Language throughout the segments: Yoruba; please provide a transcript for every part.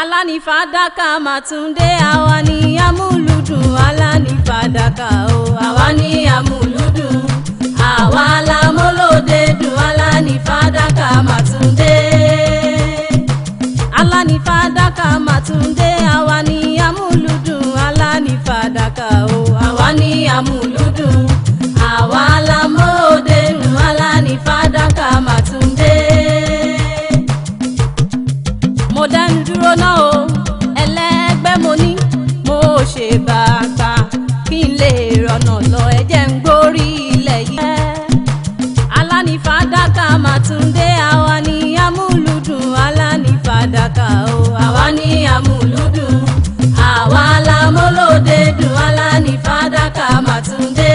alánífàdákà màtúndé awa ni amúlùdùn alánífàdákà o àwa ni amúlùdùn àwa làmúlòdè dùn alánífàdákà màtúndé alánífàdákà màtúndé awa ni amúlùdùn alánífàdákà o àwa ni amúlùdùn. kàkà o àwa ní àmúlùdùn àwa la mọ́lòdè dùn aláni fàdákà màtúndé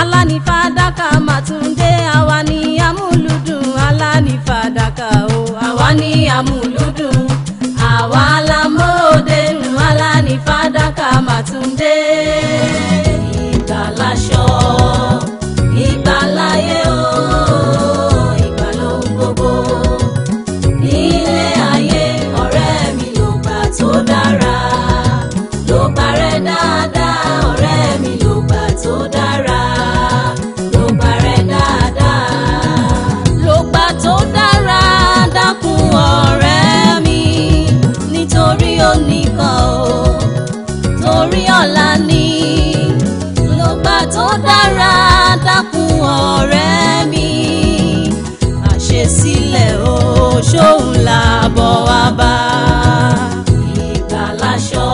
aláni fàdákà màtúndé àwa ní àmúlùdùn aláni fàdákà o àwa ní àmúlùdùn àwa la mọ́lòdè dùn aláni fàdákà màtúndé. ṣóun làbọ̀ wá bá. ìgbà láṣọ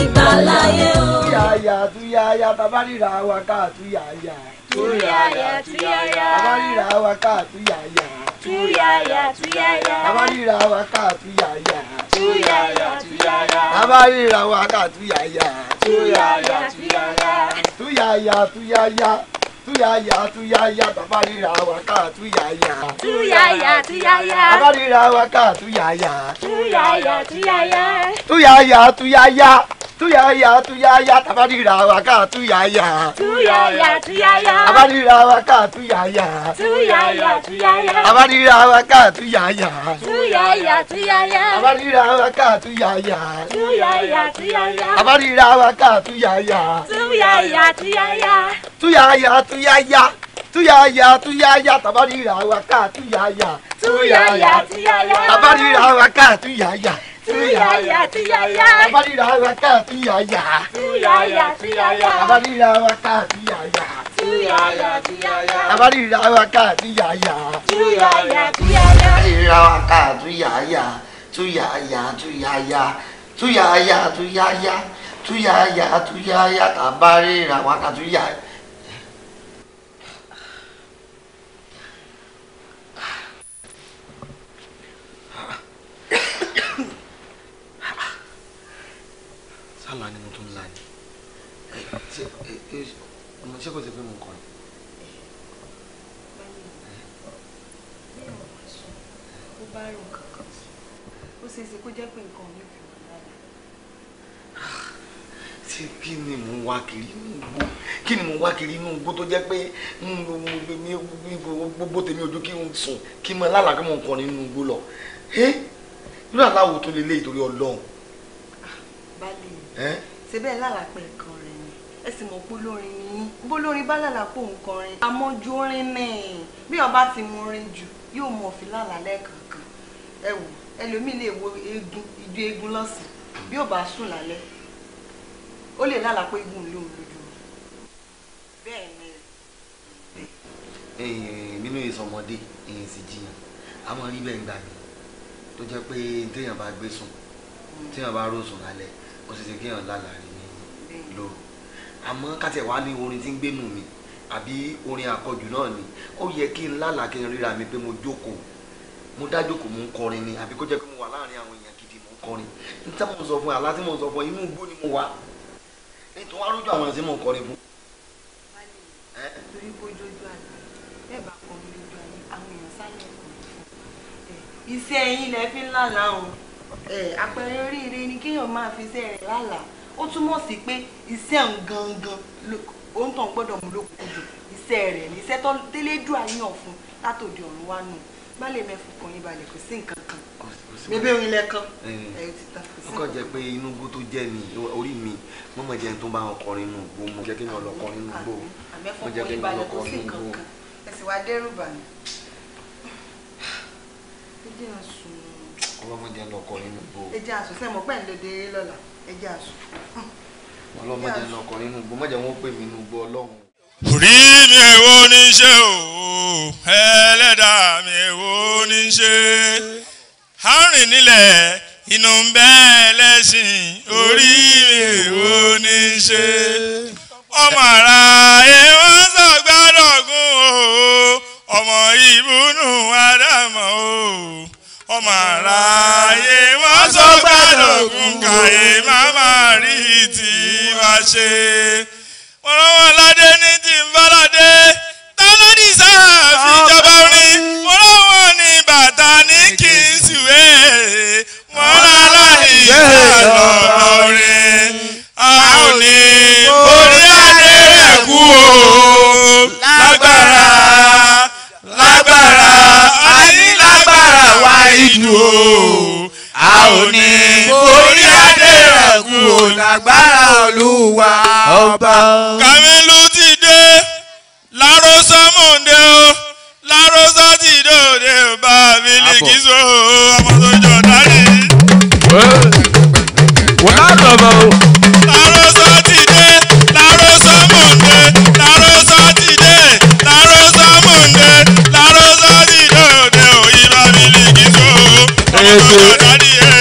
ìgbà láyé o. túyàyà túyàyà bàbá ríra wa ká túyàyà. túyàyà túyàyà. bàbá ríra wa ká túyàyà. túyàyà túyàyà. bàbá ríra wa ká túyàyà. túyàyà túyàyà. bàbá ríra wa ká túyàyà. túyàyà túyàyà. túyàyà túyàyà túyàyà túyàyà bàbá ríra wa ká túyàyà. túyàyà túyàyà. bàbá ríra wa ká túyàyà. túyàyà túyàyà tuyaya tuyaya tabarira waka tuyaya. tuyaya tuyaya. tabarira waka tuyaya. tuyaya tuyaya. tabarira waka tuyaya. tuyaya tuyaya. tabarira waka tuyaya. tuyaya tuyaya. tabarira waka tuyaya. tuyaya tuyaya. tuyaya tuyaya tuyaya tuyaya tabarira waka tuyaya. tuyaya tuyaya. tabarira waka tuyaya tuyaya tuyaya. abalila waka tuyaya. tuyaya tuyaya. abalila waka tuyaya. tuyaya tuyaya. abalila waka tuyaya. tuyaya tuyaya. abalila waka tuyaya. tuyaya tuyaya. tuyaya tuyaya. tuyaya tuyaya. abalila waka tuyaya sálà ni mo tún ń la ni ọmọ ṣé kò sí pé mo kàn ní. ó bá rò kankan sí ó ṣe é ṣe kó jẹ́ pé nǹkan mi fi wà lára. ṣé kí ni mo wá kiri inú igbó kí ni mo wá kiri inú igbó tó jẹ́ pé gbogbo tèmi ojú kí n sùn kí n mọ lálàá kí mo kàn nínú igbó lọ. Eh? irú àláwò tó lè lé ìtorí ọlọ́run ṣe bẹ́ẹ̀ lálàpẹ̀ kan rẹ̀ ni ẹ sì mọ̀ pé olórin ni yín bó lórin bá lálàpọ̀ nǹkan rẹ̀ àmọ́jú orin náà bí ọba ti mú orin jù yóò mọ̀ fi lálàlẹ́ kankan ẹ wò ẹlòmíì lè wo eegun ijó eegun lọ́sàn bí ò bá sùn lálẹ́ ó lè lálàpọ̀ eegun lóhun lójú bẹ́ẹ̀ ni nínú ìsọmọdé èyàn sì jiyàn a máa rí bẹ́ẹ̀ gbà mí tó jẹ́ pé téèyàn bá gbé sùn téèyàn bá rò sùn lálẹ́ ó sì ti kéèyàn lálàrí ní lóru àmọ́ kátẹ̀ wá ní orin tí ń gbénu mi àbí orin àkọjù náà ni ó yẹ kí n lálàá kí n ríra mi pé mo jókòó mo dájókòó mo ń kọrin ni àbí kó jẹ́ pé mo wà láàrin àwọn èèyàn gidi mo ń kọrin ní tí mo sọ fún àlá tí mo sọ fún inú igbó ni mo wà nítorí wọn arójú àwọn tí mo ń kọrin fún. torí bó lẹ fi ń lálàá o àpẹẹrẹ oríire ni kéèyàn máa fi iṣẹ́ rẹ̀ lálàá ó túmọ̀ sí pé iṣẹ́ ń gangan ó ń tàn gbọ́dọ̀ mú lókùn jù iṣẹ́ rẹ̀ ní iṣẹ́ tó délédú àyàn fún látòdì ọ̀run wá nù má lè mẹ́fù kan yín balẹ̀ kò sí nǹkan kan bébé orin lẹ́kan ẹ̀yọ́ ti tán. ó kàn jẹ́ pé inú igbó tó jẹ́ mi orí mi mo mọ̀ jẹ́ tó bá wọn kọrin nù gbó mo jẹ́ kéèyàn lọ kọrin nù gbó mo jẹ́ kéèyàn lọ kọrin nù gbó. ẹ̀sìn wa dẹ́rù bà mí. ẹ jẹ́ àsùn ọlọ́mọdé lọkọ nínú gbó. ẹ jẹ́ àṣù sẹ́mo pẹ́ ń lo dèrè lọ́la ẹ jẹ́ àṣù. ọlọ́mọdé lọkọ nínú gbó mọ̀jẹ̀ wọn pè mí nínú gbó ọlọ́run. orí mi èwo ní ṣe o ẹlẹ́dàá mi èwo ní ṣe àárín nílẹ̀ inú ń bẹ́ lẹ́sìn orí mi èwo ní ṣe ọmọ ara ẹ wọ́n sọ̀gbádọ̀gún o ọmọ ìbùnú àdàmọ́ o ọmọ àráyé wọ́n sọ gbàdọ̀gùn kàyé màmá rí tí wá ṣe. wọ́n rọ́wọ́ ládé ní ti ń bá ládé tálọ́dì sáà fi jọba rin wọ́n rọ́wọ́ ní bàtà ní kí n sùwé wọ́n rà láì lọ́rọ̀ rin a ò ní orí adé rẹ̀ kú o lágbára. ìjù o a ò ní borí adé rẹ̀ kú o lágbára olúwa ọba. kamilu ti dé lárọ́sọ́ mọ̀ọ́dé o lárọ́sọ́ ti dé òde bá mi lè kí so ọmọ tó jọ. lójú.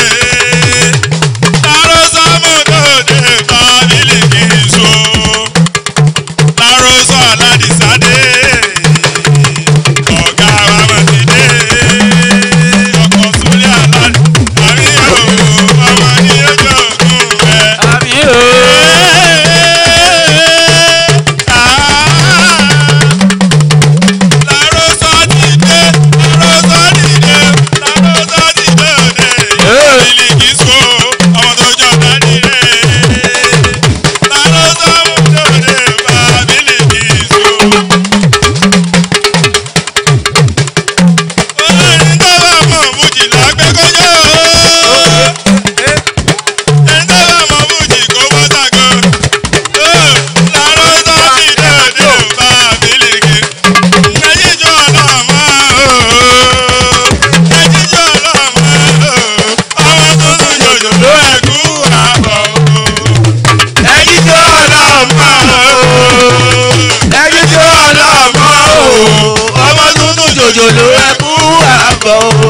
go.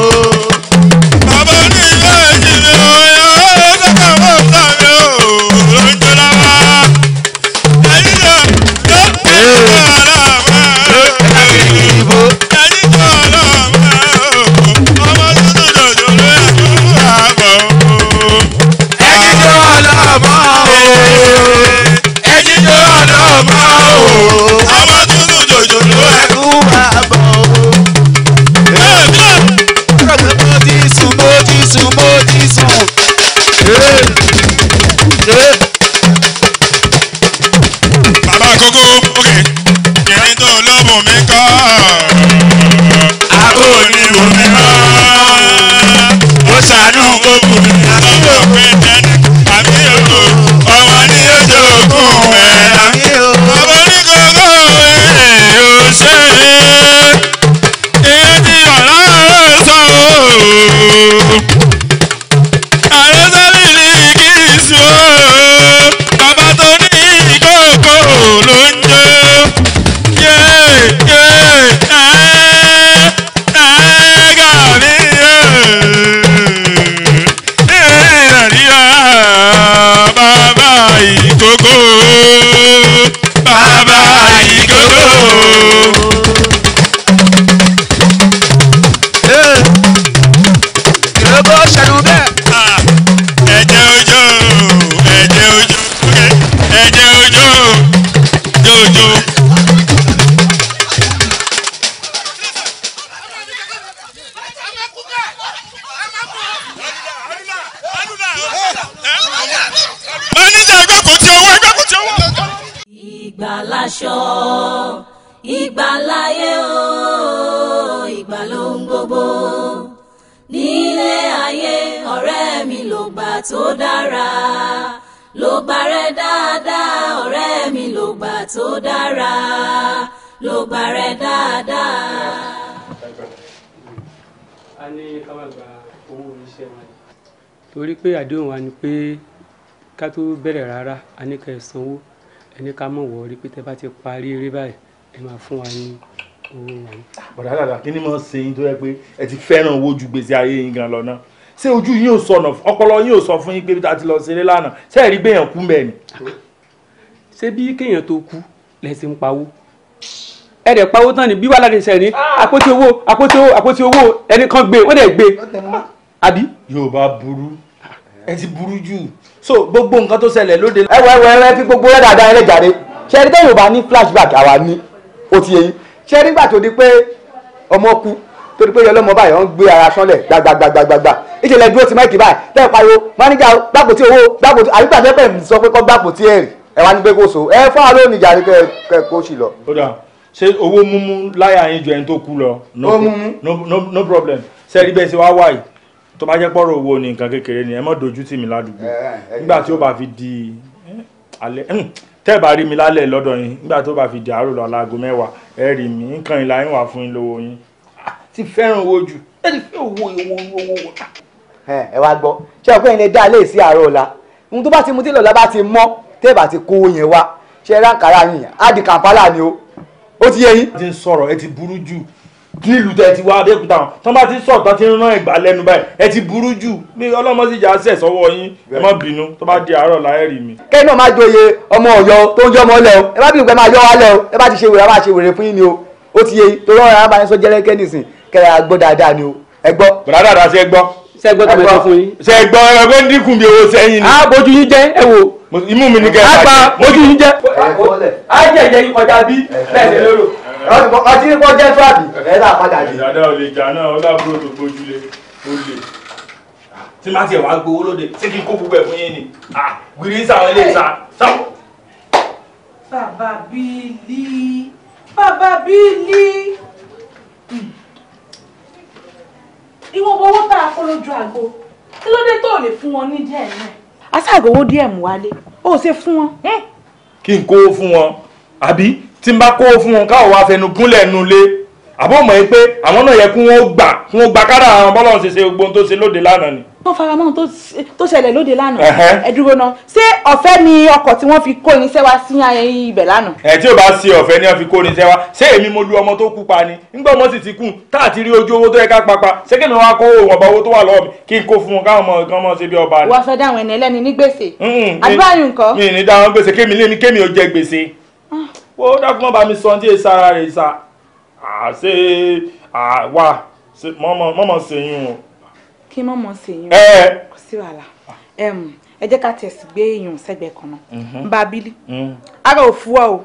ìgbà tó dára ló gbà rẹ dáadáa. a ní ká má gba owó iṣẹ́ wa. torí pé àdéhùn wa ni pé ká tó bẹ̀rẹ̀ rárá a ní ká ẹ sanwó ẹ ní ká mọ̀ wọ́ọ́rí pé tẹ́ bá ti parí eré báyìí ẹ máa fún wa ní owó wa. bọ̀dá dàda kí ni mo ṣe yín tó yẹ pé ẹ ti fẹ́ràn owó ju gbèsè ayé yín gan lọ ṣé ojú yín ò sọnà ọpọlọ yín ò sọ fún yín pé ta ti lọ ṣeré lánàá ṣé ẹ rí gbèyàn kú mẹ́rin ṣé bí kéèyàn tó kú lẹ́sìn ń pawó ẹ dẹ̀ pawó tán ni bí wàhálà ní sẹ́ni ah. àpótí owó àpótí owó àpótí owó ẹni kan gbé wọ́n dẹ̀ gbé àbí. Yorùbá burú ẹ ti burú jù so gbogbo nǹkan tó ṣẹlẹ̀ lóde. ẹ wẹ wẹ ẹ fi gbogbo rẹ dáadáa ẹ lẹjàre ṣe ẹni tẹ́yìn ò bá ní flashback àwa ní ó ti yẹ yín ṣe ẹni gbà tó di pé ọmọ kú tó di pé yọ lọ́mọ báyìí wọ́n ń gbé ara sánlẹ̀ gbàgbàgbàgbàgbà ìṣẹ̀lẹ̀ dúró ti máìkì báyìí tẹ́ ẹ pariwo máníjà gbàpótí owó gbàpótí àyíká tẹ́pẹ̀ ń sọ pé kọ́ gbàpótí ẹ̀rì ẹ wá ní pé kò so ẹ fún àlọ́ oníjà ni kẹ kó sì lọ. ó dà ṣé owó múmú láyà yín ju ẹni tó kú lọ. ó múmú. no problem sẹ́ẹ̀rí bẹ́ẹ̀ ṣe wá wáyì tó bá jẹ́ pọ́rọ̀ owó ni nǹkan kékeré ni ẹ mọ́ dojú tì mí ládùúgbò nígbà tí ó bá fi di alẹ́ hm, tẹ́ ẹ̀ bá rí mi lálẹ́ lọ́dọ̀ yín nígbà tó bá fi di àárò lọ aláago mẹ́wàá ẹ rí mi nǹkan ìlà yín wà fún yín lówó yín ah, ti fẹ́ràn owó jù ẹ ti fẹ́ owó owó owó owó. ẹ wá gbọ́ ṣé ọkùnrin lè dá ilé ìsí àárọ̀ ọ̀la ohun tó bá ti mutí lọ́la bá ti mọ́ tẹ́ẹ̀bà ti kó yẹn wá ṣe ránkàrà yìí á di kàmpálà ni o ó ti yé yín. ẹ ti ń sọ̀rọ̀ ẹ ti burú jù nílùú tẹ ti wá abẹ́òkúta wọn tán bá ti sọ̀rọ̀ tán ti ń rán ẹ̀gbà lẹ́nu báyìí ẹ ti burú jù bí ọlọ́mọ sì jà sẹ̀ sọ́wọ́ yín ẹ má bínú tó bá di àárọ̀ láyé rí mi. kẹ́hìn náà máa joyè ọmọ ọ̀yọ́ tó ń jẹ́ ọmọ ọlẹ́ o ẹ má bínú pé máa yọ wá lẹ́ o ẹ bá ti ṣe wèrè a máa ṣe wèrè fún yín ni o ó ti yé torí ọ̀rọ̀ arábáyé sọ jẹ́rẹ́kẹ́ nìsín kẹ́rẹ́ àgbọ̀ dáadáa ni o ẹ gbọ́. bùrọ̀dá sẹ́gbọ́n tó mẹ́ta fún yín. sẹ́gbọ́n ẹgbẹ́ dínkù bí owó sẹ́yìn ni. a bójú yín jẹ́ ẹ wo. imú mi ni kẹ́ ẹ bá bójú yín jẹ́. a jẹ jẹ kọjá bí bẹ́ẹ̀ ni lérò. ọtí kọ́ jẹ́ tó àbí ẹ̀ dà padà dé. dada ò lè jà náà ọlábúrò tó gbójú lé ó lè. tí má tiẹ̀ wá gbowó lóde ṣé kí n kó gbogbo ẹ̀ fún yín ni. gbìrì sàwọn ilé ìsà sáwọn. bàbá bíi lí bàbá bíi lí ìwọ̀nba owó tá a kó lójú àgbo kí ló dé tó lè fún wọn ní díẹ̀ náà. aṣáàgbọ̀wọ́ díẹ̀ mú wálé ó ṣe fún wọn. kí n kówó fún wọn àbí tí n bá kówó fún wọn káwọ wá fẹnu gúnlẹ̀ nu lé àbọ̀ mọ̀ pé àwọn náà yẹ kí wọ́n gbà kí wọ́n gbà kára àwọn bọ́lọ̀ ṣe ṣe gbogbo tó ṣe lóde lánàá ni wọ́n fara mọ́ tó ṣẹlẹ̀ lóde lánàá ẹ dúró náà ṣé ọ̀fẹ́ ni ọkọ̀ tí wọ́n fi kó irinṣẹ́ wá sí ibẹ̀ lánàá. ẹ tí ò bá ṣe ọ̀fẹ́ ni wọ́n fi kó irinṣẹ́ wá ṣé èmi mo lu ọmọ tó kú pa ni nígbà ọmọ sì ti kú tá à ti rí ojú owó tó yẹ ká papa ṣé kí ni wọ́n á kó ìwọ̀nba owó tó wà lọ́wọ́ mi kí n kó fún wọn káwọn ọmọ kan mọ̀ ṣe bí ọba ni. wọ́n fẹ́ dáhùn ẹni ẹlẹ́ni ní gbèsè. àdúràyùn nǹkan. mi ní dáhùn gbèsè kémi lé mi kémi ò jẹ gbèsè. Ah. wo dákúmọ̀ bá o kí mọ̀ mọ̀ sí yín kò sí wàhálà ẹ jẹ́ ká tẹ̀sí gbé èèyàn sẹ́gbẹ̀ẹ́ kan náà ń mhm. bá bílí mhm. ara ò fúọ́ o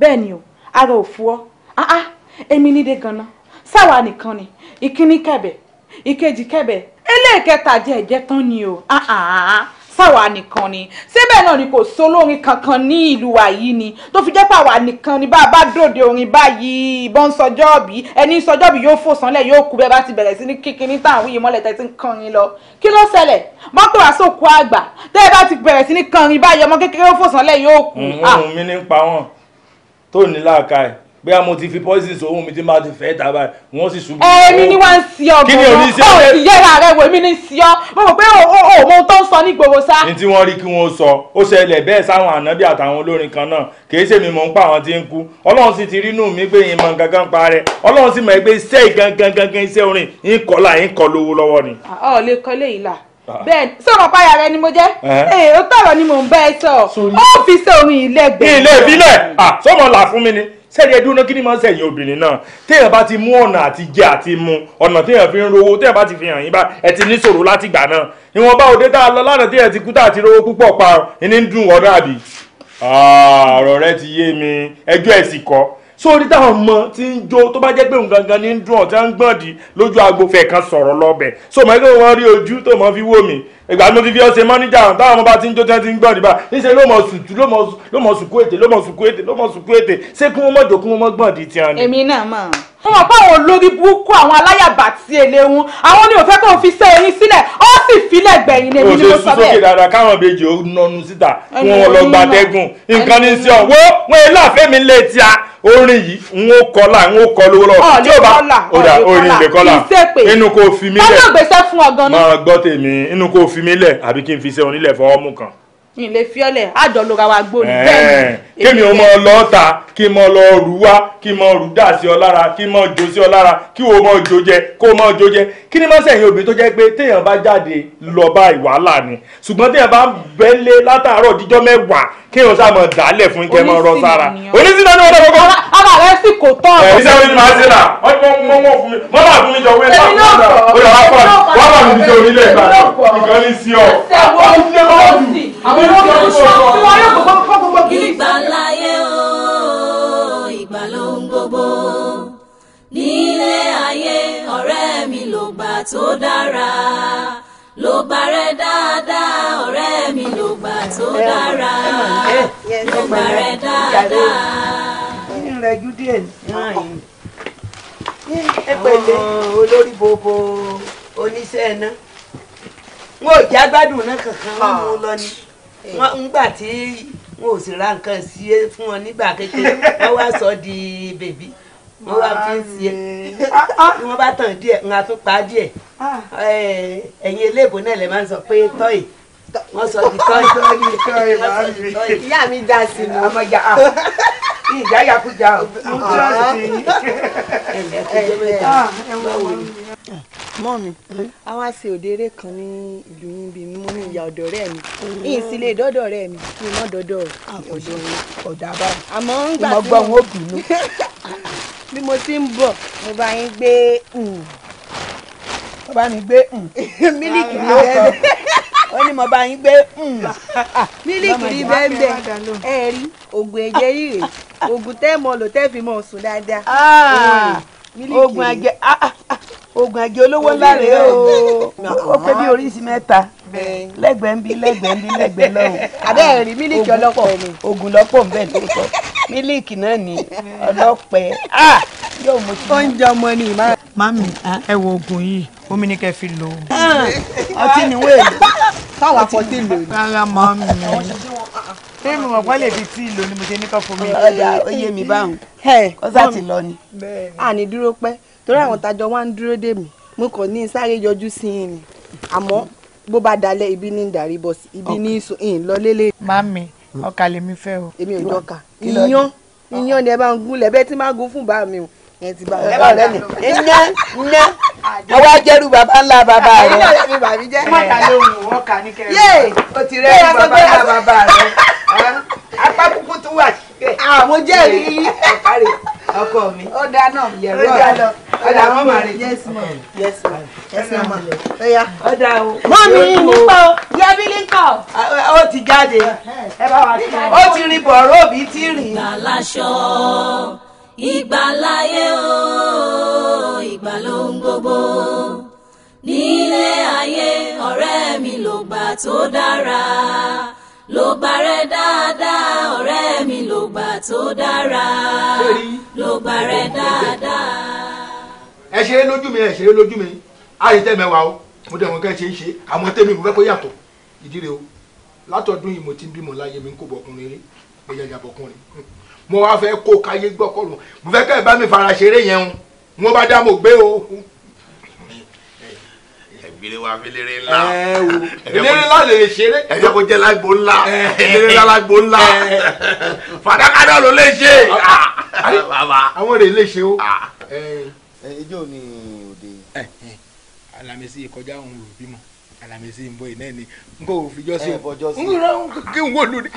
bẹ́ẹ̀ ni o ara ò fúọ́ áá ah, ah, èmi nídé ganan sáwa nìkan ni ìkíní kẹ̀bẹ̀ ìkejì kẹ̀bẹ̀ eléèkẹta jẹ́ ẹ̀jẹ̀ tán ni o ah, sáwa nìkan ni síbẹ̀ náà ni kò sólórin kankan ní ìlú wa yìí ni tó fi jẹ́ pàwa nìkan ni bá a bá dòde orin báyìí ìbọn sọjọ́ọ̀bì ẹni sọjọ́ọ̀bì yóò fò sánlẹ̀ yóò kú bẹ́ẹ̀ bá ti bẹ̀rẹ̀ sí ní kíkiní táwọn yìí mọ́lẹ̀ tẹ́tí ń kọrin lọ kí ló ṣẹlẹ̀ mọ́tò wá sóko àgbà tẹ́ ẹ bá ti bẹ̀rẹ̀ sí ní kọrin báyìí ọmọ kékeré ó fò sánlẹ̀ yóò kú. Mm, pa wọn tó ní láàka ẹ̀ bóyá mo ti fi poison sòwò mi tí máa ti fẹ́ tàbá ẹ̀ wọ́n sì ṣubú. èmi ni wọ́n ń si ọ gbogbo ọ sì yẹra rẹ wò mí ní si ọ mo rò pé o ò mọ ohun tó ń sọ ní gbogbo sá. ní tí wọ́n rí kí wọ́n sọ ó ṣẹlẹ̀ bẹ́ẹ̀ sáwọn ànábì àtàwọn olórin kan náà kì í ṣe mi mọ̀ ń pa àwọn tí ń kú ọlọ́run sì ti rínú mi pé ìmọ̀ gangan pa rẹ̀ ọlọ́run sì mọ̀ pé iṣẹ́ ìgangangangan iṣẹ́ orin ń kọ́ là ń kọ́ lówó lọ́wọ́ ni. ọ̀ lè kọ́ léyìí là bẹ́ẹ̀ sọ̀rọ̀ páyà rẹ ni mo jẹ́ ee ó tọ̀rọ̀ ni mò ń bá ẹ sọ ó fi ṣe orin ìlẹ́gbẹ̀ẹ́. ilé ìbílẹ̀ sọmọ là fún mi ni sẹ́ni ẹdún náà kí ni máa ń sẹ̀yìn obìnrin náà téèyàn bá ti mú ọ̀nà àti jẹ àti mu ọ̀nà téèyàn fi ń rówó téèyàn bá ti fi hàn yín bá ẹ ti ní ṣòro láti gbà náà ìwọ̀nba òde tá a lọ lánàá téèyàn ti kú tá a ti rówó púpọ̀ pa ẹni dùn ọ̀dọ́ àbí. Ah, ọ̀rọ̀ rẹ ti yé mi ẹjọ́ ẹ̀ sì kọ́ sórí táwọn ọmọ tí ń jó tó bá jẹ́ pé òun gangan ní ń dùn ọ̀ tí wọ́n ń gbọ̀ndì lójú agbo fẹ̀kan sọ̀rọ̀ lọ́bẹ̀ so mọ̀ ẹ́ kí wọ́n rí ojú tó mọ̀ fi wò mí ìgbà mo ti fi ọsẹ mọ́níjà hàn táwọn ọmọ bá ti ń jó tẹ́ ti ń gbọ́ níbà níṣẹ́ ló mọ̀ sùn ló mọ̀ sùn kú ètè ló mọ̀ sùn kú ètè ló mọ̀ sùn kú ètè ṣé kí wọ́n mọ̀ jò kí wọ́n mọ̀ gbọ̀n di tiẹ̀ ni. èmi náà mọ̀. wọ́n mọ̀ pé àwọn olórí burúkú àwọn aláyàbà ti èlé wọn àwọn ni ò fẹ́ kó fi sẹ́ ẹyin sílẹ̀ ó sì filẹ̀ gbẹ̀yìn ni èmi ni mo sọ bẹ́ẹ̀. òṣèlú sókè dáadáa káwọn bèjì ó nọnu síta kí wọ́n lọ gbàdẹ́gùn nǹkan ní sí ọ̀wọ́ wọn èlò àfẹ́mi lè ti a orin yìí n ó kọlà n ó kọ lówó lọ tí ó bá orin ìgbẹ́kọlà inú kò fi mí lẹ̀ máa gbọ́ tèmi inú kò f fi mí lẹ̀ àbí kí n fi iṣẹ́ onílẹ̀ fọwọ́ mú kan mi fiọ́lẹ̀ àjọ wa gbóni bẹ́ẹ̀ ni. kémi o mọ lọ ta kí mọ lọ rù wá kí mọ rù dà sí ọ lára kí mọ jò sí ọ lára kí o mọ jò jẹ kó mọ jò jẹ kí ni mọ́sẹ̀ yín obìnrin tó jẹ́ pé téèyàn bá jáde lọ bá ìwàhálà ni ṣùgbọ́n téèyàn bá bẹ́lẹ̀ látàárọ̀ díjọ́ mẹ́wàá kéèyàn sá mọ dálẹ̀ fún kẹ́ mọ rọ sára onísìnà ni wọ́n lọ kọ́kọ́. ara rẹ sì kò tọ́ ọ. ẹ iṣẹ́ ni màá ṣe là mọ́ bá fún mi jọ wẹ́ẹ́ sáà fún ó yà wá pọ̀ wọ́n bá wọn yóò sọ fún wọn mi ló gbà tó dára ló gbà rẹ dáadáa ọ̀rẹ́ mi ló gbà tó dára ló gbà rẹ dáadáa. ìrìnlẹ̀jú díẹ̀ olórí bobo oníṣẹ́ náà wọn ò já náà kankan mú lọ ni wọn ngbà tí wọn ò sì ra nǹkan sí fún wọn nígbà kékeré wọn wá sọ di bèbí wọn wá fi ń sí ẹ ni wọn bá tàn díẹ̀ ń atún pa díẹ̀ ah. ẹ̀yin eléèbó náà lè máa ń sọ pé tọ́yì wọn sọ di tọ́yì tọ́yì tọ́yì máa ń rí ìyá mi dá sí i ọmọ ìyá ah. ìyá yakuja o. Ah. ẹ ẹ ẹ ẹ ẹ wọ́n wọ́n mi mọ́ mi a wá ṣe òde eré kan ní ìlú yín bíi mo ní ìyá ọ̀dọ̀ rẹ̀ mi yìí sì lè dọ́dọ̀ rẹ̀ mi kí n má dọ́dọ̀ ọ̀dọ̀ mi. ọ̀dà bá àmọ́ ń gbà tí mo gbọ́ wọn ò bínú. bí mo ti ń bọ̀ mo bá yín gbé um, mo bá mi gbé um, mílíkì ní bẹ́ẹ̀ ó ní mo bá yín gbé um, mílíkì ní bẹ́ẹ̀ bẹ́ẹ̀ ẹ rí oògùn ẹ̀jẹ̀ yìí rèé oògùn tẹ́ mọ̀ lò tẹ́ fi mọ̀ sùn dáadáa. Ah! oògùn àjẹ oògùn àjẹ olówó ńlá rèé o ó pé bí oríṣi mẹ́ta lẹ́gbẹ̀ẹ́ ń bí lẹ́gbẹ̀ẹ́ ń bí lẹ́gbẹ̀ẹ́ lọ́hùn. àbẹ́ rí mílíkì ọlọ́pọ̀ oògùn lọ́pọ̀ ń bẹ lóòótọ́ mílíkì náà ni ọlọ́pẹ ah, yóò mú ti. oúnjẹ ọmọ ni ìmá. mami ẹ ah. wo oògùn yìí omi ni kẹ́ fi lò. Ah, ọtí ni wéèlì. táwa kọ́ dé lò. rárá mami ṣé mo mọ̀ pọ́n lè fi tí ìlò ni mo ṣe ní kọ́ fún mi. ọ̀dà ó yé mi báwọn kọ́sà ti lọ ni. àní dúró pẹ́ torí àwọn tajọ wá ń dúró dè mí mo kàn ní sáré yọjú sí i ni àmọ́ bó bá dalẹ̀ ibi ní ìdarí bọ̀ ibi ní ìsùn ìyìn lọ lélẹ̀. mami mm. ọkà lèmi fẹ́ o. èmi ò jọkà iyán iyán ni ẹ bá ń gún lẹ́bẹ̀ẹ́ tí máa gún fún bá mi o ẹ ti bá mi. ẹ bá rẹ ni iyán iyán wọ́n wá jẹ́rú bàbá ńlá bàbá rẹ̀. ẹ̀yin náà yẹ mi bàbí jẹ́. má ta lóhùn wọ́n kà ní kẹrin. yé o ti rẹ́ bàbá ńlá bàbá rẹ̀. apá kúkú tún wà síbẹ̀. àwọn jẹ́rìí. ọkọ mi. ó dáná yẹ̀rọ rẹ̀. ọ̀dà wọn mà rè. yes ma yes ma yes ma. ọ̀ya ọ̀dà o. mọ́ mi nípa o yẹbi nípa o. ó ti jáde ẹ bá wa fi. ó ti rin bọ̀rọ̀ òbí ti rìn. làlá ìgbàláyé o ìgbà ló ń gbogbo nílé ayé ọ̀rẹ́ mi ló gbà tó dára ló gbà rẹ dáadáa ọ̀rẹ́ mi ló gbà tó dára ló gbà rẹ dáadáa. ẹ ṣeré lójú mi ẹ ṣeré lójú mi ààyè tẹ́ mẹ́wàá o mo dẹ̀ wọ́n kẹ́ ṣe é ṣe àmọ́ tẹ́mi mo fẹ́ kó yàtọ̀ ìdí rẹ̀ o látọdún yìí mo ti ń bímọ láyé mi ń kó bọkùnrin rí mo yẹ yàbọkùnrin mo wá fẹ́ kó káyé gbọ́kọ̀rọ̀ mo fẹ́ kẹ́ ẹ bá mi fara ṣeré yẹn o mo bá dá mo gbé o. ẹgbẹ́rẹ́ wa fi léré ńlá. eléré ńlá lè ṣeré. ẹjọ́ kò jẹ́ lágbo ńlá eléré ńlá lágbo ńlá fàdákà náà ló lè ṣe. àwọn rè lè ṣe o. ijó ni òde. alamisi kọjá òun ò bímọ alamisi ń bọ̀ yìí náà ni n kò fi jọ sí n rà kí n wò lù ní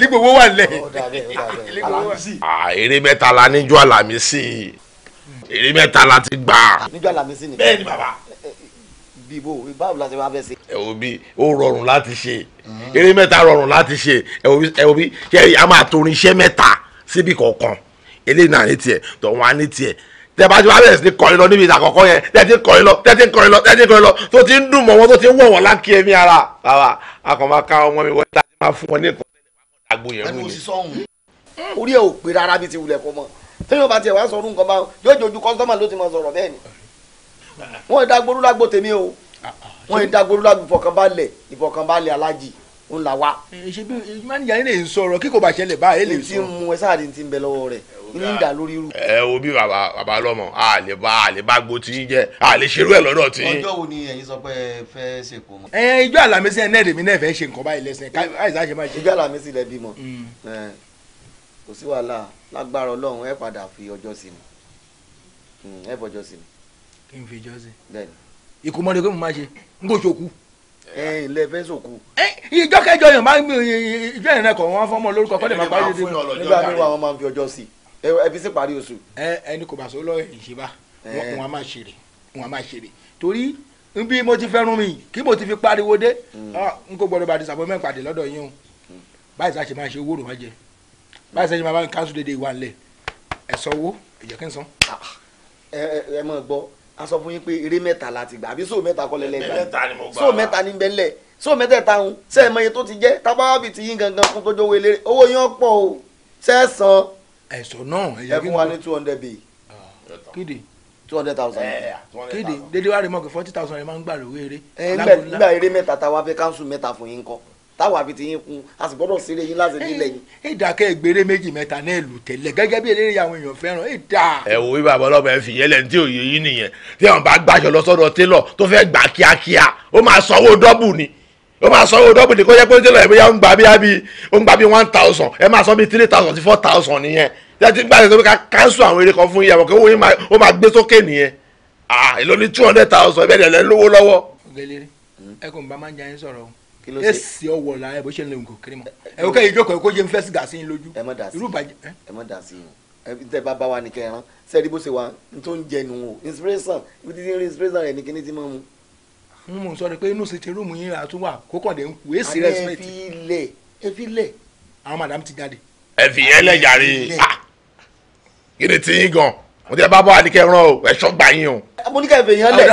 ligbowó wà lẹ̀. èrè ah, mẹ́ta la níjọ́ alamisi èrè mẹ́ta la ti gbà. níjọ́ alamisi nìkan ni bàbá bí bò báwo la ṣe máa fẹ́ ṣe. ẹ wo bí ó rọrùn láti ṣe eré mẹ́ta rọrùn láti ṣe ẹ wo bí a máa torin iṣẹ́ mẹ́ta síbi kọ̀ọ̀kan eléyìí náà ní tiẹ̀ tọ̀hún á ní tiẹ̀ tẹ bá ti wá bẹ̀rẹ̀ sí kọrin lọ níbi ìtàkọ́kọ́ yẹn tẹ ti kọrin lọ tẹ ti kọrin lọ tẹ ti kọrin lọ tó ti ń dùn mọ́ wọn tó ti ń wọ̀ wọ́n ẹ̀mí ara bàbá akọ̀mọ́ ká ọmọ mi wọ́n tá a máa fún wọn ní nǹkan àgbo yẹn rú ni. orí ẹ ò pé rárá bí ti wulẹ̀ kọ́ mọ́ tẹ́yìn ọba tiẹ̀ wá sọ orúkọ bá yóò jojú kọ́sọ́mà ló ti máa sọ̀rọ̀ bẹ́ẹ̀ ni wọ́n ìdágboru lágbo tèmi o wọ́n ìdágboru lágbo ìfọ̀kànbalẹ̀ ìfọ̀kànbalẹ̀ alájì ń là wá ní ìdá lórí irú. ẹ o bí bàbá bàbá lọmọ a lè bá a lè bá gbo tí yín jẹ a lè ṣerú ẹ lọ́dọ̀ tí. ọjọ́ wo ni ẹ̀yin sọ pé ẹ fẹ́ ṣe kó mọ. ẹ ijó àlàmísì ẹ nẹ́ẹ̀dẹ̀ mi náà fẹ́ ṣe nǹkan báyìí lẹ́sìn káyìísá ṣe máa ṣe. ijó àlàmísì lẹ bímọ kò sí wàhálà lágbára ọlọ́run ẹ padà fi ọjọ́ sí mi ẹ fọjọ́ sí mi. kí n fi ọjọ́ sí. bẹ́ẹ̀ni. ìkùmọ̀ ni kí mo máa ṣe n kò ṣòkú ẹ ilé fẹ́ sòkú. ìjọ kẹjọ yẹn máa ń gbé ìjọ yẹn náà kọ̀ wọ́n fọ́mọ lórúkọ kọ́ni máa parí dídí. nígbà míì wà wọ́n máa ń fi ọjọ́ sí i ẹbí sì parí oṣù. ẹ ẹni kò bá sọ lọ ìṣèbá wọn a máa ṣeré wọn a máa ṣeré torí nbí mo ti fẹ́ràn mi kí mo ti fi pariwo dé mm. ah, n kò gbọdọ̀ bá disappointment pàdé lọ́dọ̀ yín o báyìí sáà ṣe máa ṣe owó rò wọ́n jẹ báyìí sáà ṣe máa bá káńsù dédé ìwà ńlẹ̀ ẹ̀sọ́ owó ìjẹ́ kí n san. Ah, ẹ ẹ mọ̀ gbọ́ a sọ fún yín pé eré mẹ́ta la ti gbà àbí sóò mẹ́ta kọ́ lẹ́lẹ́ gbà sóò mẹ́ta ní bẹ́lẹ̀ sóò mẹ́tẹ̀ẹ̀ta ń sẹ́ẹ̀mọye tó ti jẹ́ tábàbí ti yín gangan fún tójó ẹ̀sọ́ náà. ẹ fún wa ní two hundred bi. kéde. two hundred thousand. kéde dédé wa rè mọ̀ pé forty thousand rẹ̀ máa ń gbà lówó eré. ẹ nígbà eré mẹ́ta táwa fẹ́ káńsù mẹ́ta fún yín kọ́ táwa fi ti yín kun a sì gbọ́dọ̀ ṣeré yín láti nílẹ̀ yín. ẹ dàkẹ́ ìgbéré méjì mẹ́ta náà lù tẹ́lẹ̀ gẹ́gẹ́ bí eléré àwọn èèyàn fẹ́ràn ẹ dà. ẹ wo bí bàbá ọlọ́mọ ẹ fi yẹlẹ tí òye yín nìyẹn tí àwọn bá gbàṣọ lọ sọ́dọ̀ télọ̀ tó fẹ́ gbà kíákíá ó máa sanwó dọ́bù ni ó máa sanwó dọ́bù ní kó jẹ́ pé ó jẹ́lọ ìbíyà ó ń gbà bí i ó ń gbà bí one thousand ẹ máa san bí three thousand sí four thousand nìyẹn jẹ́tí gbà tó ká cancel àwọn eré kan fún ìyàwó kí owó yín ó máa gbé sókè nìyẹn ah èló ní two hundred thousand ẹ̀bẹ̀ ẹ̀lẹ́ lówó lọ́wọ́. gẹ́lẹ́rì ẹ kò ń bá máa ń jẹ ayé sọ̀rọ̀ o èsì ọwọ́ la ẹ bó ṣe ń lo nǹkan kiri mọ́ ẹ kò kẹ́yìn jókòó kó jẹ́ ń fẹ́ sìgá sí i lójú irú bàjẹ́. ẹ má dà sí i tẹ bá bá wa nìkẹ́ ẹran sẹ́ẹ̀dí bó ṣe wà ní tó ń jẹnu o inspiration ibi tí inspiration rẹ̀ ní kíní ti máa mu n mò ń sọ de pé inú ṣètì rúùmù yín àtún wà kó kàn dé ń kú èsì respect. àmì efi lè efi lè. àwọn madam ti jáde. ẹ fi ẹlẹ́jà rí i kí ni tí yín gan mo ti ẹ bá bọ́ àdìkẹ́ rán o ẹ̀ṣọ́ gbà yín o. mo ní ká ìfẹ́ yẹn lẹ̀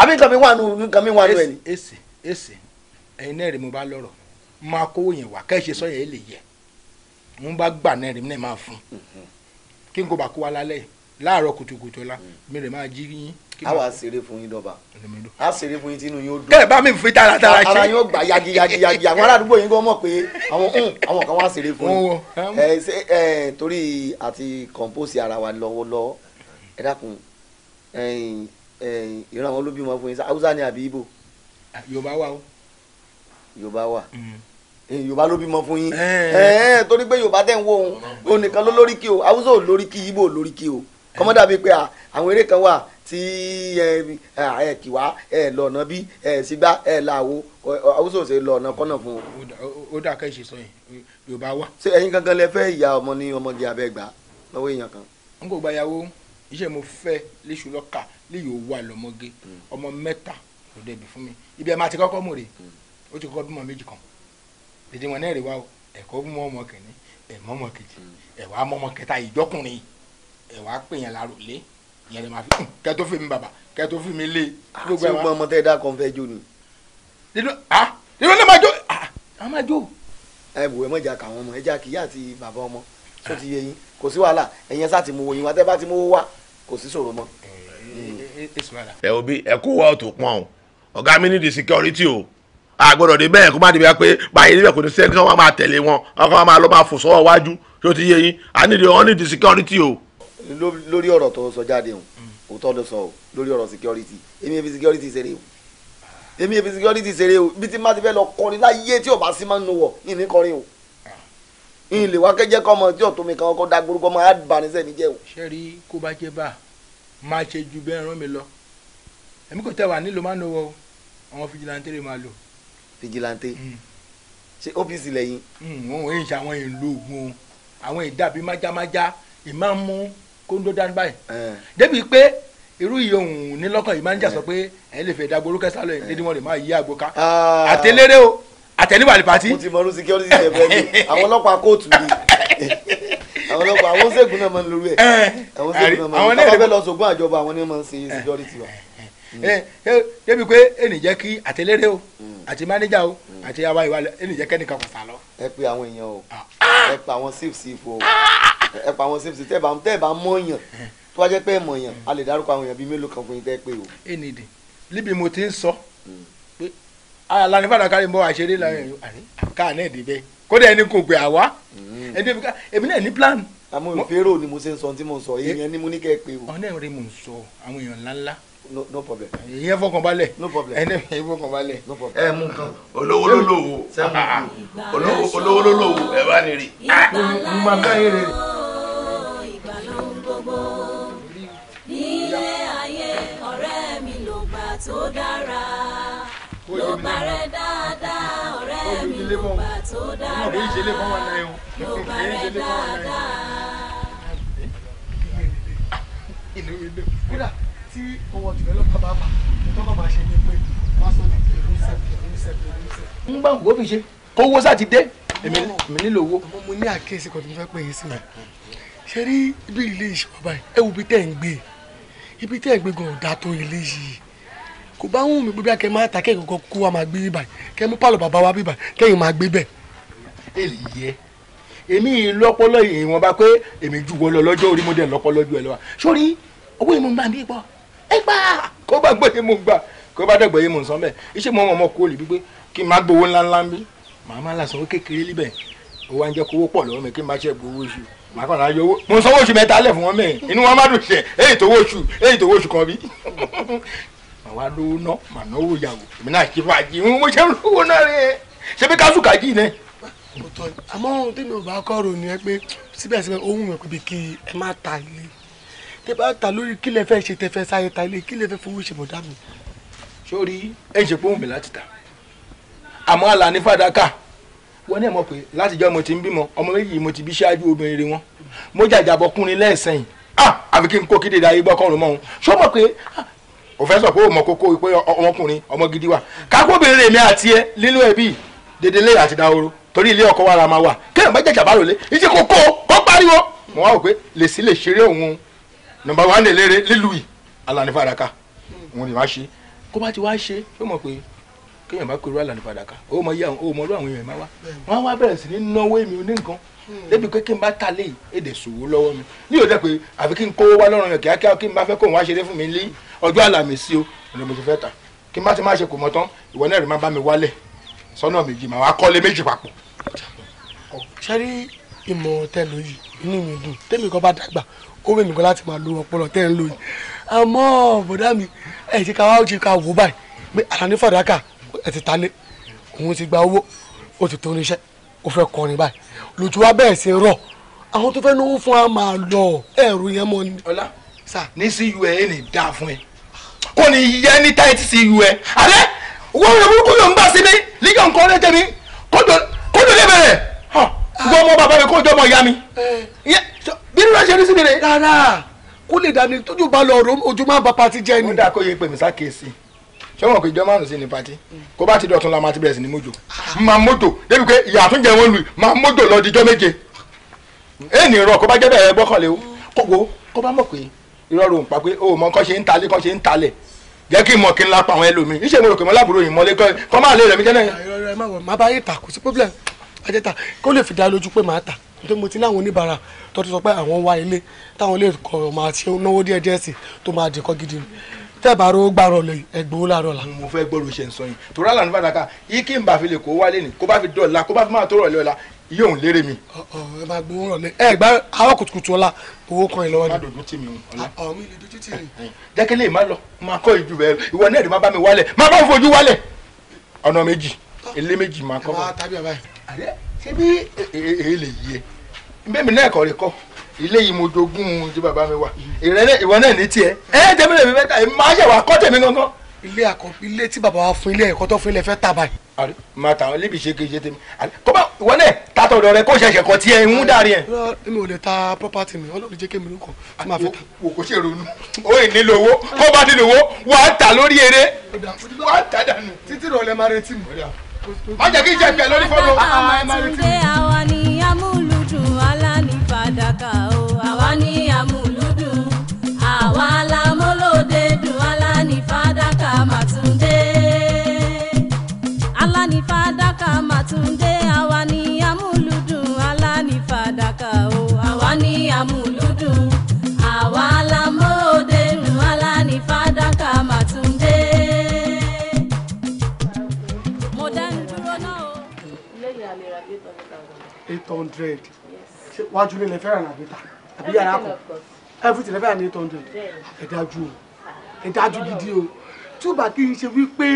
àbí nǹkan mi wà nù nǹkan mi wà nù ẹ̀ ni. èsì èsì ẹ̀yin náà rè mo bá lọ́rọ̀ máa kówó yẹn wá kẹ́ ẹ̀ ṣe sọ́yẹ̀ ẹ̀ lè yẹ mo bá gbà náà rè mi náà máa fún mm-hmm. kí n kò bá kó wa lálẹ́ yìí kùtùkùtù ọ̀la mm. mi rè máa jí yín a wà ṣeré fún dọba a ṣeré fún yín tí inú yín ó dùn. kẹ́lẹ́ mi fi taratara ṣe. ara yín ó gbà yagi yagi yagi àwọn aládùúgbò yín kò mọ̀ pé àwọn ń hmm, àwọn kan wá ṣeré fún yín. ẹ ṣe ẹ torí àti kọ̀ǹpóòsì ara wa lọ́wọ́lọ́wọ́ ẹ dákun ìran àwọn olóbìmọ fún yín haúsá ni àbí ibo. Ah, yorùbá wà o. yorùbá wà hmm. yorùbá ló bímọ fún yín torí pé yorùbá tẹ̀ ń wo òun òun nìkan ló lóríkì o haúsá ò lóríkì ibo ò lóríkì o kọ́mọ́dà bíi pé àwọn eré kan wà tí ẹ kì wá ẹ lọ́nà bí ẹ sígbà ẹ làwọ àwùjọ ṣe lọ́nà kọ́nà fún o. ó dà ká ìṣèṣọ yẹn yorùbá wà. ṣé ẹ̀yin gangan lẹ fẹ́ ìyá ọmọ ní ọmọge abẹ́gbà lọ́wọ́ èèyàn kan. n kò gba ìyàwó iṣẹ́ mo fẹ́ léṣu lọ́kà léyìí ó wà lọ́mọge hmm. ọmọ mẹ́ta ló dẹ̀bi fún mi ibi ẹ̀ máa ti kọ́kọ́ mú rè hmm. ó ti kọ́kọ́ bímọ méjì kan dèdè wọn náà rè wá o ẹ̀kọ́ mú ọmọ kìíní ìyẹn lè máa fi hmm, kẹtó fi mi bàbá kẹtó fi mi lé. àti ah, ọgbọ́n ọmọ tẹ́ dá kan fẹ́ jó ni. nínú a ah, nínú lè máa jó ah, a máa jó. ẹ wò ẹ mọ̀jà káwọn ọmọ ẹ jẹ́ àkìyà àti bàbá ọmọ tó ti yé yín kò sí wàhálà ẹ̀yẹn sá ti mú oyin wa tẹ́ bá ti mú wá kò sí ṣòro mọ́. ẹ òbí ẹ kó wọ́ọ̀ tó pọ́n o ọ̀gá mi ní di security o àgbọ̀dọ̀ dé bẹ́ẹ̀ kó má débi pé báyìí níbẹ̀ kò ní sẹ́ni kí wọ́n máa tẹ̀lé wọn ọkọ̀ máa lọ máa fò sọ́wọ́ wájú tó ti yé yín i need the security o lórí ọ̀rọ̀ tó sọ jáde o mm. òótọ́ ló sọ o lórí ọ̀rọ̀ security èmi ebi security ṣeré o èmi ebi security ṣeré o bí ti má ti fẹ́ lọ kọrin láyé tí ò bá sí máa ń nu wọ̀ ní ìníkọrin o ìyìn lè wá kẹ́jẹ́ kọ́ ọmọ tí ò tómi kan kọ́ da gbórúkọ máa bàníṣẹ́ mi jẹ́ o. sẹ́rí kó bá jẹ́ bá máa ṣe ju bẹ́ẹ̀ rán mi lọ èmi kò tẹ́ wà nílò máa ń nu wọ àwọn fìjìláńtẹ́ rẹ̀ máa lò. fìjìláńtẹ́ mm. ṣe ọ́fíìsì lẹ́yìn. òun mm, èyí ṣe àwọn èèlò oògùn àwọn ìdàbí májámájá ìmáàmù kó ń dó dání báyìí débi pé irú iye òun ní lọ́kàn yìí máa ń jà sọ pé ẹ lè fẹ́ dagbo orúkẹ́ sálọ yìí dédé wọn lè máa yí àgbo ká ah. àtẹlẹ́rẹ́ o àtẹlẹ́wà lè pati. mo ti mọ ọdún security ṣe fẹ́ mi àwọn ọlọ́pàá kóòtù mi àwọn ọlọ́pàá àwọn ṣègùn náà máa ń lórí ẹ̀ àwọn ṣègùn náà máa ń lórí ẹ̀ àwọn ọlọ́pàá fẹ́ lọ sọ̀gbọ́n àjọba àwọn ni wọ́n máa ń ṣe security wa débi pé ẹnì jẹ́ kí àtẹlẹ́rẹ́ o àti mánéjà o àti àwa ìwà ẹnì jẹ́ kẹ́nìkan kò sá lọ. ẹ pe àwọn èèyàn o ah. ẹ pa àwọn sífù sífù o ẹ pa àwọn sif sífù tẹ́ ẹ bá mọ̀ yàn tó bá jẹ́ pé ẹ mọ̀ yàn a lè dárúkọ àwọn èèyàn bíi mélòó kan fún yín tẹ́ ẹ pé o. ẹnì dè níbi mo ti ń sọ hmm. pé alani fàdákà ni mo wà ṣeré la káà náà dé bẹ́ẹ̀ kódà ẹni kò gbé àwa hmm. èmi náà ní plan. àmọ́ ìfẹ́rò ni mo ṣe ń sọ tí mo sọ èèyàn ni mo ní kẹ́ ẹ pé o. ọ̀nà ìrìn mò ń sọ àwọn èèyàn ńláńlá no no problem. ìyẹn fọkàn balẹ̀. no problem. ẹni ìyẹn fọkàn balẹ̀. no problem. ẹ mú nǹkan olówó ló lòwò ah, ah, ah. olówó ló lòwò ẹ bá ní rí. mọ nǹkan yìí rè. tó dára ló bá rẹ dáadáa ọ̀rẹ́ mi ló gbà tó dára ló bá rẹ dáadáa tí owó developer bá bà tọ́kọ̀ máa ṣe ni pé wọ́n sọ ní unicef unicef unicef. ń gbà wò ó fi ṣe kówó sá ti dé èmi nílò owó. àmọ́ mo ní àkíyèsí kan tó fẹ́ pè é sí mi ṣe rí ibi ilé ìṣèwọ́ báyìí ẹ wo ibi tẹ́ ń gbé ibi tẹ́ ń gbé gan ọ̀dà tó ilé yìí kò bá wù mí gbé bí akẹ́ máa ta kẹ́kẹ́ kọ́ kó wa máa gbé bíbà kẹ́ mú pálọ̀ bàbá wa bíbà kẹ́yìn máa gbé bẹ́ẹ̀. èlì yẹ èmi lọ́pọlọ ìwọ̀nba pé èmi jù wọ́n lọ lọ́jọ́ orí mo dẹ̀ lọ́pọlọ ju ẹ lọ wa sórí owó ìmọ̀ máa ń bí pọ̀ ẹ gbà kó bá gbọ́ yé mo gbà kó bá dẹ̀gbọ́ yé mo sàn bẹ́ẹ̀ iṣẹ́ mo mọ̀ ọmọ kó olè gbígbé kí n má gbowó ńláńlá ń bí màá má lásán owó kékeré líbẹ̀ ó wá ń jẹ́ kówó pọ̀ lọ́wọ́ mi kí n má ṣe gbowó oṣù màá kàn láyọ owó mo sanwó oṣù mẹ́ta lẹ̀ fún wọn mẹ́rin inú wọn má dùn ṣe èyí tó wó oṣù èyí tó wó oṣù kan bí màá wá lówó ná màá náwó ìyàwó èmi náà ṣe fàájì ń mo ṣe ń lówó náà rẹ ṣe bí kásù kàjí náà àmọ́ tí mi ò bá kọ́ rò ẹ pé síbẹ̀síbẹ̀ ohun ẹ̀ pé kí ẹ má ta ilé tẹ bá ta lórí kí lẹ fẹ́ ṣe tẹ fẹ́ sáyé ta ilé kí lẹ fẹ́ fowó ṣe bọ̀dá mi. sórí ẹ ṣe pé òun mi láti ta àmọ́ àlà ní fàdákà wọ́n ní ẹ̀ mọ̀ pé látijọ́ mo ti ń bímọ ọmọ méjì mo ti bí ṣáájú obìnrin rẹ̀ wọn mo jàjàbọ̀ kúnrin lẹ́ẹ̀sẹ̀yìn ah àfi kí n kó kéde ìdáyé gbọ́kànrún mọ́ òun ṣó mọ̀ pé ò fẹ́ sọ pé ó mọ kókó pé ọmọkùnrin ọmọ gidi wà kákóbìnrin èmi àti ẹ nínú ẹbí dédélé àti dahoro torí ilé ọkọ wa ra máa wà kéèyàn bá jẹjà bá rò lé ìṣe kókó kó pariwo mo wá wò pé lèsí lè ṣeré òun nọmba wa ní eléré lílu yìí Alani Fàdákà òun ni wàá ṣe kó bá ti wá ṣe yóò mọ̀ pé kéèyàn bá pèrú Alani Fàdákà ó mọ iye ó mọ irú àwọn èèyàn máa wá wọn wá bẹ̀rẹ̀ sí ní náwó èmi oní nǹkan hmm. débi pé kí n bá ta lé èdè sòwò lọ́wọ́ mi ní òde pé àfi kí n kówó wá lọ́rùn yàn kíákíá kí n bá fẹ́ kó wọn á ṣeré fún mi ní ọjọ́ àlàmísì o ọ̀nà mo ti fẹ́ ta kí n bá ti má ṣe kò mọ́ tán ìwọ náà rí má bá mi wálẹ̀ sọ́nà méjì màá wá kọ́lé méjì papọ̀. ṣé rí ìmọ̀ tẹ́lẹ̀ yìí inú mi dùn tẹ́mi kan bá dàgbà ó wẹ̀ mí gan láti máa lo ọpọlọ tẹ́ ẹ̀ ń lò yìí àmọ́ bọ̀dá mi ẹ̀ ṣe ká wá ó ṣe ká wò báyìí pé àlàní fàdákà ẹ̀ ti talé òun ti gba owó ó ti tó oníṣẹ́ ó fẹ́ kọrin báyìí lójú wa bẹ́ẹ̀ ṣe rọ̀ àwọn tó fẹ́ náwó fún wa máa lọ ẹ̀rù yẹn mọ́ ni. ọlá ní sí u ẹ ẹ lè dáa fún ẹ kò ní yẹ ní táyìtì sí u ẹ alẹ́ owó rẹ̀ burúkú yóò ń bá sí mi nígbà nǹkan rẹ̀ bí nínú àṣẹ oníṣẹ́ rẹ̀. rárá kó lè dání tójú bá lọ ojú máa bá pati jẹ ni. ó dáa kó yẹ pé mi sá kéésì ṣé wọn kò jọ márùn sí ní pati kó bá ti dọ̀tún la máa ti bẹ̀rẹ̀ sí ní mọ́jò máa mọ́jò débi pé ìyá àtúnjẹ wọn lù máa mọ́jò lọ dijọ́ méje èyí ni irọ́ kó bá jẹ́ bẹ́ẹ̀ gbọ́kànlé o kó wo kó bá mọ̀ pé irọ́ ro nǹpa pé o mọ kọ́ ṣe ń talé kọ́ ṣe ń talẹ̀ jẹ́ kí n mọ̀ kí n lápá àwọn ẹlòmíì níṣẹ́ mo rò pé mo lábúrò yìí mọ́lé kọ́ máa lé rẹ̀ mi jẹ́ náà. má bá yé ta kò sí problem ajẹ́ta kó lè fi dá lójú pé máa ta nítorí mo ti láwọn oníbàárà tó ti sọ pé àwọn wá ilé táwọn lè kọ máa ṣe náwó díẹ̀ díẹ̀ sí tó máa dìkọ́ gidi ni tẹ́ẹ̀bàrò gbàrọ̀ lè ẹgbẹ́ láàárọ̀ la. mo fẹ́ gbọ́dọ̀ ṣe ń sọ yìí torí àlànà fàdákà yìí kí n bá fi lè kó wálé ni kó bá fi dọ̀la kó bá fi máa tó rọ̀lẹ́ ọ̀la yóò ń lérè mi. ọ ẹ máa gbé wọn rọ̀lẹ́ ẹ gbá àwọn kùtùkùtù ọ̀la owó kan ẹ lọ́wọ́ ni. má mi lè dojú tì ṣebí èyí e, e, e, lè yí ẹ bẹ́ẹ̀mi náà kọ́ rẹ kọ́ ilé yìí mo jogún tí bàbá mi wà ìrẹ́lẹ̀ ìwọ náà ní tiẹ̀ ẹ tẹ́mi lè mi fẹ́ ta èmi máa ṣẹ̀wá kọ́ tèmi gangan. ilé akọ ilé tí bàbá wa fún ilé ẹ̀kọ́ tó fún ilé fẹ́ ta báyìí. àrí màá ta àwọn ilébi ṣe kì í ṣe tèmi kọ́bá ìwọ náà ta tọ̀dọ̀ rẹ kó ṣẹ̀ṣẹ̀ kọ́ tiẹ̀ ń dárí ẹ̀. mi ò lè ta property mi ọlọ́run jẹ́ kémi lóko tí màá fi ta. wò kò ṣe ronú ó ì nílò owó kó bá nílò owó wà á ta lórí eré wà á ta dànù títí rọ̀ lẹ́ máa retí mi má jẹ́ kí n jẹ ìpẹ́ lórí fọ́nù. àmàtúndé ah, àwa ni amúlùdùn aláni fàdákà o àwa ni amúlùdùn àwa làmọ́lòdè dùn aláni fàdákà màtúndé aláni fàdákà màtúndé. hundred wájú nílẹ̀ fẹ́ràn àbíta àbí yàrá kan everything lẹ́fẹ̀ẹ́ ní eight hundred ẹ dájú o ẹ dájú gidi o tí ó bá kí n ṣe wípé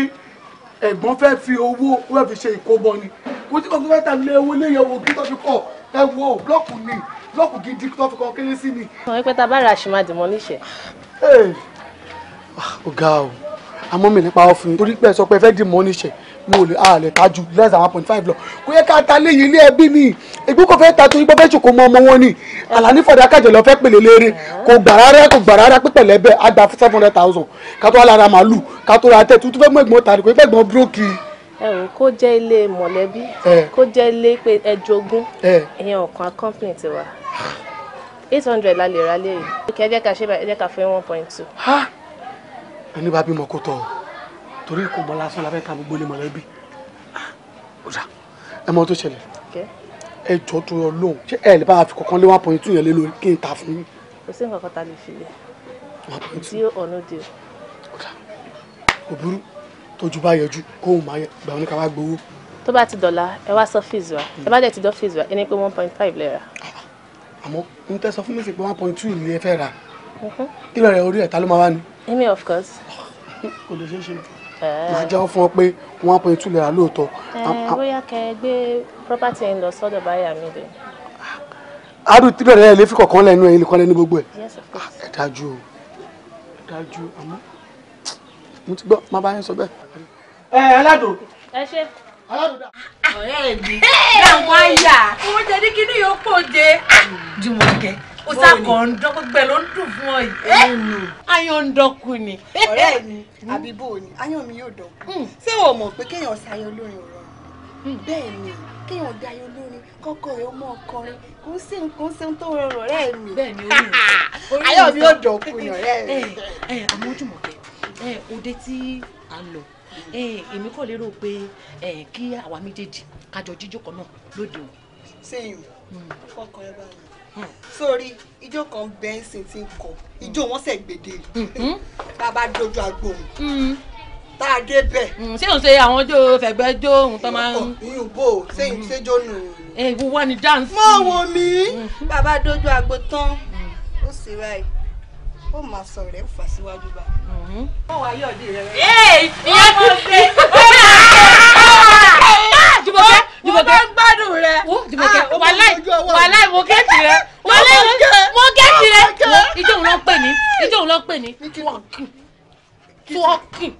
ẹ̀gbọ́n fẹ́ fi owó wẹ́ẹ̀ fi ṣe ìkóbọ ni kò tí kòkó fẹ́ẹ́ ta lé owó léyẹ̀ wò kí tó fi kọ̀ ẹ wo blọ́ọ̀kù ni blọ́ọ̀kù gidi tó fi kọ́ kéré sí ni. àwọn ẹgbẹ́ ta bá ra àṣìmọ́ àdìmọ́ níṣẹ́. Eh, ah, ọ̀gá o àmọ́ mi nípa ọ̀fun torí pé ẹ sọ pé ẹ fẹ́ dìmọ́ níṣẹ́ mo lè a lè ta ju less than one point five lọ kò yẹ ká ta léyìn ilé ẹbí ni ìgbó kò fẹ́ ta tó ibọ́ fẹ́ ṣòkò mọ ọmọ wọn ni àlàní fọdà kájọ lọ fẹ́ pèlè léere kò gbà rárá kò gbà rárá pípẹ̀ lẹ́bẹ̀ á gba seven hundred thousand ká tó alára màálù ká tó ra tẹ̀ tuntun fẹ́ mọ ẹ̀gbọ́n tàbí kò fẹ́ gbọ́n búrókì. ẹ ò kó jẹ́ ilé mọ̀lẹ́bí kó jẹ́ ilé pé ẹ jogún ìyẹn ọ̀kan company ti wà eight hundred la lè ra léyìn kẹ́ ká ṣe ẹ ká fẹ́ one point two. ẹni bá bímọ kó tọ̀ torí kò mọ lásán lábẹ́ ta gbogbo ilé mọ̀lẹ́bí ah, ọ̀dà ẹ mọ tó ṣẹlẹ̀ ẹ jọ tó yọ lóhùn ṣé ẹ lè bá a fi kọ̀ọ̀kan lé one point two yẹn lé lórí kí n ta fún yín. kò sí nǹkan kan ta lè fi lè tí ò no deal. kò burú tójú bá yẹjú kóhùn máa yẹ gbà wọn ní ká wá gbowó. tó bá ti dọ̀la ẹ wá sọ fíìsì wa hmm. ẹ bá dẹ̀ ti dọ́ fíìsì wa ẹ ní pé one point five lẹ́ra. Ah, ah, àmọ́ n tẹ́ sọ fún mi sí pé one point two ni ẹ fẹ́ ra mm-hmm. kí lọ́ọ̀rẹ́ orí ẹ̀ ta ló máa wá ni. èmi of course. kò lè ṣeé ṣe máa eh. jáwọ́ fún ọ pé one point two naira lóòótọ́. Eh, bóyá kẹ ẹ gbé property ẹ lọ sọ́dọ̀ báyà mi dé. adùn tí lọ́dọ̀ ẹ lè fi kọ̀ọ̀kan lẹ́nu ẹ nìkan lẹ́nu gbogbo ẹ̀. Ah, ẹ dájú o ẹ dájú àmọ́ mo ti gbọ́ má bá yín sọ bẹ́ẹ̀. Eh, ẹ aládùn. ẹ ṣe. aládùn dà. ọ̀rẹ́ mi. ẹ̀ ẹ̀ wọ́n yà. mo ní kíní yóò pọ̀ jùmọ̀ kẹ́ o sá kàn ń dán gbogbo ẹ ló ń dùn fún ọ yìí. ayọ̀ ń dọ́kun ni. ọ̀rẹ́ mi mm. àbí bò ni ayọ̀ mi yóò dọ́kun. Mm. ṣé o mọ̀ pé kéèyàn ṣayọ lórin ọ̀rọ̀ mm. bẹ́ẹ̀ ni kéèyàn dayọ lórin kọ́kọ́ rẹ̀ ọmọ ọkọrin kò sí nǹkan ṣe tó rọrùn ọ̀rẹ́ mi. bẹ́ẹ̀ ni ó rìn ayọ̀ mi yóò dọ́kun ni ọ̀rẹ́ mi. ẹ eh, ẹ eh, eh, àmójúmọ̀kẹ́ òde tí a lọ èmi kò lérò pé kí àwa méjèèjì kájọ jíjó kan náà lóde o. sẹ́yìn ọkọ̀ ẹ bá sórí ijó kan bẹ́ńsìn ti ń kọ ijó wọn sẹ̀ gbèdè bàbá mm-hmm. dojú agbóhùn mm-hmm. tá a dé bẹ̀. Mm-hmm. ṣé òun ṣe àwọn ijó fẹ̀gbẹ́ jó òun tó máa ń. iyùn bò sẹ́yìn ṣéjó nù. ewu wá ní dáǹsì. mọ wo mi bàbá dojú agbo tán ó sì ra ẹ ó máa sọ rẹ fà síwájú bá. wọ́n wá yọ̀dí rẹ. ee ìyá ti ṣe. jùmọ̀ fẹ́ mo bá gbádùn rẹ. Ah, wàláì mo gẹ̀ẹ́tì rẹ ah, mo gẹ̀ẹ́tì rẹ ah, ìjọ òun ló pè ní ìjọ òun ló pè ní twerking twerking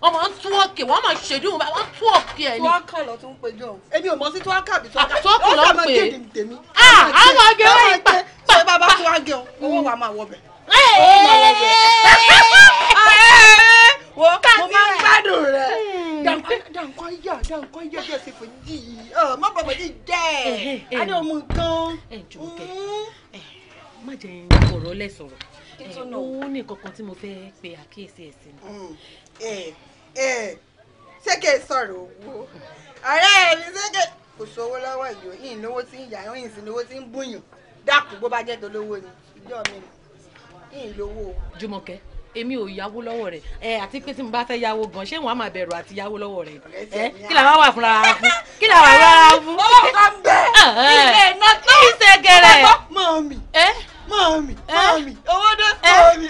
wọ́n máa wọ́n máa ṣèdí wọn wọ́n túwọ́ọ̀kì ẹ̀ ni. túwọ́ọ̀kà lọ tún pe jọ. èmi ò mọ sí túwọ́ọ̀kà bí túwọ́ọ̀kà. túwọ́ọ̀kì lọ pè é. ah àwọn ọgẹ wọn yìí pa. ṣé bàbá túwọ́ọ̀kì owó wa máa wọ bẹ̀. ẹ̀ẹ́ wo mo máa ń gbádùn rẹ dànkọ́ hmm. yà dànkọ́ yà bí ẹsẹ̀ fún yìí má bàbá yìí jẹ́ ẹ̀ eh, á eh, eh. ní ọmọ nǹkan. ẹ jọ̀ọ́ hmm. má jẹ́ ọ̀rọ̀ lẹ́sọ̀rọ̀ òun ní kankan tí mo fẹ́ pe àkíyèsí ẹ̀ sí ni. Hmm. ṣé kè sọ̀rọ̀ owó ọ̀rẹ́ mi ṣé kè kò sówó lọ́wọ́ ìyó yìí lówó tí ń yà yín sí lówó tí ń bùyàn dákun bó bá jẹ́ dolówó ni ìjọ mi yìí lówó. Jùmọ̀kẹ́ èmi ò yáwó lọ́wọ́ rẹ̀ ẹ àti pé tí mo bá fẹ́ yáwó gan ṣé wọn á máa bẹ̀rù àti yáwó lọ́wọ́ rẹ̀ ẹ kí làwọn wà fúnra ara fún kí làwọn wà fúnra ara fún. owó kan bẹ ah, ah. ilé iná tó ń ṣe gẹrẹ. mọ̀mí mọ̀mí mọ̀mí owó dó mọ̀mí.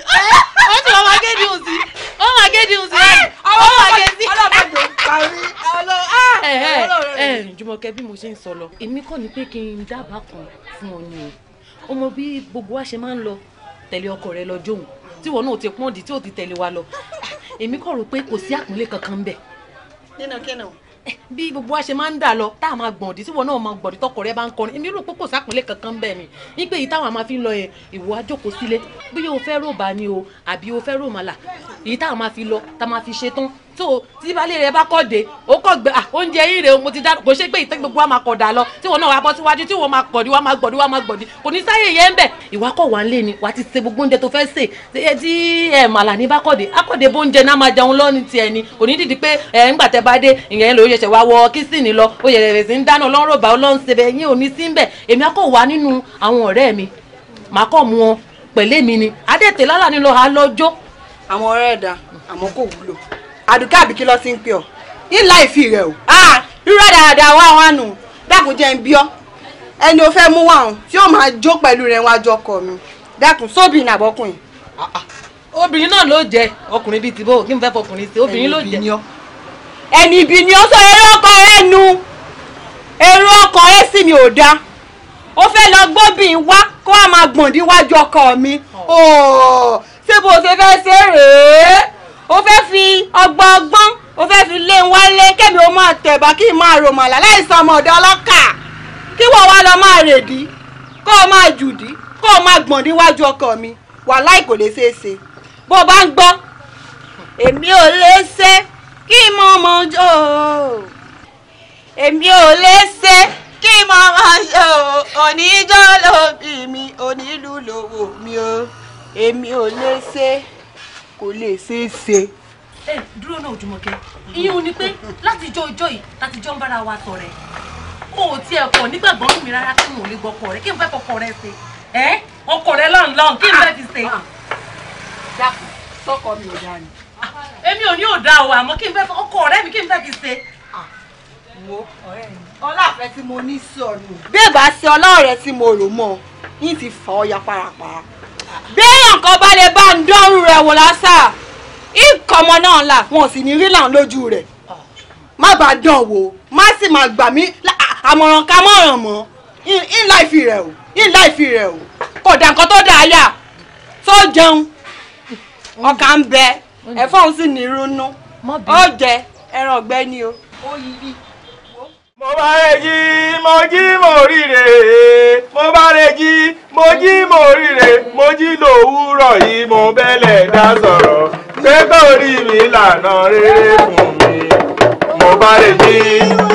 ó sì wọ́n máa gé di òsì ó máa gé di òsì ó máa gé di. ọlọ́mọdé parí ah, ọlọ́run. Jùmọ̀kẹ́ bí mo ṣe ń sọ lọ èmi kọ́ ni pé kí n dábàá kan fún ọ ni o ọmọ bí gbogbo wa ṣe máa ń lọ tẹ̀lé ọkọ rẹ lọ jóun tí wọn náà ti pọ́n di tí ó ti tẹ̀lé wa lọ èmi kọ̀ rò pé kò sí àpọ́nlé kankan bẹ̀. nínú kínú. bí gbogbo wa ṣe máa ń dà lọ tá a máa gbọ̀n di tí wọn náà máa gbọ̀n di tọkọ rẹ bá ń kọrin èmi rò pé kò sápọ́nlé kankan bẹ̀ ni nígbè yìí táwọn máa fi ń lọ yẹn ìwọ ajókòó sílé bóyá o fẹ́ rò bá ni o àbí o fẹ́ rò màlà èyí táwọn máa fi lọ tá a máa fi ṣe tó tí balẹ̀ rẹ bá kọ́ de ó kọ́ gbẹ oúnjẹ yín rèé mo ti dá kò ṣe pé ìtẹ́ gbogbo wa máa kọ̀dà lọ tí wọn náà wà bọ́ síwájú tí wọn máa gbọ̀dí wa máa gbọ̀dí wa máa gbọ̀dí kò ní sáyè yẹn ń bẹ̀. ìwà kọ̀ wá ń lé ni wà á ti ṣe gbogbo oúnjẹ tó fẹ́ se é tí ẹ màlà ní bá de akọ̀dé bó oúnjẹ náà máa jẹun lọ́ni ti ẹni kò ní dìdí pé ẹ ńgbà tẹ bá dé ìyẹn ló ṣẹ̀ṣẹ̀ wá wọ kísìnì lọ ó yẹ rẹ̀ sí ń dáná ọlọ́run bá ọlọ́run ṣe bẹ́ẹ̀ yín ò ní sí ń bẹ̀ èmi akọ̀ wá nínú àwọn ọ̀rẹ́ mi màá kọ̀ ni adẹ́tẹ̀ lálàá nílò àlọ́jọ́. àwọn ọ̀rẹ́ ẹ̀dá àmọ́ kò wúlò àdùkẹ́ àbíkí lọ sí ń pè ọ́ nílà ìfì rẹ o rírọ̀ dáadáa wá wá nù dákun jẹ́ ń bí ọ́ ẹni o fẹ́ mú wá òun tí yóò máa jó pẹ̀lú rẹ̀ wájú ọkọ mi dákun sóbìnrin àbọ́kùnrin. obìnrin náà ló jẹ ọkùnrin bíi tìbó kí n fẹ́ fọkùnrin sí obìnrin ló jẹ. ẹni ibi ni ó sọ èrò ọkọ rẹ nu èrò ọkọ rẹ sì mi ò dáa ó fẹ́ lọ gbóbìn wá kó wá máa gbọ̀ndín wájú ọkọ mi oh. ṣé bó ṣe fẹ́ ṣe rèé o fẹ́ fi ọgbọ́n ọgbọ́n o fẹ́ fi lé wálé kẹ́mi o máa tẹ̀bà kí n máa ròmàlà láìsàn ọmọ ọ̀dọ́ ọlọ́kà kí wọ́n wá lọ máa rèdí kó o máa jùdí kó o máa gbọ̀n níwájú ọkọ mi wàláì kò lè ṣeé ṣe bó o bá ń gbọ́ èmi ò lè ṣe kí n mọ ọmọ jò èmi ò lè ṣe kí n mọ ọmọ jò oníjọ́ lóbi mi onílù lówó mi o èmi ò lè ṣe kò lè ṣeé ṣe. ẹ dúró náà Jùmọ̀kẹ́ ìyún ni pé látijọ́ ọjọ́ yìí látijọ́ ń bára wa tọ̀rẹ́ o ò tiẹ̀ kọ̀ nígbàgbọ́ mi rárá tí mo lè gbọ́kọ̀ rẹ kí n fẹ́ kọ́kọ́ rẹ ṣe ẹ ọkọ rẹ lọ́nlọ́n kí n fẹ́ fi ṣe. Ah, ah. dákun sọkọ mi ò dáa ni. Ah, èmi ò ní ò dáa o àmọ́ kí n fẹ́ ọkọ rẹ mi kí n fẹ́ fi ṣe wo ọ̀rẹ́ mi. ọláfẹ́ tí mo ní sí ọ̀nù. bí èbá ṣe ọlọ́ọ̀rẹ́ tí mo rò mọ́ yín ti fà ya parapara béèyàn kan bá lè bá ń dọ́rùn rẹ̀ wò lásà ìkọmọ náà là wọn ò sì ní rí là ń lójú rẹ̀ má bàa dán wò má sì máa gbà mí àmọ̀ràn ká mọ̀ràn mọ́ in life rẹ̀ o in life rẹ̀ o kò dà nǹkan tó dáa yà tó jẹun ọkà ń bẹ ẹ̀fọ́ sì ní irun nú ó ẹran ọ̀gbẹ́ ni o. ó yí bí mo bá rẹ̀ jí mo jí mo ríre mo bá rẹ̀ jí mo jí mo ríre mo jí lòwúrọ̀ yìí mo bẹ́lẹ̀ dá sọ̀rọ̀ pé kò mi lànà rere fún mi mo bá rẹ̀ jí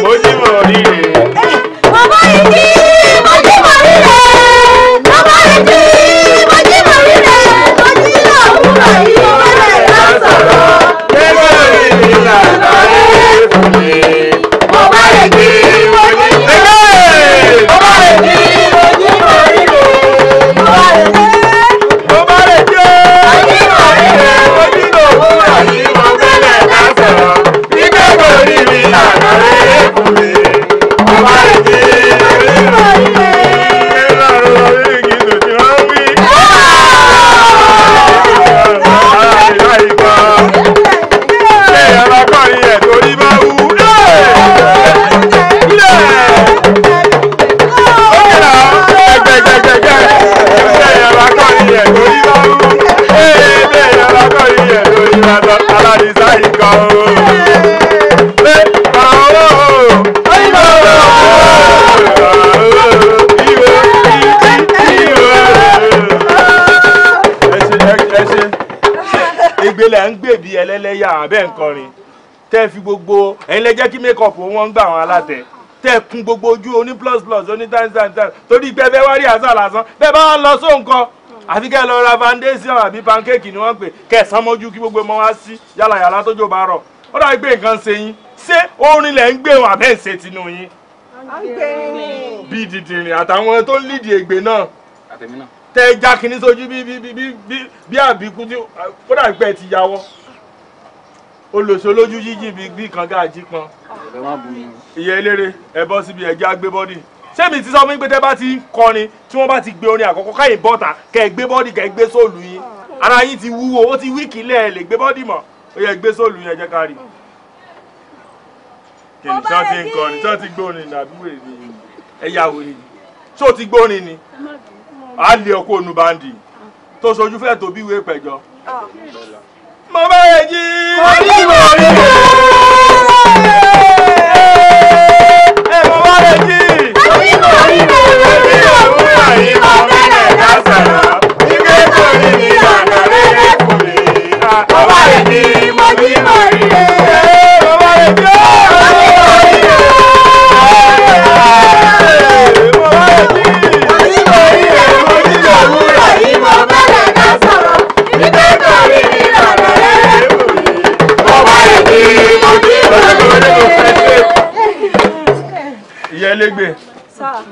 mo jí mo ríre. mo bá rẹ̀ jí mo jí mo ríre mo bá rẹ̀ jí. gbèbí ẹlẹ́lẹ́yà abẹ́ nkọrin tẹ́ fi gbogbo ẹ̀yin lẹ́jẹ́ kí make up wọn gbà wọn alátẹ tẹ́ kun gbogbo ojú oní plus plus oní times times times torí pé bẹ́ẹ̀ wá rí àṣà lásán bẹ́ẹ̀ bá wọn lọ sóǹkan àfi kẹ́ ẹ lọ ra foundation àbí pancake ni wọ́n pè kẹ́ ẹ sán mọ́jú kí gbogbo ọmọ wa sí yálà yàrá tójò bá rọ̀ ó dàbí pé nǹkan ṣe yín ṣé orin lẹ̀ ń gbé wọn àbẹ́ ìṣe tinú yín. bí dìdìrìn àtàwọn tó ń lídìí ègbè náà. àtẹ̀mí náà tẹ já kinní sójú bí bí bí bí bí àbíkú tí kódà gbẹ ti yàwọ olùsọ lójú jíjìn bí bí kan gáàjí pọn ìyẹn eléré ẹ bọ́ síbi ẹ já gbé bọ́dì sẹ́mi ti sọ fún mi pé tẹ́ bá ti kọrin tí wọ́n bá ti gbé orin àkọ́kọ́ káyìn bọ́ta kẹ́ ẹ gbé bọ́dì kẹ́ ẹ gbé sóòlù yín ara yín ti wúwo ó ti wíìkì lẹ́ ẹ lè gbé bọ́dì mọ́ ó yẹ gbé sóòlù yín ẹ jẹ́ ká rí. kìnìún tí wọ́n ti ń kọrin tí wọ́n ti gbórin ní àbúrò ẹ̀ ní ẹ̀yà wò ni tí ó ti gbórin ni a lè ọkọ ònú báńdì tó sojú fẹ́ tó bí ìwé ìpẹ̀jọ́. Ah. mo bá jí. mo bí ìwé ìpẹ̀jọ́. Adégbè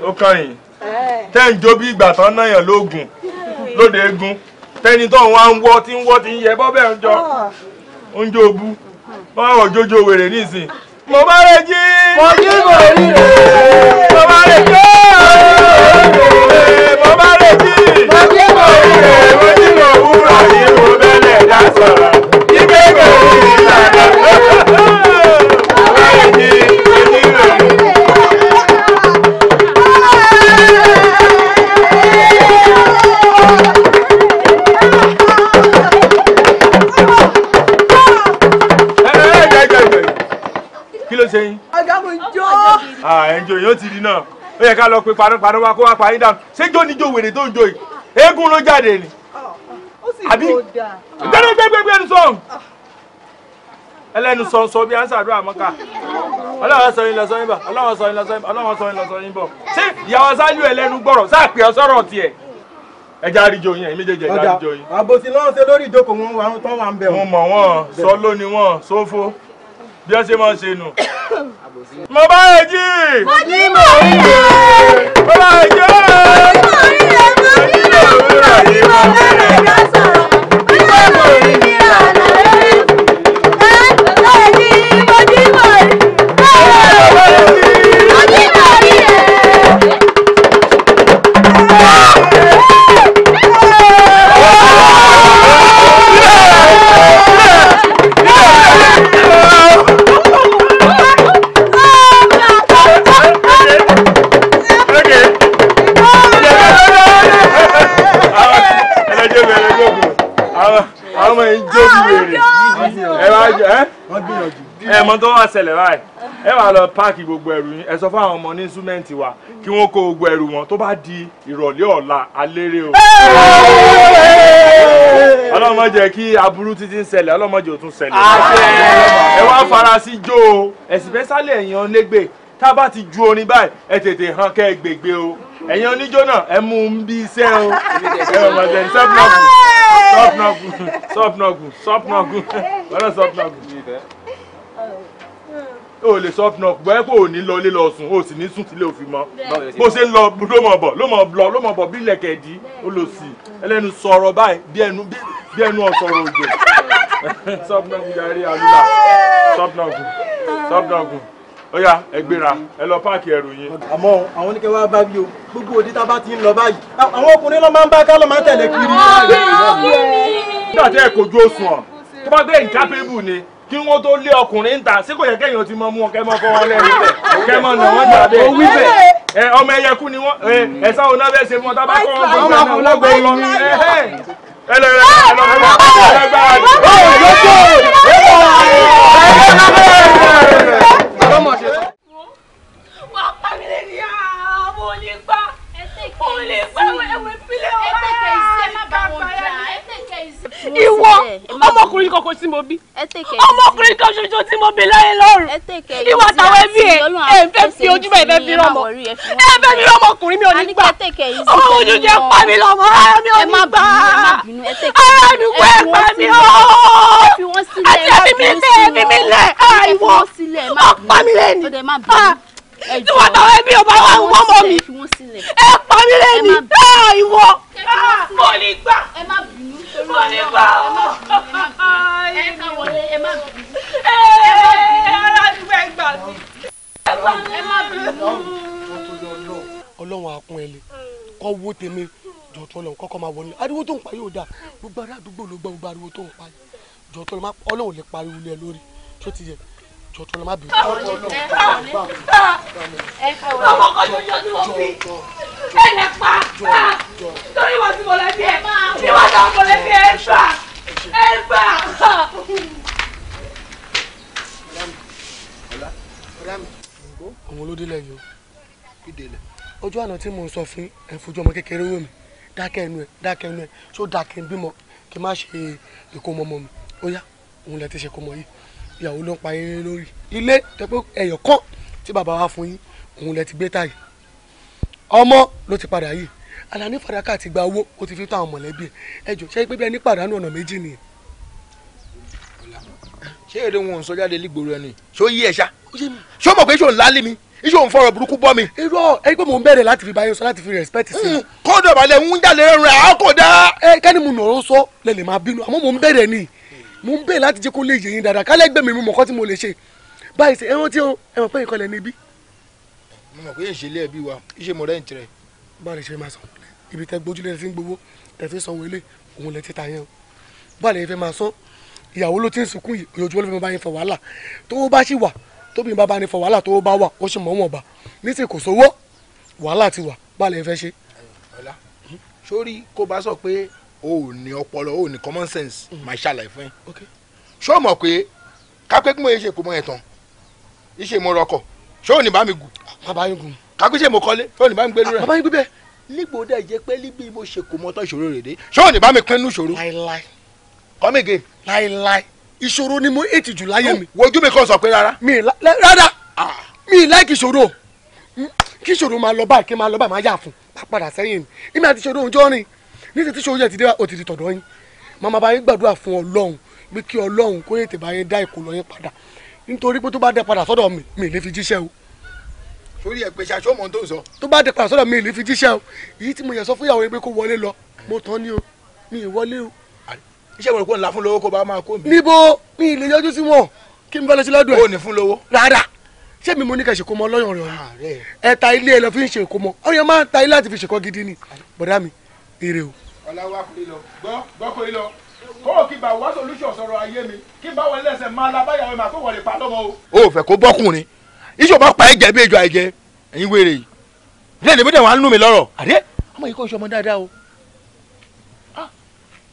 ó kọyìn eh. tẹ́ ń jó bí ìgbà tán náyàn lóògùn lóde egun tẹ́ni tó ń wá ń wọ́ tí ń tí ń yẹ bọ́ bẹ́ẹ̀ ń ìjò èèyàn ti rí náà ó yẹ ká lọ pe panápaná wa kó wá pa yín dànù ṣé jó níjó wèrè tó ń jó yìí eégún ló jáde ni àbí gbẹgbẹgbẹgbẹ ẹnu sọ ẹlẹnu sọ sọ bí ansa àdúrà mọka ọlọ́run sọ yín lọ sọ yín bọ ọlọ́run sọ yín lọ sọ yín bọ ọlọ́run sọ yín lọ sọ yín bọ ṣé ìyàwó sáyú ẹlẹnu gbọrọ sáàpì ọsọrọ tiẹ ẹja àríjọ yẹn méjèèjì ẹja àríjọ yẹn. àbòsí lọ́wọ́ ṣe lórí ìjókòó wọn wà tán wà ń bẹ̀ wọn. mo mọ̀ wọ́n sọ lónìí wọ́n sófo bí ẹ ṣe máa ń ṣe nù. mo bá yẹ jí. mo jí mo rí rẹ̀. mo bá yẹ jí. mo rí mo rí rẹ̀ mo rí rẹ̀ mo bẹ̀rẹ̀ dá sí. mọ tó wá ṣẹlẹ̀ báyìí ẹ wà lọ páàkì gbogbo ẹrù yín ẹ sọ fún àwọn ọmọ ní súmẹ́ǹtì wa kí wọ́n kó gbogbo ẹrù wọn tó bá di ìrọ̀lẹ́ ọ̀la alérè o. ọlọ́mọ kí aburú títí ń ṣẹlẹ̀ ọlọ́mọ jẹ́ òtún ṣẹlẹ̀. ẹ wá farasí jó o especially ẹ̀yin onígbè tá a bá ti ju orin báyìí ẹ tètè hàn kẹ́ ẹ gbègbè o ẹ̀yin oníjó náà ẹ mú un bí iṣẹ́ o ẹ ọmọ ẹ̀ sọ́pnọ́gù o lè sọ fún ọ bẹ́ẹ̀ kó o ní lọ ilé lọ sùn o sì ní sùn sílé òfin mọ́ bó ṣe ń lọ ló mọ̀ bọ̀ ló mọ̀ lọ ló mọ̀ bọ̀ bí ilẹ̀kẹ̀ dí ó lọ sí ẹlẹ́nu sọ̀rọ̀ báyìí bí ẹnu bí ẹnu ọ̀sọ̀rọ̀ òjò sọ́pnọ́gùn yarí àlùlà sọ́pnọ́gùn sọ́pnọ́gùn ó yá ẹ gbéra ẹ lọ páàkì ẹrù yín. àmọ́ àwọn oníkẹ́ wá bá bí o gbogbo òde tá a bá ti ń lọ báyìí àwọn ọkùnrin ló máa ń bá ká ló máa ń tẹ̀lé kiri. nígbà tí ẹ kojú òsùn ọ̀ tó bá dé kí wọ́n tó lé ọkùnrin ń ta sí kò yẹ kẹ́yìn ti mọ mú wọn kẹ́ mọ fọwọ́ lẹ́yìn bẹ̀ kẹ́ mọ nà wọ́n jà bẹ́ẹ̀. owí bẹ́ẹ̀. ẹ ọmọ ẹyẹ kú ni wọn ẹ ẹsẹ òun náà bẹ ṣe fún ọ tábà kọ wọn gbogbo ẹ náà wọn gbọ lọ. ẹ lọ rẹ ẹ lọ rẹ ẹ gbà wá. wà á pàmìlẹ̀ ní àwọn olè gbà olè gbà ẹwẹ́ pílẹ̀ ọ̀rẹ́ ìwọ ọmọkùnrin kankan tí mo bí ọmọkùnrin kan ṣoṣo tí mo bí láyé lọ́rùn ìwọ àtàwọn ẹbí ẹ ẹ fẹ́ fi ojú bẹ́ẹ̀ fẹ́ fi rọmọ ẹ fẹ́ fi rọmọkùnrin mi ò ní gbà ọmọ ojú jẹ pa mi lọmọ ara mi ò ní gbà ara mi wọ ẹ mi ọ àti ẹbí mi lẹ ẹbí mi lẹ ìwọ ọpa mi lẹ tí wọ́n tàwọn ẹbí ọba wà ń wọ́n mọ́ mi ẹ pa mí lẹ́nu ẹ ìwọ ah, mo ní gbà mo ní gbà ọ́ ẹ ká wọlé ẹ má bínú eh, ẹ aládùúgbò ẹ gbà mí ẹ má bínú. ọlọ́run àkún ẹ lè kọ́ wo tèmi jọ̀tún ọlọ́run kọ́kọ́ máa wọlé ariwo tó ń pa yóò dáa gbogbo ará àdúgbò ló gbọ́ gbogbo ariwo tó ń pa jọ̀tún ọlọ́run ọlọ́run lè pariwo lé ẹ lórí tó ti yẹ jọ tó lọ má bínú. ọmọ kan ló yọ wọn bí ẹ lè pa torí wọn ti mọlẹ bí ẹ bí wọn náà mọlẹ bí ẹ gbà ẹ gbà. àwọn olóde o ojú àná tí mo sọ fún ẹ fojú ọmọ kékeré wò mí dákẹ́ ẹnu ẹ dákẹ́ ẹnu ẹ só dákẹ́ bímọ kí n má ṣe ìkómọmọ mi ó yá òun lẹ ti ṣe kómọ yìí ìyàwó ló ń pa yín lórí ilé tẹ́pẹ́ ẹ̀yọ̀ kan tí bàbá wa fún yín òun lẹ ti gbé táyì ọmọ ló ti padà yìí Alani Fàdákà ti gba owó ó ti fi tó àwọn mọ̀lẹ́bí ẹ̀ ẹjọ́ ṣé pé bí ẹni pàdánù ọ̀nà méjì nìyẹn. ṣé èdè wọn ò sọ jáde lígboro ẹni ṣó yí ẹ ṣá ṣó mọ̀ pé ṣó ń lálé mi iṣẹ́ òun fọ̀rọ̀ burúkú bọ́ mi. irọ́ ẹ gbé mò ń bẹ̀rẹ̀ láti fi báyọ̀ sọ láti fi respect sí. Mm, kódà balẹ̀ ń jalè rẹ̀ á ẹ kẹ́ni mo nọ̀rọ̀ sọ lẹ́lẹ̀ máa bínú àmọ́ mò ń bẹ̀rẹ̀ ni mo ń bẹ̀ láti jẹ́ kó lè yé yín dáadáa kálẹ́gbẹ́ mi mo mọ̀ kọ́ tí mo lè ṣe báyìí ṣe ẹran tí ẹ mọ̀ pé ìkọlẹ̀ níbí. mo mọ̀ pé ìṣẹ̀lẹ̀ ẹbí wa iṣẹ́ mo rẹ́ǹtì rẹ̀. báyìí ṣe máa sọ ibi tẹ gbójú lẹ ń gbowó tẹ sanwó ilé òun lẹ ti ta yẹn o báyìí fẹ́ máa sọ ìyàwó ló ti ń sunkún yìí ojoojúmọ́ ló fi bá yín fọ wàhálà tó bá sì wà tóbi bá bá ní fọ wàhálà tó bá wà ó sì mọ̀ wọ̀n bá nísìnyí kò sówó wàhálà ti wà báyìí fẹ́ ṣe. sórí kó bá sọ pé o ò ní ọpọlọ o ò ní common sense máa ṣàlàyé fún yín ṣé o mọ̀ pé kápẹ́ kí mo yẹ ṣe kó mọ ẹ̀ tán iṣẹ́ mo rọkọ̀ ṣé o ní bá mi gùn. bàbá yín gùn. kápẹ́ ṣe mo kọ́lé ṣé o ní bá mi gbẹ́lú rẹ̀. bàbá yín gbé bẹ́ẹ̀. nígbò dẹ̀ jẹ́ pé níbi mo ṣe kó mọ tán ìṣòro rèé dé ṣé o ní bá mi pinnu ìṣòro. láíláí. come again. láíláí. ìṣòro ni mo ètì jù láyé mi. wojú mi kò sọ pé rárá. mi rárá mi láì kí ìṣòro hmm, kí ìṣòro máa lọ báyìí kí máa lọ báyìí máa yà fún padà sẹ́yìn ní ti tíṣe oúnjẹ ti dé wa ó ti di tọ̀dọ̀ yín màmá bá yín gbàdúrà fún ọlọ́run pé kí ọlọ́run kó yètè bá yín dá ìkòlọ́ yín padà nítorí pé tó bá dẹ padà sọ́dọ̀ mi mi lè fi jíṣẹ́ o. sórí ẹ pé ṣaṣọ mọ tó sọ. tó bá dẹ padà sọ́dọ̀ mi lè fi jíṣẹ́ o èyí tí mo yẹ sọ fún ìyàwó yẹn pé kó wọlé lọ mo tán ni o mi ì wọlé o. iṣẹ́ ìwọ̀n kò ń la fún lówó kó bá máa kó mi. níbo mi ì lè yọjú sí wọn kí n bá lọ sí lọ́dọ̀ ẹ̀. o ní fún lówó. rárá ṣé mi mo ní ká ṣe kómọ lọ́yàn rẹ̀ ọ̀hún mi èrè o ọ̀làwà kò lè lọ gbọ́ gbọ́ kò lè lọ kó o kí bá wá solution sọ̀rọ̀ ayé mi kí bá wọlé ẹsẹ̀ máa la báyàwó mà kó wọlé pa lọ́mọ o. o fẹ́ kó bọ́kùnrin ìṣòba pa ẹ̀jẹ̀ bí ejò àìjẹ ẹ̀yin wèrè yìí ilé ìdìbò dẹ̀ wà ń nù mí lọ́rọ̀ àdé ọmọ yìí kò sọmọ dáadáa o. Ah!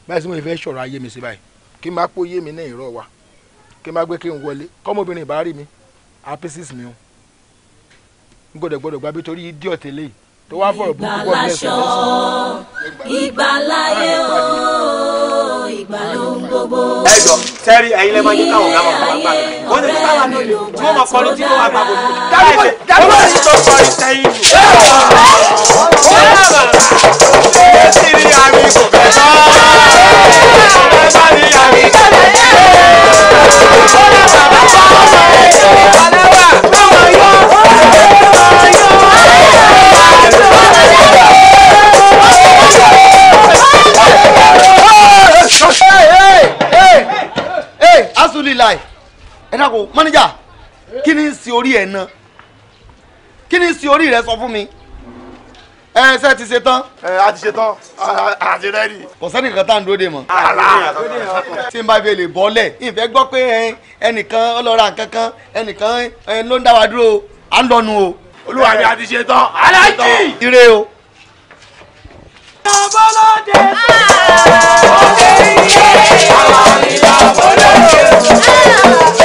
báyìí sí mo fẹ́ sọ̀rọ̀ ayé mi sí báyìí kí n máa pó yé mi náà ìrọ̀ wa kí n máa gbé kí n wọlé kọ́mọbìnrin ìbá mi apc mi o n gbọ́dọ̀ gbọ́dọ̀ gbàgbé torí díọ̀tẹ̀lẹ́yìí tó wá fọ̀rọ̀ burúkú bọ̀ ní ẹ̀sìn lọ́sàn. ìgbàláyé o ìgbà ló ń gbogbo. ẹ jọ sẹ́rí ẹ̀yin lẹ́mọ̀ yín káwọn ọ̀gá máa fọwọ́ gbà wọ́n ti sáwà ní olè tí wọ́n máa kọlu tí wọ́n máa gbàgbọ́ ní. dábọ̀ dábọ̀ sí tó sọ ìtẹ̀yìn nù. ṣé ti rí àmì kò fẹ́ sọ? ẹ bá rí àmì kò fẹ́ sọ? ó lè bàbá bá ọmọ ẹ̀ ṣe é. ẹ dàkọ mọ́níjà kí ni ń sin orí ẹ̀ náà kí ni ń sin orí rẹ sọ fún mi ẹ ṣe ti ṣe tán. ẹ a ti ṣe tán a ti rẹ́ẹ̀dì. kò kan tá à ń dúró de mọ́. àlá tí n bá fi lè bọ́lẹ̀ ìfẹ́ gbọ́ pé ẹnìkan ọlọ́ra kankan ẹnìkan ló ń dá wa dúró à ń lọ́nu o. olúwa mi a ti ṣe tán. aláàjì. ire o. ìyàbọ̀lódé ọ̀dẹ̀ ìyẹ́ àwọn ìyàbọ̀lódé.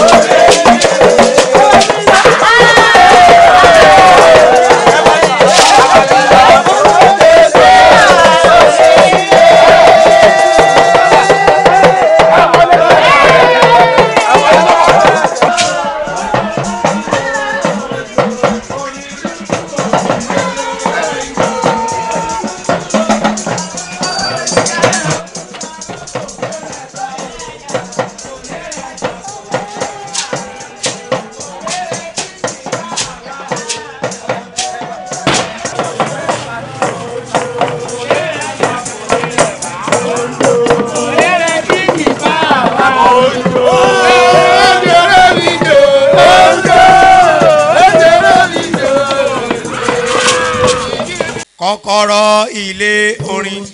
ilé orin.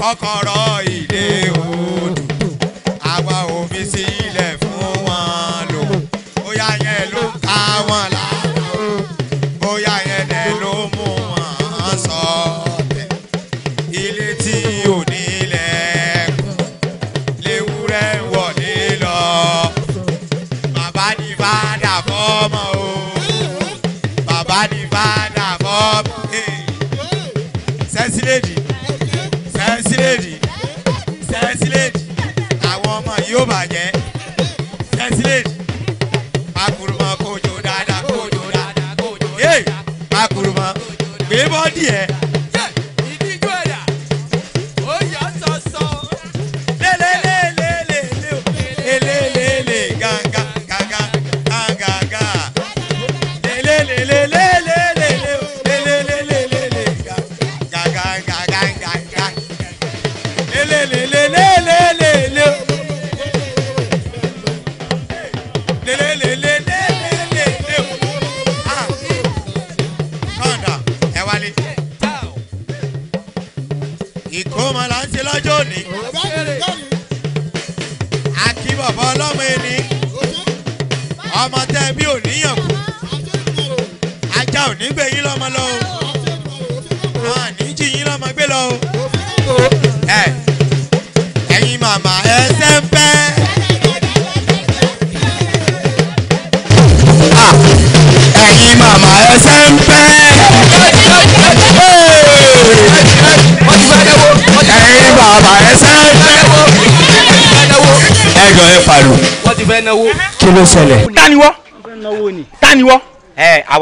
kọ́kọ́rọ́ ilé orin.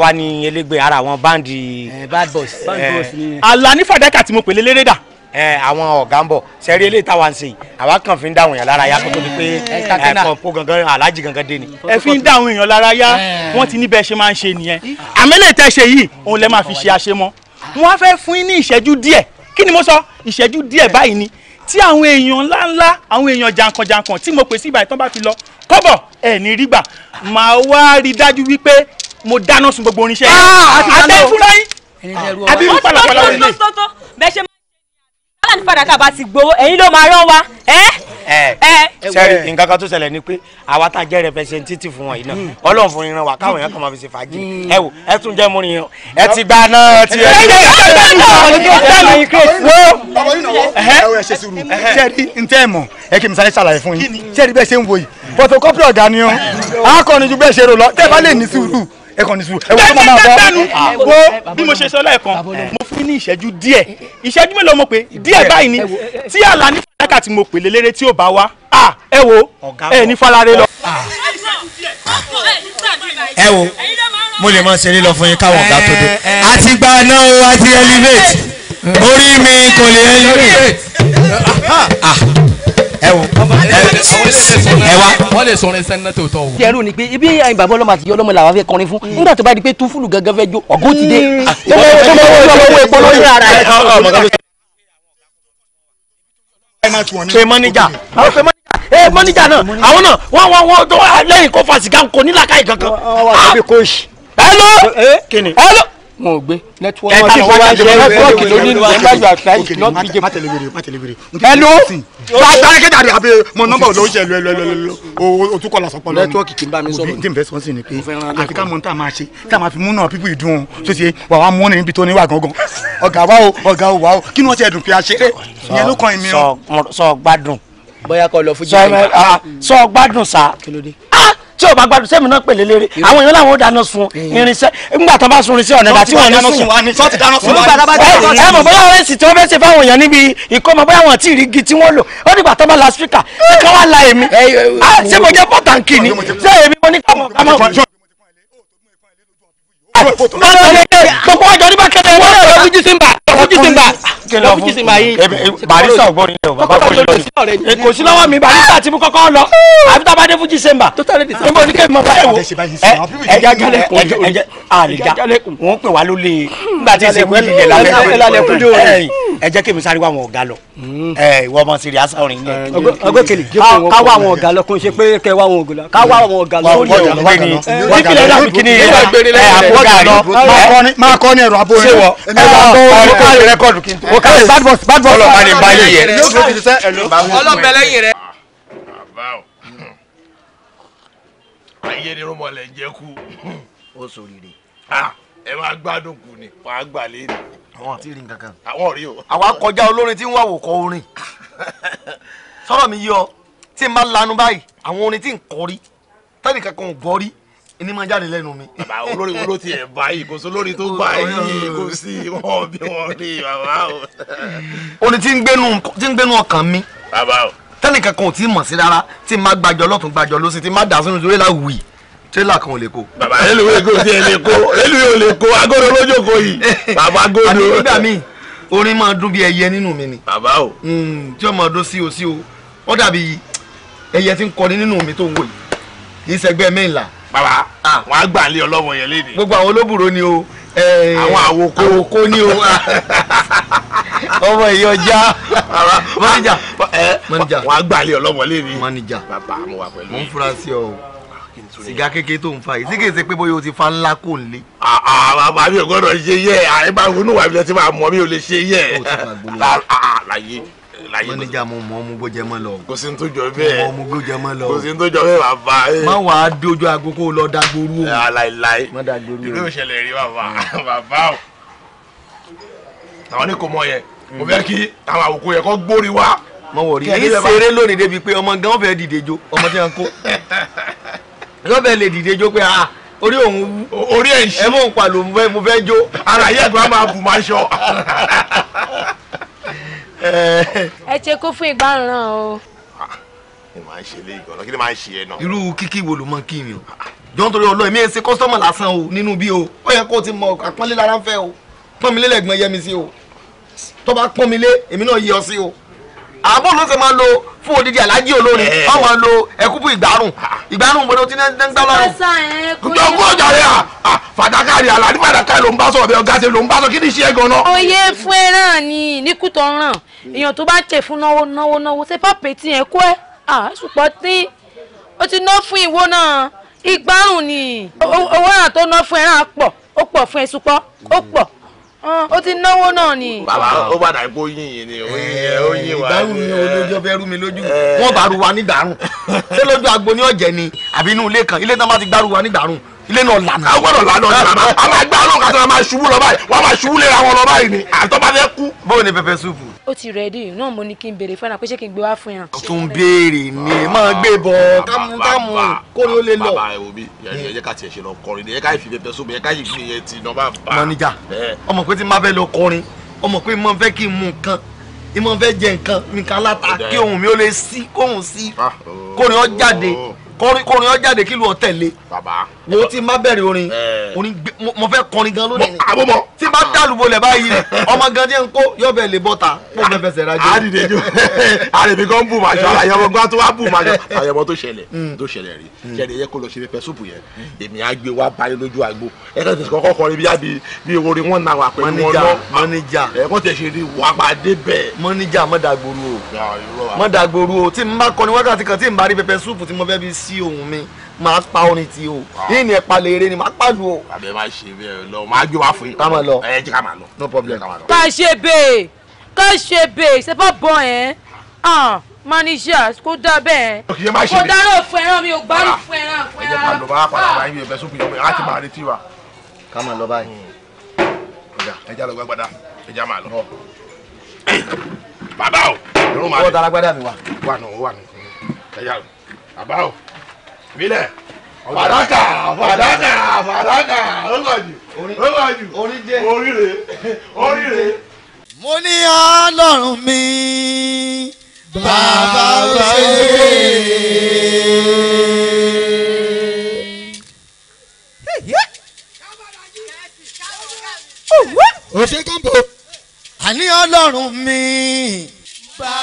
wa ni elégbé ara àwọn bandi. Eh, bad boys. Eh, bad boys ni. Àlàní Fàdákà tí mo pè lélẹ́rẹ́ dà eh, àwọn ọ̀gá ń bọ̀ sẹ́rí eléyìí táwa ń ṣe yìí àwa kàn fi ń dáhùn èèyàn lára yá kó tó di pé ẹ̀kọ́ gangan aláàjì gangan dé ni. ẹ fi ń dáhùn èèyàn lára yá wọ́n ti ní bẹ́ẹ̀ ṣe máa ń ṣe nìyẹn àmẹ́lẹ̀ tẹ́ ṣe yìí òun lẹ́ máa fi ṣe àṣemọ́ wọ́n á fẹ́ fún yín ní ìṣẹ́jú díẹ̀ kí ni mo sọ ìṣẹ́jú díẹ̀ báyìí ni tí àwọn èèyàn ńláńlá àwọn èèyàn jàǹkànjàǹkàn tí mo pè sí ìbàdàn bá fi lọ kọ́bọ̀ ẹ̀ ní rí gbà máa wá rí dájú wípé mo dáná sun gbogbo oníṣẹ́ àtẹ ah, fúnra yín àbí mo pàlọ́ pàlọ́ nílé. bẹ́ẹ̀ ṣe máa ń padà tá a bá ti gbowó ẹ̀yin ló máa rán wa. sẹ́rí tó ṣẹlẹ̀ ni pé àwa tá a jẹ́ representative fún wọn yìí náà hmm. ọlọ́run fún ìran wa káwọn èèyàn kan máa fi ṣe fàájì hmm. ẹ wò ẹ tún jẹ́ mú ìran ẹ ti gba náà ti ẹ ti sẹ́rí ntẹ́ ẹ̀ mọ̀ ẹ kì í sáré ṣàlàyé fún yín sẹ́rí bẹ́ẹ̀ ṣe ń wo yìí photocopy ọ̀gá ni ó akọni ju bẹ́ẹ̀ ṣe rò lọ tẹ́ ẹ bá lè ní sùúrù ẹ kàn ní sùúrù ẹ wọ́n tó máa bọ́ wo bí mo ṣe sọ lẹ́ẹ̀kan mo fún ní ìṣẹ́jú díẹ̀ ìṣẹ́jú mélòó mo pé díẹ̀ báyìí ni tí àlà ní fàdákà tí mo pè lélẹ́rẹ́ tí ò bá wá ẹ wo ẹ ní falare lọ. ẹ wo mo lè máa ṣeré lọ fún yín káwọn ọ̀gá tó dé àti gba náà o àti elevate orí mi kò lè elevate. Ah, ah ẹ wo ẹ wa. wọ́n lè sọrin sẹ́ni náà tó tọ̀ o. jẹ́rù ni pé ibi àyìn bàbá ọlọ́mọ àti ọlọ́mọ làwọn fẹ́ kọrin fún nígbà tó bá di pé tú fúlù gángan fẹ́ jó ọ̀gọ́ ti dé. ṣe mọ́níjà ee mọ́níjà náà àwọn náà wọ́n wọ́n wọ́n lẹ́yìn kó fa sìgá kò nílàkàyè kankan. ẹ lọ ẹ lọ wọn ò gbé nẹtíwọ́ọ̀kì wọn ti wá nẹtíwọ́ọ̀kì lórí nígbà yóò àtúrà yìí náà bí jẹ. hello bàtà kẹta rẹ àbẹ mọ nọmba ló ń ṣe o tún kọ lọ sọpọ lónìí. nẹtíwọ́ọ̀kì bá mi sọ̀rọ̀ òbí tí n fẹ́ sọ sí pé àfi ká mọ ní tá a máa ṣe tá a máa fi mú náà ìdùn o tó ṣe wà wá mú ní ibi tó ní wà gangan ọ̀gá wa o ọ̀gá wa o kí ni wọ́n ti ẹ̀dùn pé a ṣeré sọ gbádùn. bóyá kọ lọ fún jíjẹ tí ò bá gbádùn sẹ́mi náà pèlè lére àwọn èèyàn làwọn ò dáná sun irinṣẹ́ nígbà tó bá sun irinṣẹ́ ọ̀nà ìdá tí wọ́n ní sun ẹ mọ̀ bóyá ọ̀rẹ́ sì tí wọ́n fẹ́ ṣe fáwọn èèyàn níbi ìkọ́mọ bóyá wọn ti rí igi tí wọ́n lò ó dìgbà tó bá la spíkà ṣé kí wọ́n la èmi ṣé mo jẹ́ pọ̀tàǹkì ni ṣé èmi mo ní kọ́mọ kọ́mọ gbogbo ọjọ́ nígbà kẹlẹ́ wọ́n lọ fojú sí mbà fojú sí mbà kí ló fún barista ògbó ni o bàbá kò lọ ni kò sí lọ́wọ́ mi barista ti mú kọ́kọ́ lọ àbí tá a bá dé fún jísèmbà níbo ni kéèmí ọba ẹ wò ẹ jájálẹ kùn jò àlejá wọn pè wá lólè nígbà tí ìsìnkú ẹ fi jẹ lálẹ́ kùn jò rẹ ẹ jẹ́ kémi sáré wá àwọn ọ̀gá lọ ẹ ìwọ ọmọ sèrè asa orin yẹn. ọgọkẹlẹ ká wá àwọn ọ̀gá lọ kó n ṣe pé kẹ wá àwọn ọ̀gá lọ ká wá àwọn ọ̀gá lọ lórí ọ̀gá lọ. ìpìlẹ̀ náà kìíní yẹn ẹ àpò ọ̀gá lọ máa kọ́ ní ẹ̀rọ àbò rẹ̀ ṣé wọ ẹ máa kọ́ ọ̀rọ̀ kí n tó o ka bad boss bad boss. ọlọpàá ni bá yẹ yẹ. ọlọpàá lẹ́yìn rẹ. ayé ni rọmọ lẹ jẹ kú. ó sọ rírì. ẹ máa gbádùn kù ni wàá gbà lẹ́yìn. àwọn àti ìrìn kankan. àwọn rí o. àwa kọjá olórin tí ń wá wò kọ orin sọ̀rọ̀ mi yí ọ tí n bá lanu báyìí àwọn orin tí n kọ rí tẹ́nìkan kan rí ní máa jáde lẹ́nu mi. bàbá olórí wo ló tiẹ̀ báyìí kò sí olórí tó báyìí kò sí wọn bí wọn rí bàbá o. o ní tí ń gbénu ọkàn mi. bàbá o. tẹ́nìkan kan ò tí ì mọ̀ sí rárá tí máa gbàjọ lọ́tún gbàjọ lọ́sìn tí máa dà sínú ìdúró láwùí tírélà kan ò lè kó. bàbá eléwé kò tiẹ̀ lè kó eléwé ò lè kó agodo lójó kò yìí bàbá agodo. àti nígbà míì orin máa dún bí ẹyẹ nínú mi ni. bàbá o. Hmm, tí o máa dún sí o sí o ó dàbí ẹyẹ tí ń kọrin nínú mi tó ń wò yìí kì í ṣẹgbẹ́ mẹ́ńlá bàbá ah. wọn á gbà ń yẹn léde. gbogbo àwọn olóbùrò ni o. Eh, àwọn àwòkó àwòkó ni o. ọmọ èyí ọjà mọ́nìjà mọ́nìjà wọn á gbà ń eh, lé mọ́nìjà bàbá mo wà pẹ̀lú. mo ń fura sí ọ o ah, sìgá kékeré tó fa yìí sí kì í ṣe pé ti fa ńlá kò ń lé. Ah, bàbá mi ò gbọ́dọ̀ ṣe yẹ ẹ bá ronú wà mí lọ sí máa mọ mi ò lè ṣe yẹ láyé láyé lọ. mọ́níjà mo mọ ọmú gbọ́jẹ mọ́ lọ. kò sí ní tó jọ bẹ́ẹ̀ mo mọ ọmú gbọ́jẹ mọ́ lọ. kò sí ní tó jọ bẹ́ẹ̀ bàbá. má wàá dojú aago kó o lọ dagboru o. aláìláì ah, má dagboru o. ìlú ìṣẹ̀lẹ̀ rí bàbá ah. bàbá o. àwọn ní kò mọ yẹ mo fẹ́ kí àwọn àwòkọ yẹ kó gbórí wá. mo wọ̀ rí èyí ṣeré lónìí débi pé ọmọ gan fẹ́ dìde jo ọmọ tí wọn kó. lọ́bẹ̀ lè dìde jo pé ah orí òun wú orí ẹ̀ ń ṣí ẹ mọ̀ ń palò mo fẹ́ jo. ara yẹ́gbọ́n Eh. ẹ ṣe kó fún ìgbáràn o. Ah, kí ni màá ṣe lé ìgbọ̀nà kí ni màá ṣe ẹ náà. irú kíkí wo ló mọ kí mi o jọ́n torí ọlọ́ọ̀ mi ẹ ṣe kọ́sọ́mọ̀ lásán o nínú bí o ó yẹ kó o ti mọ àpọ́nlé lára ń fẹ́ o pọ́n mi lé lẹ́gbọ̀n yẹ mi sí o tó bá pọ́n mi lé èmi náà yẹ ọ sí o àbọ̀ ló ṣe máa lo fún odidi alájí olórin eh. wọ́n máa lo ẹ̀kúbù ìgbárùn ìgbárùn bọ́dọ̀ tí ń gbá lọ́rùn. ǹjọ́ kó jàre à fàdákà rẹ̀ àlàní ah, ah, fàdákà ló ń bá sọ̀rọ̀ bẹ́ẹ̀ ọ̀gá ṣe ló ń bá sọ kí ni iṣẹ́ gan-an. oyè fún ẹran ni níkùtọ̀ ràn èèyàn tó bá ń tẹ̀ fún náwó náwó náwó ṣe pápẹ́ tí yẹn kó ẹ̀ àṣùpọ̀ tí ó ti ná fún ìwọ náà ìgbárùn ni owó náà ná fún ẹran pọ̀ ó pọ̀ fún ẹ̀ ṣùpọ̀ ó pọ̀ Ah, ó ti náwó náà ni. bàbá ó bàdà ipò yìnyín ni ó yìn eh, wá. ìdáhùn ni olójó eh. fẹ́ rú mi lójú eh. wọ́n bá ru wa ní dàrún ṣé lójú agbo ní ọ̀jẹ̀ ni àbí inú ilé kan ilé tán bá ti gbárù wa ní dàrún ilé náà lànà. a gbọ́dọ̀ lànà ọ̀dọ̀ bàbá a gbárù kàtà máa ṣubú lọ báyìí wọ́n ṣubú lé ra wọn lọ báyìí ni àtọ́ fẹ́ kú. bó o ní pẹpẹ súùpù ó ti rẹ̀dí náà mo ní kí n béèrè fẹ́ràn pé ṣé kí n gbé wá fún yàn. o tún béèrè ni máa gbé bọ̀ kámúkámú kó ló lè lọ. bàbá òbí ẹ jẹ́ ká tiẹ̀ ṣe lọ kọrin ni ẹ ká ìfìfẹ́ fẹ́ sómi ẹ ká yìí yẹn ti nà bá bá. mọ́níjà ọmọ pé tí n bá fẹ́ lọ kọrin ọmọ pé mo fẹ́ kí n mú nǹkan mo fẹ́ jẹ nǹkan mi kan kí ohun mi ó lè sí kóhun sí ah, kórin ó jáde. Oh kọrin kọrin ọ jáde kí lu ọtẹ le wo ti má bẹ̀rẹ̀ orin orin mo fẹ́ kọrin gan lónìí ni tí bá ah. dàlúbọ lẹ báyìí ọmọ gan jẹ ń kó yọbẹ lè bọ ta kó fẹ́ fẹsẹ̀ rajọ. àdìdè jù àdìdè kan bù màjọ àyẹ̀wò gan tó wá bù màjọ àyẹ̀wò tó ṣẹlẹ̀ mm. tó ṣẹlẹ̀ rí mm. ṣẹlẹ̀ yẹ kó lọ ṣe fífẹ́ súpù yẹn èmi á gbé wá báyìí lójú àgbo ẹ kàn tẹ̀sí kọ́kọ́ kọrin bíyà bí bí orin wọn náà wà pẹ̀lú wọn lọ mọ́níjà ẹ sí ohun mi máa pa orin ti o ah. yìí ni ẹ̀pà lèrè ni máa pàlù o. àbẹ máa ṣe bẹ́ẹ̀ lọ máa gbé wá fún yín. ká máa lọ ẹ jẹ́ ká máa lọ. no problem. ká ṣe bẹ́ẹ̀ ká ṣe bẹ́ẹ̀ ṣe bọ̀ ẹ́ ah, manager kó dá bẹ́ẹ̀ kó dáná fún ẹran mi ò gbárùn ah. fún ẹran fún ẹran. ẹ jẹ́ ká lọ bá padà bá yín ẹ̀bẹ̀ sópin ọmọ láti máa retí wa. ká máa lọ báyìí. ẹ jẹ́ àlọ́ gbàgbádá ẹ jẹ́ àmà lọ. bàbá o. ọwọ́ taragbádá mi wà. wà nù wà nù ẹ jẹ́ àlọ́ bàbá o filẹ̀ fàdákà fàdákà fàdákà ó wà jù oríire oríire. mo ní ọlọ́run mi bàbá òṣèré. òṣè kọ́ńbò. àní ọlọ́run mi. bá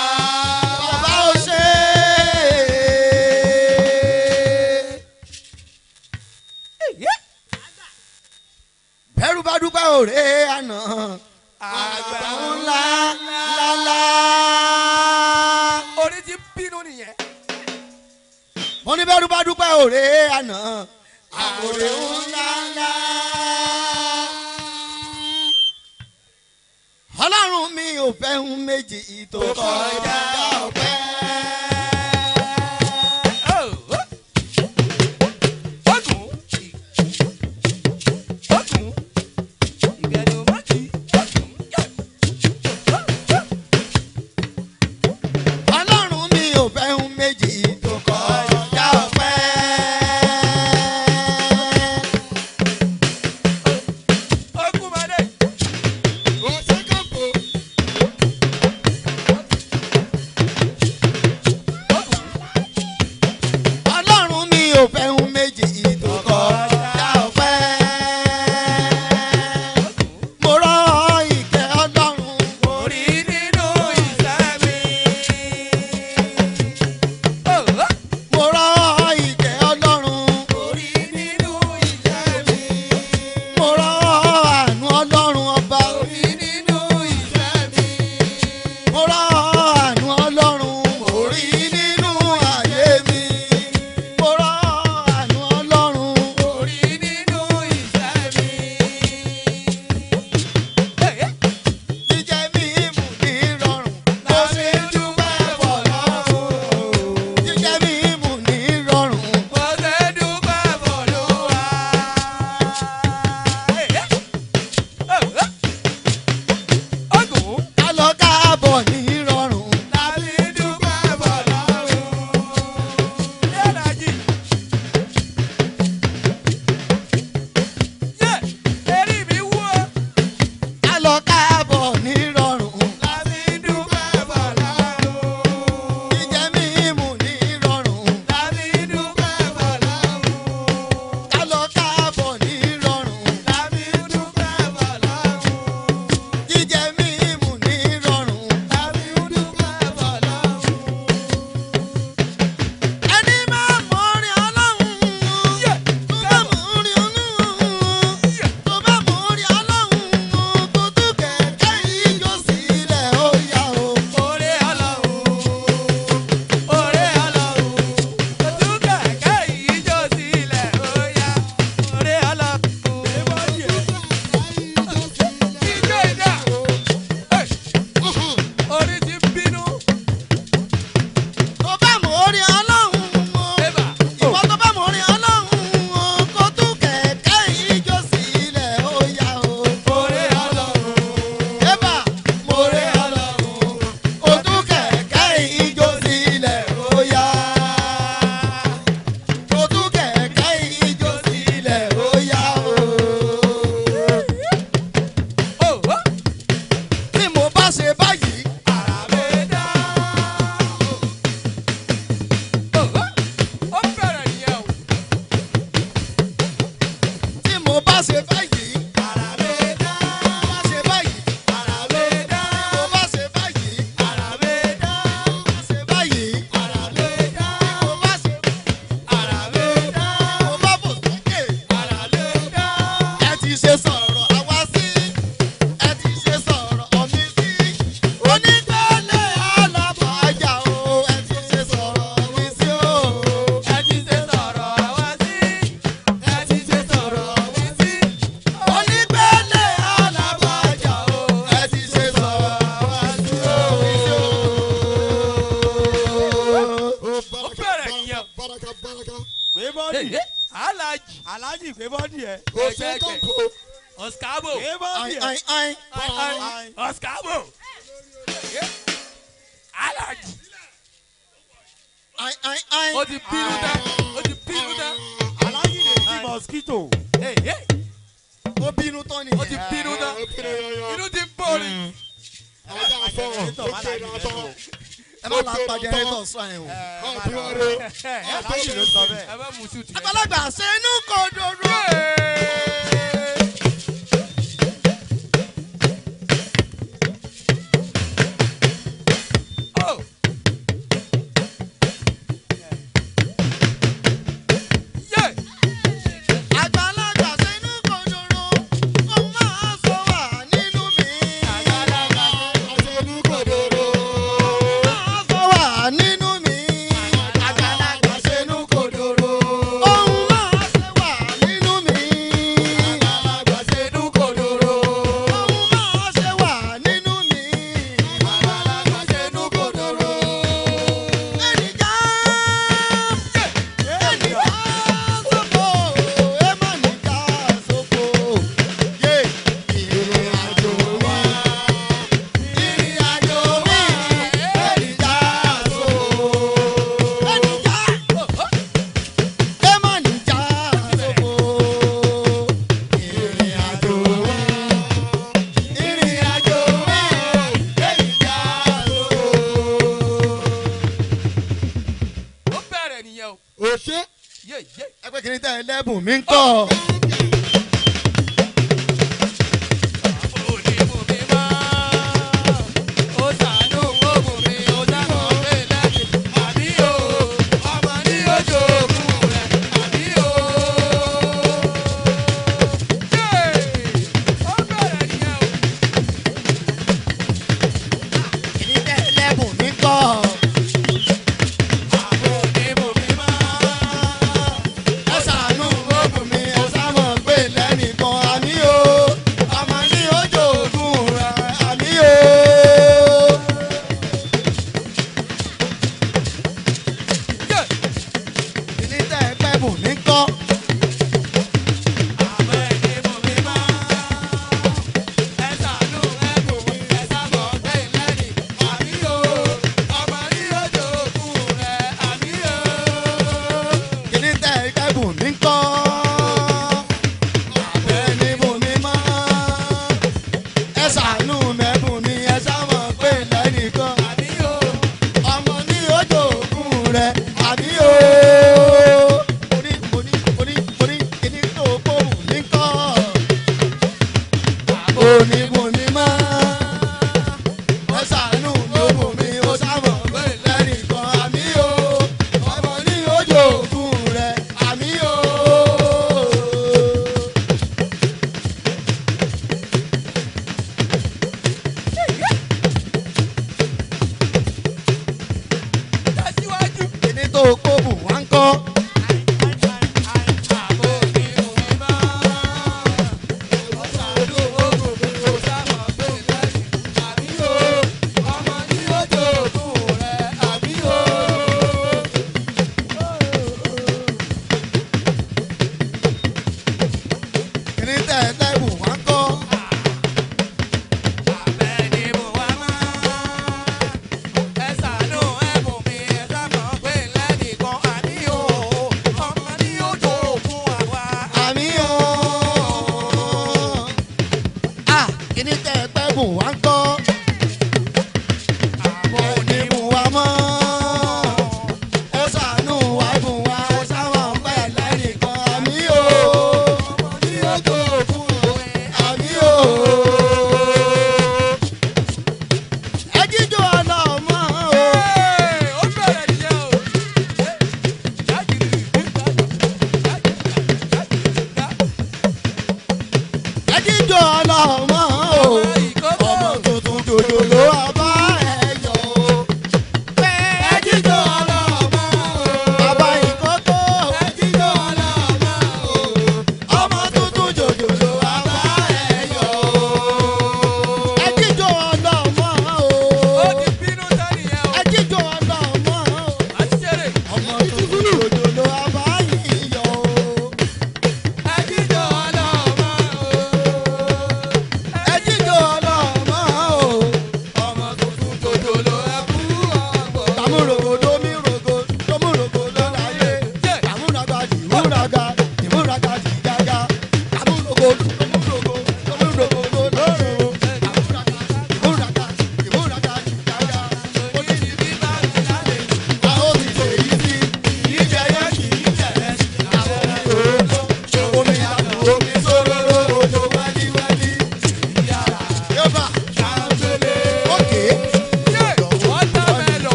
òré àná àgbà ńlá lálá. orí ti bínú nìyẹn. mo ní bẹ́rù bá dúpẹ́ òré àná àgbòrè ńlá ńlá. ọlọ́run mi ò fẹ́ hun méjì tó kọjá ọ̀pẹ́.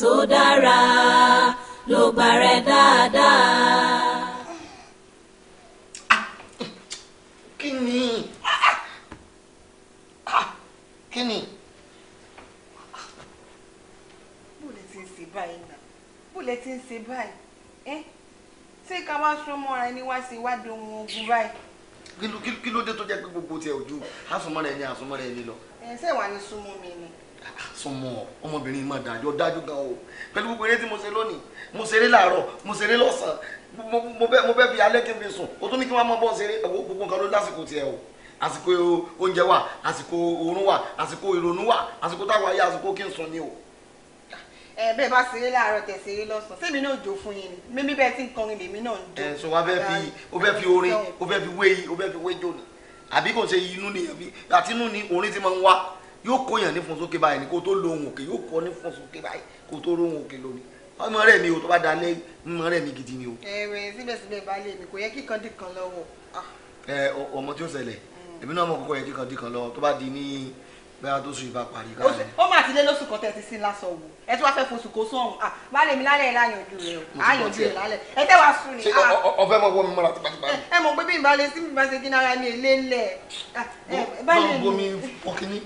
tó dára ló bá rẹ dáadáa. kí ni kí ni. bó lè ti ń ṣe báyìí náà bó lè ti ń ṣe báyìí ẹ ṣé ká wá sún mọ́ra ẹni wá sí ìwádìí ohun ogun báyìí. kí ló dé tó jẹ́ pé gbogbo tiẹ̀ ojú àsùnmọ́ra ẹni àsùnmọ́ra ẹni lọ. ẹ ṣé ní súnmọ́ mi ni sọmọ ọmọbìnrin máa dájọ́ dájú gan o pẹ̀lú gbogbo eré tí mo ṣe lónìí mo ṣeré làárọ̀ mo ṣeré lọ́sàn-án mo bẹ́ fi alẹ́ kí n fi sùn o tún ní kí wọ́n máa bọ́ ṣeré gbogbo nǹkan ló lásìkò tiẹ̀ o àsìkò oúnjẹ wà àsìkò oorun wà àsìkò ìrònú wà àsìkò táwọn ayé àsìkò kí n sùn ni o. ẹ bẹ́ẹ̀ bá ṣeré láàárọ̀ tẹ ṣeré lọ́sàn sẹmi náà jó fún yín ni mímí bẹ́ẹ̀ tí ń kọrin lèmi náà ń jó. ẹ sọ wa bẹ́ẹ̀ fi o bẹ́ẹ̀ fi orin o bẹ́ẹ̀ fi wéyí o bẹ́ẹ̀ fi wéjò ni àbí kò ṣe inú ni àti inú ni orin ti máa ń wá yóò kó yàn ní fún sókè báyìí ni kó tó lóhùn òkè yóò kọ́ ní fún sókè báyìí kó tó lóhùn òkè lónìí ọmọ rẹ mi ò tó bá dalẹ̀ ọmọ rẹ mi gidi ni o. ẹ̀rẹ̀ síbẹ̀síbẹ̀ baálé mi kò yẹ kí kan dì kan lọ́wọ́. Ah. ẹ ọmọ tí ó ṣẹlẹ̀ hmm. èmi náà mọ̀ kókó yẹ kí kan dì kan lọ́wọ́ tó bá di ní bẹ́ẹ̀ tó sùn ìbá parí ká ní. ó mà ti lé lóṣù kan tẹ́ ti sin lásán wò ẹ tí wàá fẹ́ fosùn kó sọ̀hún à ah, baálé mi lálẹ́ láyànjú rẹ o àyànjú rẹ lálẹ́ ẹ tẹ́ wàá sùn ni. ṣé ọfẹ ah. mọ wọ mi mọra tipátipá. ẹ mọ̀ pé bí n bá sí mi bá ṣe kí nára mi èlé ńlẹ. bọ́ọ̀lù bomi fọkínní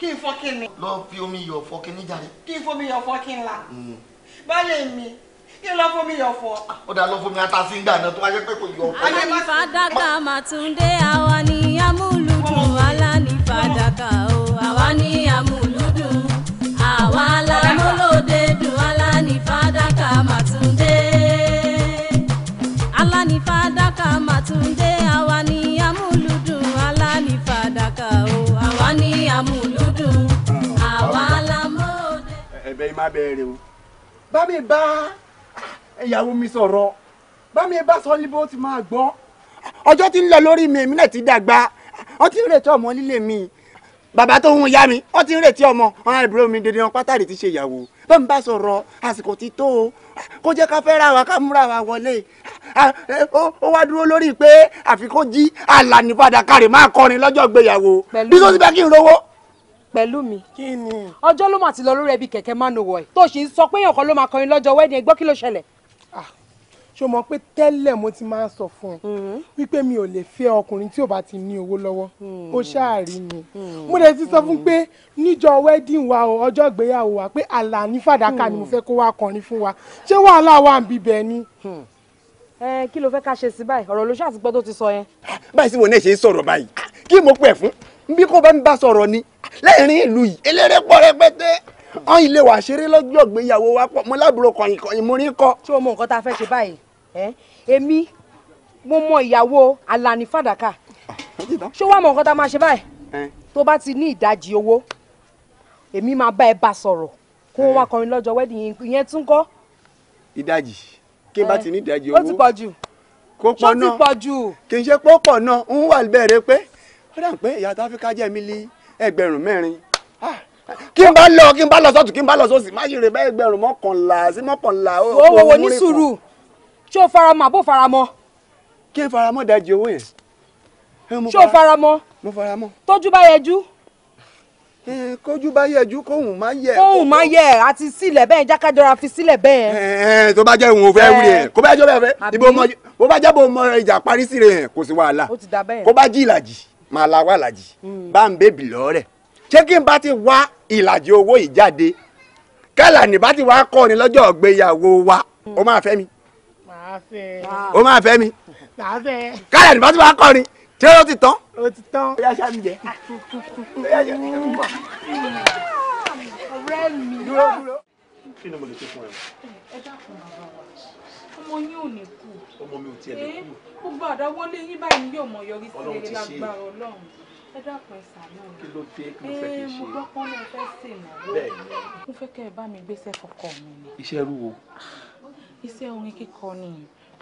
kí n fọ́ kí ni. lọ fi omi yọ̀ fọ́ kí ni jàre. kí n fomi yọ̀ fọ́ kí n la. Mm. báyẹ̀ mi kí n lọ fomi yọ̀ fọ́. Ah, ó dáa lọ fomi ata sí gbà náà tó wáyé pé kò yọ̀ fọ́. alani fàdákà màtúndé àwa ni amúlùdùn alani o àwa ni amúlùdùn. máa bẹ̀rẹ̀ o bá mi bá ìyàwó mi sọ̀rọ̀ bá mi bá sọ ní bó ti máa gbọ́. ọjọ́ ti ń lọ lórí mi èmi náà ti dàgbà wọ́n ti ń retí ọmọ nílé mi bàbá tó hun ìyá mi wọ́n ti ń retí ọmọ ọ̀hún ìbúrò mi dèdè pátárì ti ṣe ìyàwó bá mi bá sọ̀rọ̀ àsìkò ti tó o kó jẹ́ ká fẹ́ra wa ká múra wa wọlé ó wá dúró lórí pé àfi kó jí àlàní padà kárì máa kọrin lọ́jọ́ gbéyàwó bí tó ti bẹ́ kí n rówó. Pẹ̀lúmi. kí ni. ọjọ́ ló mà ti lọ lórí ẹbí kẹ̀kẹ́ mánowọ̀ ẹ̀ tó sì ń sọ pé èèyàn kan ló máa kọrin lọ́jọ́ wẹ́ẹ̀dì ẹ̀ gbọ́ kí ló ṣẹlẹ̀. Ah, ṣé o mọ̀ pé tẹ́lẹ̀ mo ti máa ń sọ fún ẹ hmm. wípé mi ò lè fẹ́ ọkùnrin tí ò bá ti ní owó lọ́wọ́ hmm. ó ṣáàrí mi hmm. mo lè ti sọ fún pé níjọ wẹ́ẹ̀dì wa o ọjọ́ ìgbéyàwó wa pé Àlàní Fàdákà ni mo fẹ́ kó wá kọrin fún wa ṣé wàhálà wà ń bíbẹ ni kí ló fẹ́ ká ṣe sí báyìí ọ̀rọ̀ ló ṣáà ti gbọ́ tó ti sọ yẹn. Ah, bí kò bá ń bá sọ̀rọ̀ ni lẹ́ẹ̀rin ìlú yìí eléré pọ̀ rẹpẹtẹ ọ̀n ilé wa ṣeré lọ́jọ́ ìgbéyàwó wa pọ̀ mo lábúrò kọ̀yìn kọ̀yìn mo kọ́. ṣé o mọ nǹkan tá a fẹ́ ṣe báyìí èmi mo mọ ìyàwó Alani Fàdákà ṣé wàá mọ nǹkan tá a máa ṣe báyìí tó bá ti ní ìdajì owó èmi máa bá ẹ bá sọ̀rọ̀ kó wá kọrin lọ́jọ́ wedding ìyẹn tún kọ́. ìdajì kí n bá ti ní ìdajì owó ó dà pé ìyá tó áfíríkà jẹ́ mi lé ẹgbẹ̀rún mẹ́rin ah, kí n bá lọ kí n bá lọ sọ́tún kí n bá lọ sósì má yìí rè bẹ́ẹ̀ ẹgbẹ̀rún mọ́kànlá sí mọ́kànlá. wo wo wo ní sùúrù ṣé o faramọ́ àbó faramọ́. kí n faramọ́ dajì owó yẹn. ṣé o faramọ́. mo faramọ́. tójú bá yẹjú. kójú bá yẹjú kóhùn má yẹ. kóhùn má yẹ àti sílẹ̀ bẹ́ẹ̀ jákèjọra fi sílẹ̀ bẹ́ẹ̀. tó bá jẹ́ ìwọ̀n fẹ́ wúri yẹn kó bá jẹ́ bẹ́ẹ̀ fẹ́ ibo mọ bó bá jẹ́ bó mọ ìjà parí sí rẹ̀ yẹn kò sí wàhálà kó bá jí ìlàjì máa la wá ìlàjì hmm. bá ń bèbí lọ́rẹ̀ ṣé kí n bá ti wá ìlàjì owó yìí jáde kálà ní bá ti wá kọ́ ni lọ́jọ́ ìgbéyàwó wa ó máa fẹ́ mi ó máa fẹ́ mi kálà ní bá ti wá kọ́ ni ṣé ó ti tán ó ti tán ó yá ṣá mi jẹ ó yá ṣá mi jẹ. ọ̀rẹ́ mi kí ni mo lè ṣe fún ẹ. ẹ dákun bàbá wa ọmọ yín ò ní kú. ọmọ mi ò tiẹ̀ lè eh, kú. gbogbo àdáwọ́lé yín báyìí yóò mọ yọrí sí rere lágbára ọlọ́run ẹ dákun ẹsà náà. kí ló dé kí ló fẹ́ kí n eh, ṣe. mo gbọ́ pọ́n náà fẹ́ sè mọ́. bẹ́ẹ̀ni. mo fẹ́ kẹ́ ẹ bá mi gbéṣẹ́ fọkọ mi ni. iṣẹ́ irú iṣẹ́ orin kíkọ ni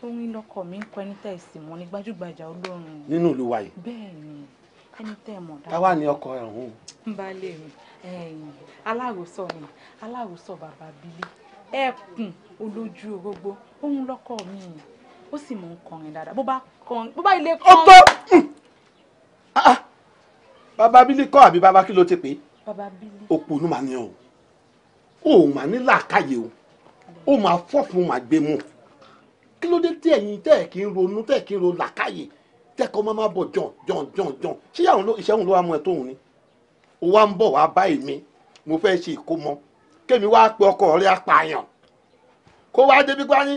orin lọkọ mi ń kọ ẹni tẹ̀sí mọ́ ní gbajúgbajà olórin. nínú ìlú wa yìí. bẹ́ẹ̀ni ẹni tẹ́ mọ̀ dáadáa. táwa ni ọkọ ẹ̀ hùn. ń bá lè rìn aláròsọ ni aláròsọ bàbá bílí ẹkùn olójú orógbó òun lọ́kọ mi ó sì mọ̀ ń kọrin dáadáa bó bá kọrin bó bá ilé kọrin. ó hmm. ah, ah. bàbá bílí kọ́ àbí bàbá kí ló ti pè é. bàbá bílí. òpònú màá ní ọ o ò máa ní làákàyè o ó máa fọ́fun máa gbé mu kí ló dé tí ẹ̀yin tẹ́ ẹ̀ kí ń ronú tẹ́ ẹ̀ kí ń ro làákàyè tẹ́kọ̀ máa ma bọ̀ jọ̀n jọ̀n jọ̀n jọ̀n ṣé àwọn ìṣẹ́hùn ló wà mú ẹ tóun ni ó wá ń bọ̀ wá bá èmi mo fẹ́ ṣe ìkómọ kémi wá pe ọkọ rẹ apààyàn kó wá débi pa ní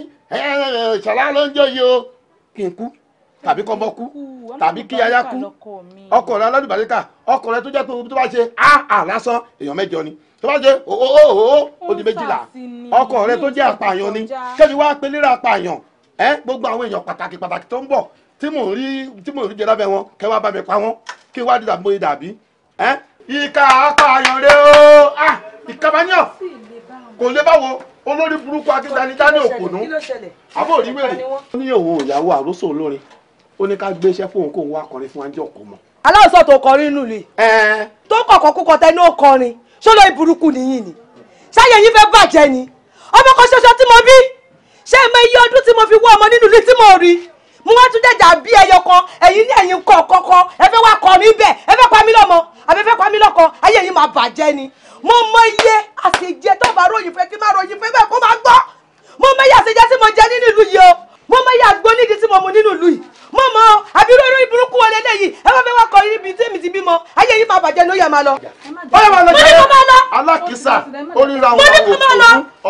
ṣàlá ló ń jẹ́ yìí o kí n kú tàbí kọ́ mọ́ kú tàbí kí aya kú ọkọ rẹ alálùbáríkà ọkọ rẹ tó jẹ́ pé omi tó bá ṣe á à lásán èèyàn mẹ́jọ ni tó bá ṣe òhòhòhò ó di méjìlá ọkọ rẹ tó jẹ́ apààyàn ni kémi wá pe lérà apààyàn ẹ gbogbo àwọn èèyàn pàtàkì pàtàkì tó ń tí mò ń rí tí mò ń rí jẹ lábẹ́ wọn kẹ́ wá bá mi pa wọn kí wá dìdà bóyá dàbí. ìka apààyàn rẹ o ah, ìkàbáníyàn kò lè báwo olórí burúkú akíndani dání òkùnú àbò rí wèrè. ó ní òun ìyàwó àròsọ olórin ó ní ká gbé iṣẹ́ fóun kóun wá kọrin fún wájú ọ̀kọ́ mọ́. aláwòsàn tó kọrin nù lè tó kọ̀kọ́ kúkọ tẹnu ó kọrin ṣọlọ ìburúkú nìyí ni ṣáyẹn yín fẹ́ bàjẹ́ ni ọmọ kan ṣoṣo tí mo bí ṣé ẹ mọ iye ọdún tí mo fi wọ ọmọ nínú ilé tí mo rí mo wá tún jẹjà bí ẹyọ kan ẹ̀yin ní ẹ̀yin kọ kọkọ ẹ fẹ́ wá kọ mi bẹ ẹ fẹ́ pa mí lọ́mọ àbí ẹ fẹ́ pa mí lọ́kọ ayé yìí máa bàjẹ́ ni mo mọ iye àṣejẹ tó bá ròyìn fẹ́ kí má ròyìn fẹ́ bẹ́ẹ̀ kó má gbọ́ mo mọ iye àṣejẹ tí mo jẹ nínú ìlú yìí o mo mọ iye àgbo nídìí tí mo mu nínú ìlú yìí mo mọ abirúurú ìburúkú wọlé lẹ́yìn ẹ bá fẹ́ wá kọ ibi tí èmi ti bímọ ayé yìí máa bàjẹ́ lóyè máa lọ. ó yẹ máa lọ jẹ́ alákìísà ó ríra wọn àwọn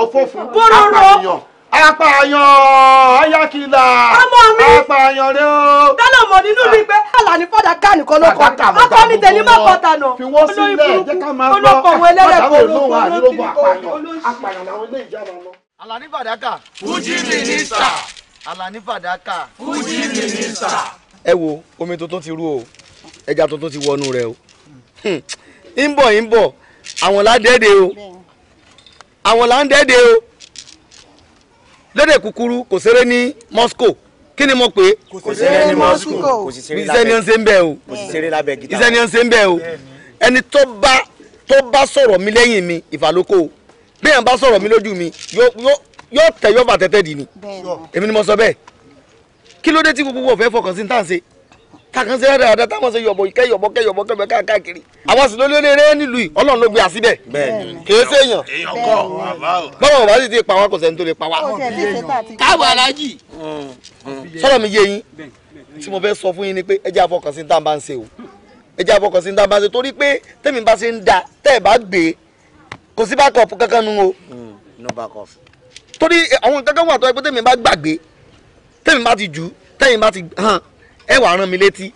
òkú ọfọ́fun apànìyàn apààyàn ayákìlá ọmọ mi apààyàn rẹ o. tẹ́lẹ̀ ọmọ nínú mi pé alani fọ́dà ká nìkan ló kọ́ akọ́ mi tẹ̀lé má kọ́ ta nà burúkú olóko òun ẹlẹ́rẹ̀kọ́ olóko olóko alani fàdákà fújì mínísítà alani fàdákà fújì mínísítà. ẹ wo omi tuntun ti rú o ẹja tuntun ti wọnú rẹ o hmm. ń bọ̀ ń bọ̀ àwọn là o àwọn là o lédè kúkúrú kò ṣeré ní Moscow kí ni mo pè é. kò ṣeré ní Moscow kò sì ṣeré lábẹ́ iṣẹ́ ni ó ń ṣe ń bẹ́ẹ̀ o kò sì ṣeré lábẹ́ gítà iṣẹ́ ni ó ń ṣe ń bẹ́ẹ̀ o ẹni tó bá tó bá sọ̀rọ̀ mi lẹ́yìn mi ìfàlókò o bí èèyàn bá sọ̀rọ̀ mi lójú mi yóò tẹ̀ yóò bà tẹ́tẹ́ dì ní èmi ni mo sọ bẹ́ẹ̀ kí ló dé tí gbogbo wọn fẹ́ fọkàn sí ní tàǹsẹ̀ kàkàn sí ẹ̀rẹ̀ àdá táwọn ṣe yọ̀bọ̀ kẹ́ yọ̀bọ̀ kẹ́ yọ̀bọ̀ kẹ́ bẹ́ẹ̀ káàkiri. àwọn sì ló lé léré nílùú yìí ló gbé a síbẹ̀. kìí ṣe èèyàn. èèyàn kọ báwọn bàbá ti pa wá kò sẹ́ni pa wá. káwọn alájì. sọ́dọ̀ mi yé yín tí mo fẹ́ sọ fún yín ni pé ẹ jẹ́ àfọkànsí tá a bá o ẹ jẹ́ àfọkànsí tá a bá ń ṣe torí pé tẹ́mi bá da tẹ́ ẹ bá gbé kò sí kankan nu o. Mm, torí àwọn kankan wà tó ẹ pé tẹ́mi bá gbàgbé tẹ́mi bá ti jù tẹ́mi bá ti hàn ẹ wàá rán mi létí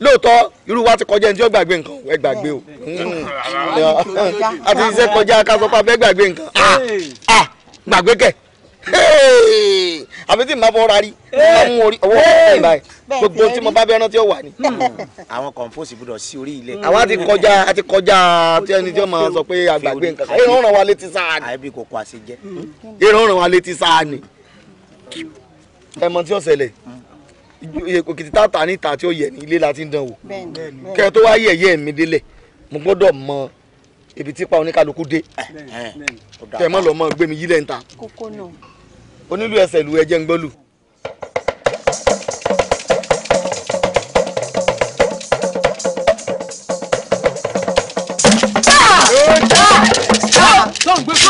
lóòótọ́ irú wa ti kọjá ẹni tí ó gbàgbé nǹkan ẹ gbàgbé o àti iṣẹ́ kọjá kásọ́pá fẹ́ gbàgbé nǹkan ah gbàgbé kẹ̀ àbí tí màá fọ́ rárí màá mú orí ọwọ́ ọ̀hún báyìí gbogbo tí mo bá bẹ́ẹ̀ rántí ó wà ní. àwọn kọ̀ǹpóòsì gbúdọ̀ sí orí ilẹ̀. àwa ti kọjá a ti kọjá tí ẹni tí ó máa sọ pé àgbàgbé nǹkan ràn wá létí sáà ni. àìbí kò àṣejẹ. òkìtì táta níta tí ó yẹ ní ilé la ti ń dán wò kẹ tó wá yẹ̀yẹ́ mi délẹ̀ mo gbọ́dọ̀ mọ ibi tí pa oníkálukú dé kẹ mọ́ lọ́mọ gbé mi yílẹ̀ níta onílù ẹsẹ̀ lu ẹjẹ́ ń gbọ́lù. lọ́n gbé fún.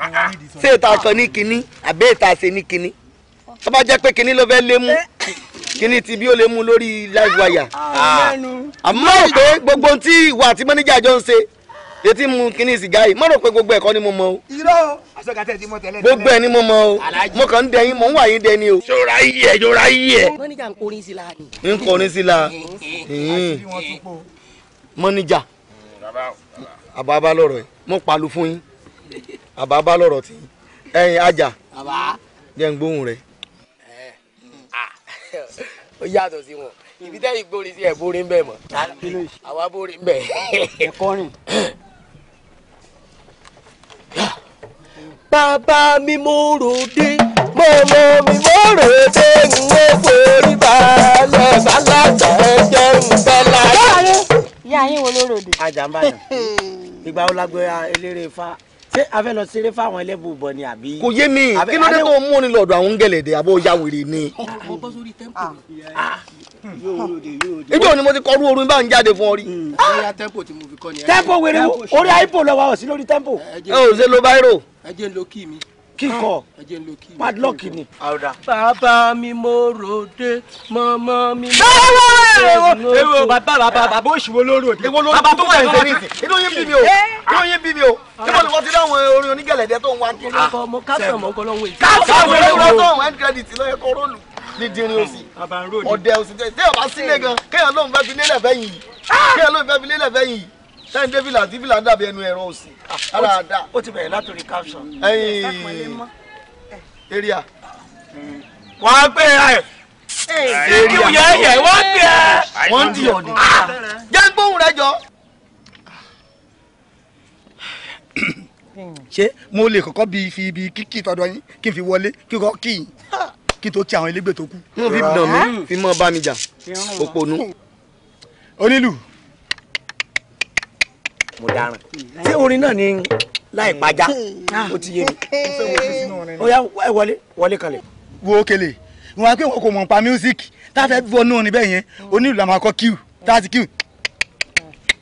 Ah, ah. ṣé ètò aṣọ ní kínní àbẹ́ ètò àṣẹ ní kínní tó bá jẹ́ pé kínní ló fẹ́ lé mú kínní ti bí ó lè mú lórí live wire ah, àmọ́ rò pé gbogbo ohun tí ìwà àti mọ́níjà jọ ń ṣe etí mu kínní sìgá yìí má rò pé gbogbo ẹ̀kọ́ ni mo mọ o. irọ́ o gbogbo ẹ ni mo mọ o mo kàn ń dẹ yín mo ń wà yín dẹ ni o. ṣọ́ra yí ẹ ṣọ́ra yí ẹ. mọ́níjà ń kọrin sí la ni. ń kọrin sí la mọ́níjà àbábá lọ́rọ̀ ẹ̀ mo pàlù fún yín àbá bá lọ̀rọ̀ tí ẹyin ajá jẹ́ ń gbóhùn rẹ̀. ó yàtọ̀ sí wọn ibi tẹ́yìn gbórí sí ẹ̀ bórí ń bẹ̀ mọ́ àwa bórí ń bẹ̀. bàbá mi mo rò dé mọ̀mọ́ mi mo rò dé ń wé forí balẹ̀ bàlájà ẹ̀jẹ̀ ń bẹ̀lẹ̀. ìyá yín wo ló rò dé. ajá ń bá yàn ìgbà wo la eléré ifá ṣé a fẹ́ lọ ṣeré fáwọn ẹlẹ́bùn bọ̀ ni àbí. kò yé mi kí ló dé tó mú ni lọ́dọ̀ àwọn gẹ̀lẹ́dẹ̀ àbọ̀ ya ni. ìjọ ni mo ah. Ah. ti kọ́ ru orin bá ń jáde fún ọ rí. Hmm. tẹ́pọ̀ wèrè orí àìpò lọ́wọ́ sí lórí tẹ́pọ̀. ẹ ò ṣe lo báírò. ẹ jẹ́ ń kí mi kíkọ ah. padlock ni. bàbá mi mo ròde mọ́mọ́ mi mo ròde. bàbá bàbá bàbá òṣìwò ló ròde. bàbá tó wà ní sẹ́yìn inú yín bí mi o eh? inú yín bí mi o níbo ni wọ́n ti dáhùn orin onígẹ̀lẹ́dẹ́ tó ń wá kí. mo káfíà mọ́ ọkọ lọ́wọ́ èyí. káfíà mọ́ ọkọ lọ́wọ́ end credit lọ́yẹ kọ́ róòlù ní dirin òsì ọ̀dẹ òsì tẹ̀ tí ọba sílẹ̀ gan kéèyàn lóun fẹ́ fi lélẹ̀ fẹ́yìn yìí ah! kéèyàn lóun fẹ́ fi lélẹ̀ fẹ́yìn yìí sẹ́yìn dé fìlà tí fìlà dàbí ẹnu ẹ̀rọ òsì ara ah, da. ó ti bẹ̀rẹ̀ látòrí caption. area. wọ́n á gbé ẹ̀. area yẹ yẹ wọ́n gbé ẹ̀. wọ́n di ọ̀dì. Ah, ah, jẹ́ gbóhùn rẹ jọ. ṣé mo lè kọ́kọ́ bí fi ibi kíkì tọ̀dọ̀ yín kí n fi wọlé kí n kọ́ kí n kí n tó ti àwọn elégbè tó kù. mo fi dàn mí fi mọ́ bá mi jà òpònú. onílù mo dáràn tí orin náà ni láì pajá ó ti yé mi ó yá ẹ wọlé wọlé kalẹ̀. wo kele wọn á pé wọn kò mọ̀ pa music tá a fẹ́ wọnú orin bẹ́ẹ̀ yẹn onílù la máa kọ́ kíw tá a ti kíw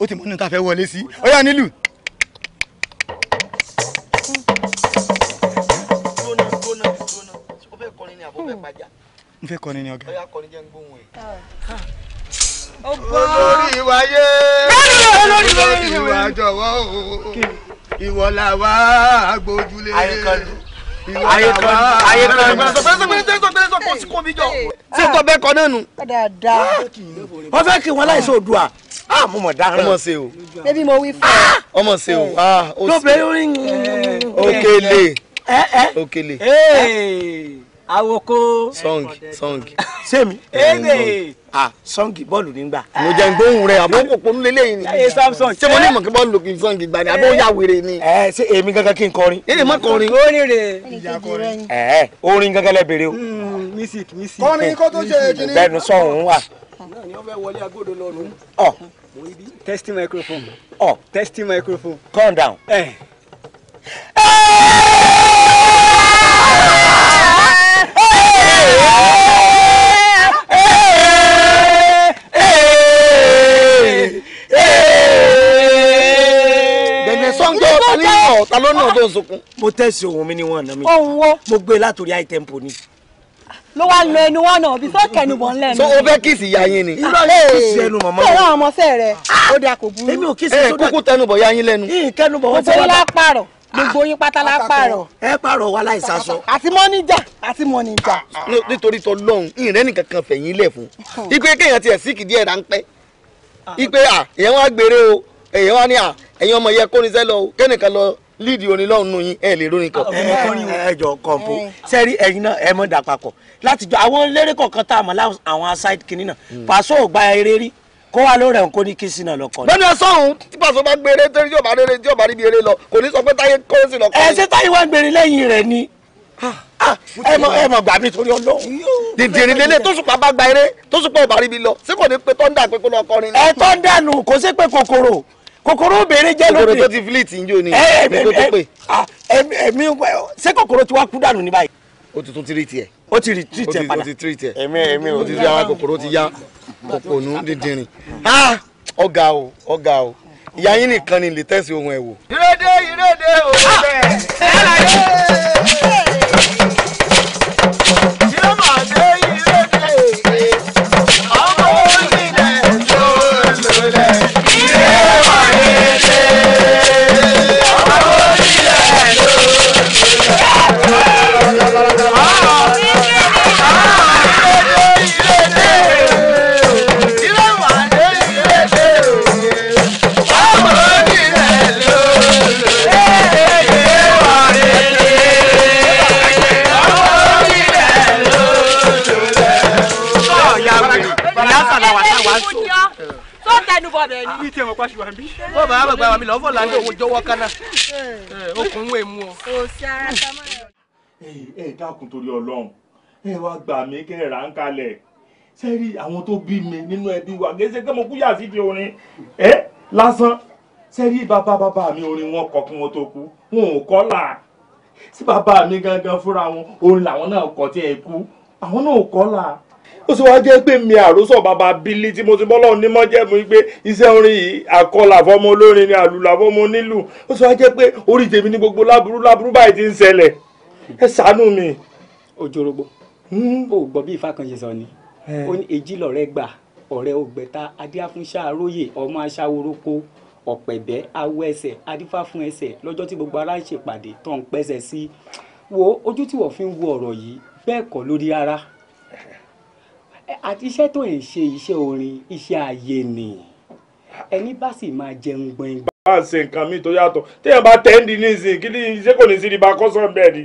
ó ti mọ̀ nínú tá a fẹ́ wọlé sí ó yá nílù. mo fẹ́ kọrin ni ọ̀gá olórí wáyé olórí wá jọ̀wọ́ o ìwọ la wá gbójúlé ṣé tó bẹ́ẹ̀ kọ́ náà nù. wọ́n fẹ́ kí wọn láìsí òdua mo mọ̀ dáhùn. ọmọ ṣe o. bébí mo wí fún ọ. ọmọ ṣe o. lóbìnrin orin. òkèlè. òkèlè awoko. song song. sẹ́mi. ebe. ah song bọ́ọ̀lù nígbà. mo jẹ́ gbóhùn rẹ̀ àbọ̀ kò ponú lélẹ́yìn ni. ẹ samson. ṣé mo ní mọ̀ kí bọ́ọ̀lù kì í song gbà ni àbọ̀ ó yà wèrè ni. ẹ ṣe èmi gangan kí n kọrin. èdè má kọrin. orin rẹ̀. ẹ orin gangan lẹ o. Hmm, music music. kọrin kó tó ṣe kiri. bẹ́ẹ̀ni sọhùn wa. náà testing microphone. ọ testing microphone. calm down. Eh. ẹ ta ló náà tó ń sunkún. mo tẹ̀sí ohun mi ní wọn ọ̀nà mi. ohun wo. mo gbé látòrí àìtẹ́ǹpò ni. ló wá lo ẹnu wọn náà bí sọ kẹnu bọ̀ ńlẹ̀ ni. so o fẹ́ kìsì ya yín ni. irọ́ yóò kìsì ẹnu mọ̀mọ́. sọ̀rọ̀ ọmọ fẹ́ rẹ̀ ó dáa kò burú. èmi ò kìsì sódà. Eh, ẹ kúkú tẹnubọ̀ ya yín lẹ́nu. ìkẹnubọ̀ wọn ti wà lá. mo lápá rọ̀ gbogbo ah, yín pátá la pààrọ̀. ẹ pààrọ̀ wa láì sasọ. àti mọ́níjà àti mọ́níjà. Ah, ah, nítorí tọlọ́hún ìrẹ́ nìkan kan fẹ̀yìn lẹ̀ fún. Hmm. ipe kéèyàn tiẹ̀ síkì díẹ̀ ráńpẹ́. ipe à èèyàn wá gbére o èèyàn wá ní à ẹ̀yin ọmọ yẹ kónisẹ́ lọ o kẹ́nìkan lọ líìdì orin lọ́run nù yín ẹ lè rorin kan. ẹ jọ kọ̀ǹpó sẹ́rí ẹ̀yin náà ẹ mọ̀ dà papọ̀ láti jọ àwọn eléré kọ̀ọ̀kan tá a mọ̀ láwọn aside kinní náà hmm. pàṣọ ò gba eré rí kó wá lórí ẹ̀ kó ní kí sinà lọkọ. bẹ́ẹ̀ni ẹ sọ̀hún tí pàṣẹ bá gbére torí yóò bá rere tí yóò bá ríbi eré lọ kò ní sọ pé táyé kó sì lọkọ. ẹ ṣe táyé wá gbére lẹ́yìn rẹ̀ ni ah, ah, ah, ẹ mọ ẹ mọ gbà mí torí Ọlọ́run. dìndìnrín lélẹ̀ tó sùpà bá gba eré tó sùpà ò bá ríbi lọ sí kò ní pé tọ́ndà pé kó lọ kọrin. ẹ tọ́ndà nù kó sí pé kòkòrò kòkòrò obìnrin jẹ́ lóde. kòkòrò tó ti fleet ń jó ni. ẹ ẹ ẹ ẹ ẹ mi ṣé kòkòrò ti wá kú dànù ní báyìí ó ti tún tírìtì ẹ̀. ó ti rí tírìtì ẹ̀ padà ó ti tírìtì ẹ̀. èmi èmi ò ti rí àwọn kòkòrò ti ya òpònú dídìrín. ọ̀gá o ọ̀gá o ìyá yín nìkan ni lè tẹ̀sí ohun ẹ̀ wò. ìrèdè ìrèdè òwò bẹ́ẹ̀. pa ṣì wà mí. bọ́ọ̀ bàbá bàbá mi lọ́wọ́ là ń dòwò jọwọ́ kánà okùn ń wè mú ọ. o ṣe ara ta mọ́ ẹ. ẹ ẹ dákun torí Ọlọ́run ẹ wá gbà mí kẹ́ ẹ rà ń kalẹ̀ sẹ́rí àwọn tó bí mi nínú ẹbí wa gẹ́sẹ́ kí mo kú yà sí di orin ẹ lásán sẹ́rí bàbá bàbá mi orin wọn kọ kí wọn tó kú wọn ò kọ́ là sí bàbá mi gangan fúnra wọn òun làwọn náà kọ tí ẹ kú àwọn náà ò là ó sì wáá jẹ́ pé mi àròsọ bàbá bílí tí mo ti bọ́lọ́ onímọ̀ jẹ́mu pé iṣẹ́ orin yìí àkọlà fọmọ olórin ni àlùlà fọmọ onílù ó sì wáá jẹ́ pé orí tèmi ní gbogbo láburú láburú báyìí ti ń ṣẹlẹ̀ ẹ ṣàánú mi. òjòrògbò ó hmm? gbọ́ bí ìfàkànṣe sọ ni ó ní èjì lọ́rẹ́ gbà ọ̀rẹ́ ògbẹ́ta adíáfúnṣá aróyè ọmọ aṣáworoko ọ̀pẹ̀bẹ́ awọ ẹsẹ̀ adífáfún ẹsẹ̀ lọ́jọ́ tí gbogbo ara ń ṣèpàdé tó ń pẹ́sẹ̀ sí wo ojú tí wọ́n fi ń wo ọ̀rọ̀ yìí bẹ́ẹ̀ kọ́ lórí rárá àti iṣẹ́ tó ń ṣe iṣẹ́ orin iṣẹ́ ayé ni ẹni bá sì máa jẹun gbọ̀ngbọ̀n. bá a ṣe nǹkan mi tó yàtọ̀ téèyàn bá tẹ́ ń di nísìnyí kí ni iṣẹ́ kò ní sí ní bá a kọ́ sọ́ọ̀ bẹ́ẹ̀ ni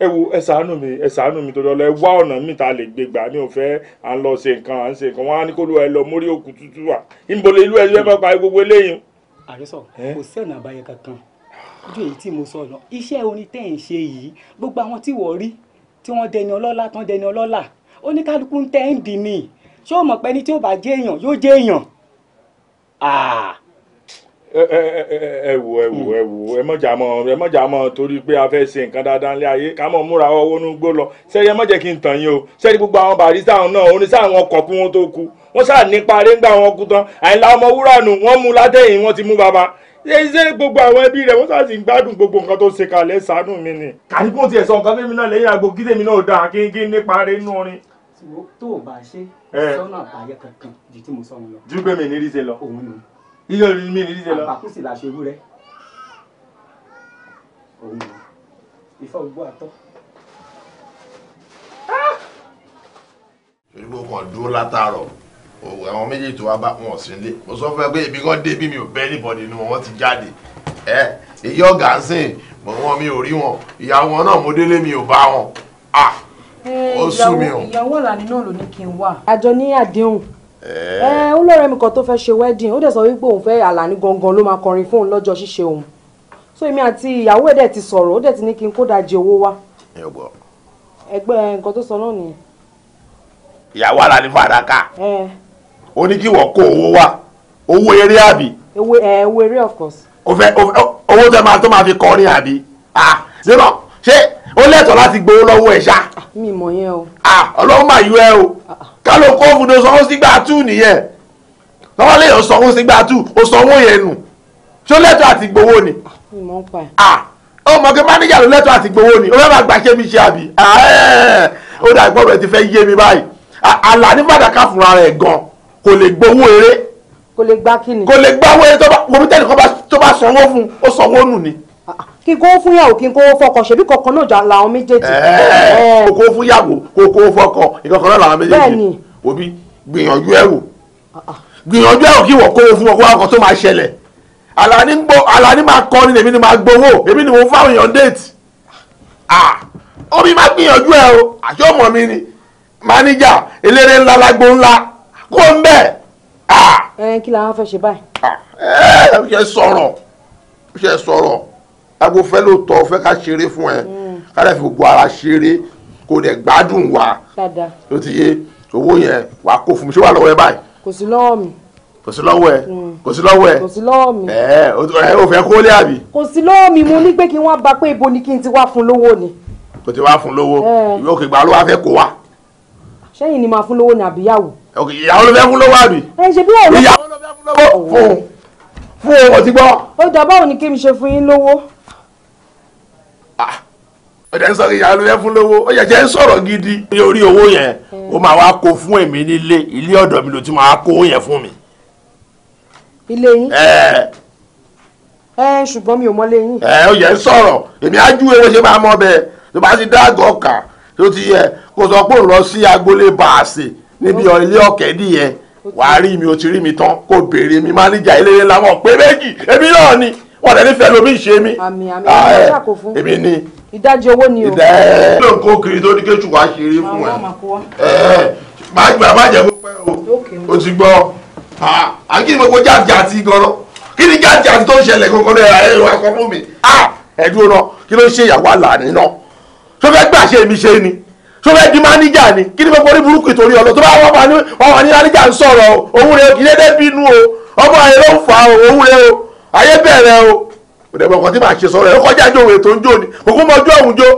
ẹ wo ẹ ṣàánú mi ẹ ṣàánú mi torí ọlọ ẹ wá ọ̀nà mi ta lè gbé gbà ní òfẹ́ à ń lọ ṣe nǹkan à ń ṣe nǹkan wọn á ní kó lu ẹ lọ mórí òkú tútù wà ìmọ̀lẹ̀ ìlú ẹ̀yọ́ ẹ̀fọ́ parí gbogbo eléyìí. àrísọ kò sẹ́nà àbáyọ kankan ojú èyí tí mo sọ lọ iṣẹ́ orin tẹ́ ń ṣe yìí gbogbo àwọn tí wọ́n rí oníkálukú ń tẹ́ ń dì ní ṣé o mọ̀ pé ẹni tí ó bá jẹ́ èèyàn yóò jẹ́ èèyàn. Ah. ẹ wò ẹ wò ẹ wò ẹ mọ̀jà mọ̀ ẹ mọ̀jà mọ̀ torí pé a fẹ́ ṣe nǹkan dáadáa nílé ayé ká mọ̀ múra ọwọ́ inú gbó lọ sẹ́yìn ẹ mọ̀jẹ̀ kí n tàn yín o sẹ́yìn gbogbo àwọn barista náà oníṣẹ́ àwọn ọkọ̀ fún wọn tó kú wọ́n ṣáà nípa arégbà wọn kú tán àyìnlá ọmọ wúrà nù wọ́n mú látẹ̀yìn wọ́n ti mú bàbá ṣe gbogbo àwọn ẹbí rẹ wọn sáà sì ń gbádùn gbogbo nǹkan tó ṣe kalẹ̀ ṣàánú mi ni. kàdígbò tiẹ̀ sọ nǹkan fẹ́mi náà lẹ́yìn àgbo kí tèmi náà dáa kí n kí n nípa rẹ̀ nínú orin tó o bá ṣe sọ́nà àbáyẹ kankan ju tí mo sọ wọn lọ. ju pé mi ní ríṣe lọ. òun nù. iye mi ní ríṣe lọ. àbákùsì làṣẹ ewu rẹ. òun nù. ìfọ̀ gbọ́ àtọ́. ìdúgbò kan dúró látàárọ̀ òwò àwọn méjèèjì tó wá bá wọn sí ilé mo sọ fún ẹ pé èmi kan dé bí mi ò bẹ́ẹ̀ níbọ̀dì ni wọ́n ti jáde ẹ èyí ọ̀gá ń sìn mọ̀ wọn mi ò rí wọn ìyàwó wọn náà mo délé mi ò bá wọn. Ah! ó sú mi o. ìyàwó ọ̀làní náà ló ní kí n wà. àjọ ní àdéhùn ẹ eh. eh, ó lọ́rọ̀ mi kan tó fẹ́ ṣe wedding ó dẹ̀ sọ wípé òun fẹ́ àlàní gangan ló máa kọrin fún òun lọ́jọ́ ṣíṣe òun so èmi àti ìyàwó ẹ̀ dẹ̀ ti sọ̀rọ̀ ó dẹ̀ ti ní kí n kó dajì owó wá. ẹ gbọ́. ẹgbẹ́ nǹkan tó sọ náà nìyẹn. ìyàwó àlàní fàdákà eh. ó ní kí wọ́n kó owó wá owó eré àbí. owó eré of course. owó tó máa fi kọrin àbí. ah ṣé ó lẹ́tọ̀ọ́ láti gbowó lọ́wọ́ ẹ̀ ṣá. Ah, mi mọ̀ yẹn o. Ah, ọlọ́run máa yọ ẹ o ah, kálukú òfúdo sanwó sígbà tú nìyẹn lọ́wọ́ léèyàn sanwó sígbà tú o sanwó yẹn nù ṣó lẹ́tọ̀ọ́ àti gbowó ni. mi mọ̀ pa ẹ̀. ó mọ̀ kí mánéjà ló lẹ́tọ̀ọ́ àti gbowó ni ó fẹ́ máa gbà ṣé mi ṣe àbí ó dà gbọ́dọ̀ ti fẹ́ yé mi báyìí àlà ní fàdákà fúnra rẹ̀ gan kò lè gbowó eré. kò lè gbá kí ni. kò lè gbá owó eré tó bá sanwó fún ó sanwó nù ni kí n kó fún yàwó kí n kó fọkọ ṣebí kankan náà jà làwọn méjèèjì. kó kó fún yàwó kó kó fọkọ ìkankan náà làwọn méjèèjì òbí gbìyànjú ẹ ah, ah. gbìyànjú ẹ kí wọ́n kó fún wọn kó wá kan tó máa ṣẹlẹ̀ Àlàní gbọ́ Àlàní máa kọ́ ni èmi ni máa gbowó èmi ni mo fáwọn èèyàn déètì ah, omi máa gbìyànjú ẹ o àti ọmọ mi ni máníjà eléré ńlá lágbo ńlá kó ń bẹ. ẹ kí làwọn fẹ́ ṣe báyìí. ẹ ẹ ṣe sọ̀rọ̀ ṣe sọ̀rọ̀ ẹgbẹ́ fẹ́ ló tọ́ fẹ́ ká ṣeré fún ẹ hmm. kárẹ̀ fi gbogbo ara ṣeré kò dẹ̀ gbádùn wa ló ti yé owó yẹn wàá kó fún mi ṣé wà lọ́wọ́ ẹ báyìí. kò sí lọ́wọ́ mi kò sí lọ́wọ́ ẹ hmm. kò sí lọ́wọ́ ẹ kò sí lọ́wọ́ mi ẹ ẹ o fẹ́ kó lé àbí. kò sí lọ́wọ́ mi mo ní pé kí n wá bá pé ibo ni kí n ti wá fún lówó ni. kò ti wá fún lówó ìwé òkè ìgbà ló wá fẹ́ kó wa. sẹ́yìn ni màá fún lówó ni àbí ìyàwó ló fẹ́ fún lówó àbí. ẹ ṣe bí ìyàwó ló fẹ́ fún lówó fún fún ọtí ọ̀dẹ̀ ń sọ̀rọ̀ ìyá ló yẹ fún lówó ó yẹ jẹ́ ń sọ̀rọ̀ gidi. ní orí owó yẹn ó máa wá kó fún èmi nílé ilé ọ̀dọ̀ mi ló ti máa kó yẹn fún mi. ilé yín. ẹ ẹ ṣùgbọ́n mi ò mọ lẹ́yìn. ẹ ó yẹ ń sọ̀rọ̀ èmi á ju ewé ṣe máa mọ bẹ́ẹ̀ tó bá ti dá àgọ́ ọ̀kà tó ti yẹ kó sọ pé òun lọ sí agboolé bàásì níbi ilé ọ̀kẹ́dì yẹn wàá rí mi ó ti rí mi tán kó béèrè mi máníjà eléré làwọn pé méjì èmi náà ni wọn lẹni fẹ lomi ṣe mi. àmì àmì àmì ṣàkó fún. èmi ni. ìdajì owó ni o. ìdá ẹ ló ń kó kiri tó ní kéṣù wá ṣe eré fún ẹ. máa gbà má jẹ kó pẹ́ o o ti gbọ́ a ah, kí ni gbogbo jáde àti gan-an kí ni jáde àti tó ń ṣẹlẹ̀ gangan náà ẹ ẹ kọ́ fún mi ah, ẹ̀dúró náà kí ló ń ṣe ìyàwó àlàní náà tó fẹ́ gbà ṣe mi ṣe ni tó fẹ́ di máníjà ni kí ni gbogbo orí burúkú ìtòrí ọ̀lọ́ tó bá wọ́n wà ní máníjà ń sọ̀rọ̀ òun rẹ̀ kì í dédé bínú o ọmọ ẹ̀ ló ń fa òun rẹ̀ o ayé bẹ̀rẹ̀ o òdẹ̀bọ̀ nǹkan tí màá ṣe sọ̀rọ̀ ẹ̀ ó kọjá ìjọ òwe tó ń jó ni òkú mọ ojú òun jó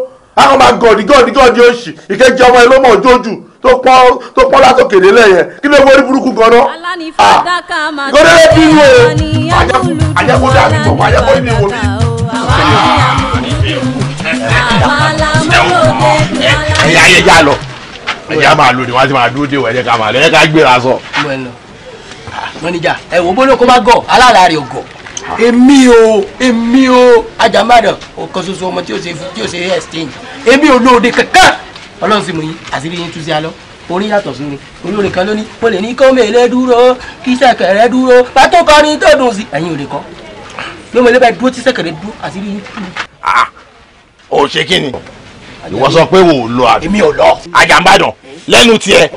àwọn máa gọ̀ọ̀dì gọ̀ọ̀dì gọ̀ọ̀dì òṣì ìkejì ọmọ ìlú mọ̀ jójú tó pọ́n tó pọ́n látòkè délẹ̀ yẹn kí ló wọlé burúkú gan-an ah ìkọ́dẹ́rẹ́ bí wo àjẹkù dàbí tó pa àjẹkù ìbí wo mi. ẹyà ayé já lọ ẹyà máa lò ní wọn ti máa dúró dé wọn ẹyẹ ká máa lọ ẹyẹ ká gbéra sọ. mọ́nìjà ẹ̀wọ̀n bọ́lá kó bá gọ̀ aláàlá rẹ̀ gọ̀ èmi o èmi o ajamadan ọ̀kan ṣoṣo ọmọ tí o ṣe tí o ṣe exchange èmi ò lóde kankan ọlọ́run sì mú yín àṣírí yín tún sí alọ́ orí yàtọ̀ sí ni olórin kan ló ní mo lè ní kó mèlé dúró kí sẹ̀kẹ̀rẹ̀ dúró bá tó kọrin tó dùn sí ẹ̀yin ò lè kọ́ ló mọ̀ lébàá dúró tí sẹ̀kẹ̀rẹ̀ dúró àṣírí yín tún. ó ṣe kí ni ìwọ sọ pé wò ó lọ àbí èmi ò lọ Àjàmbàdàn lẹ́nu tiẹ̀.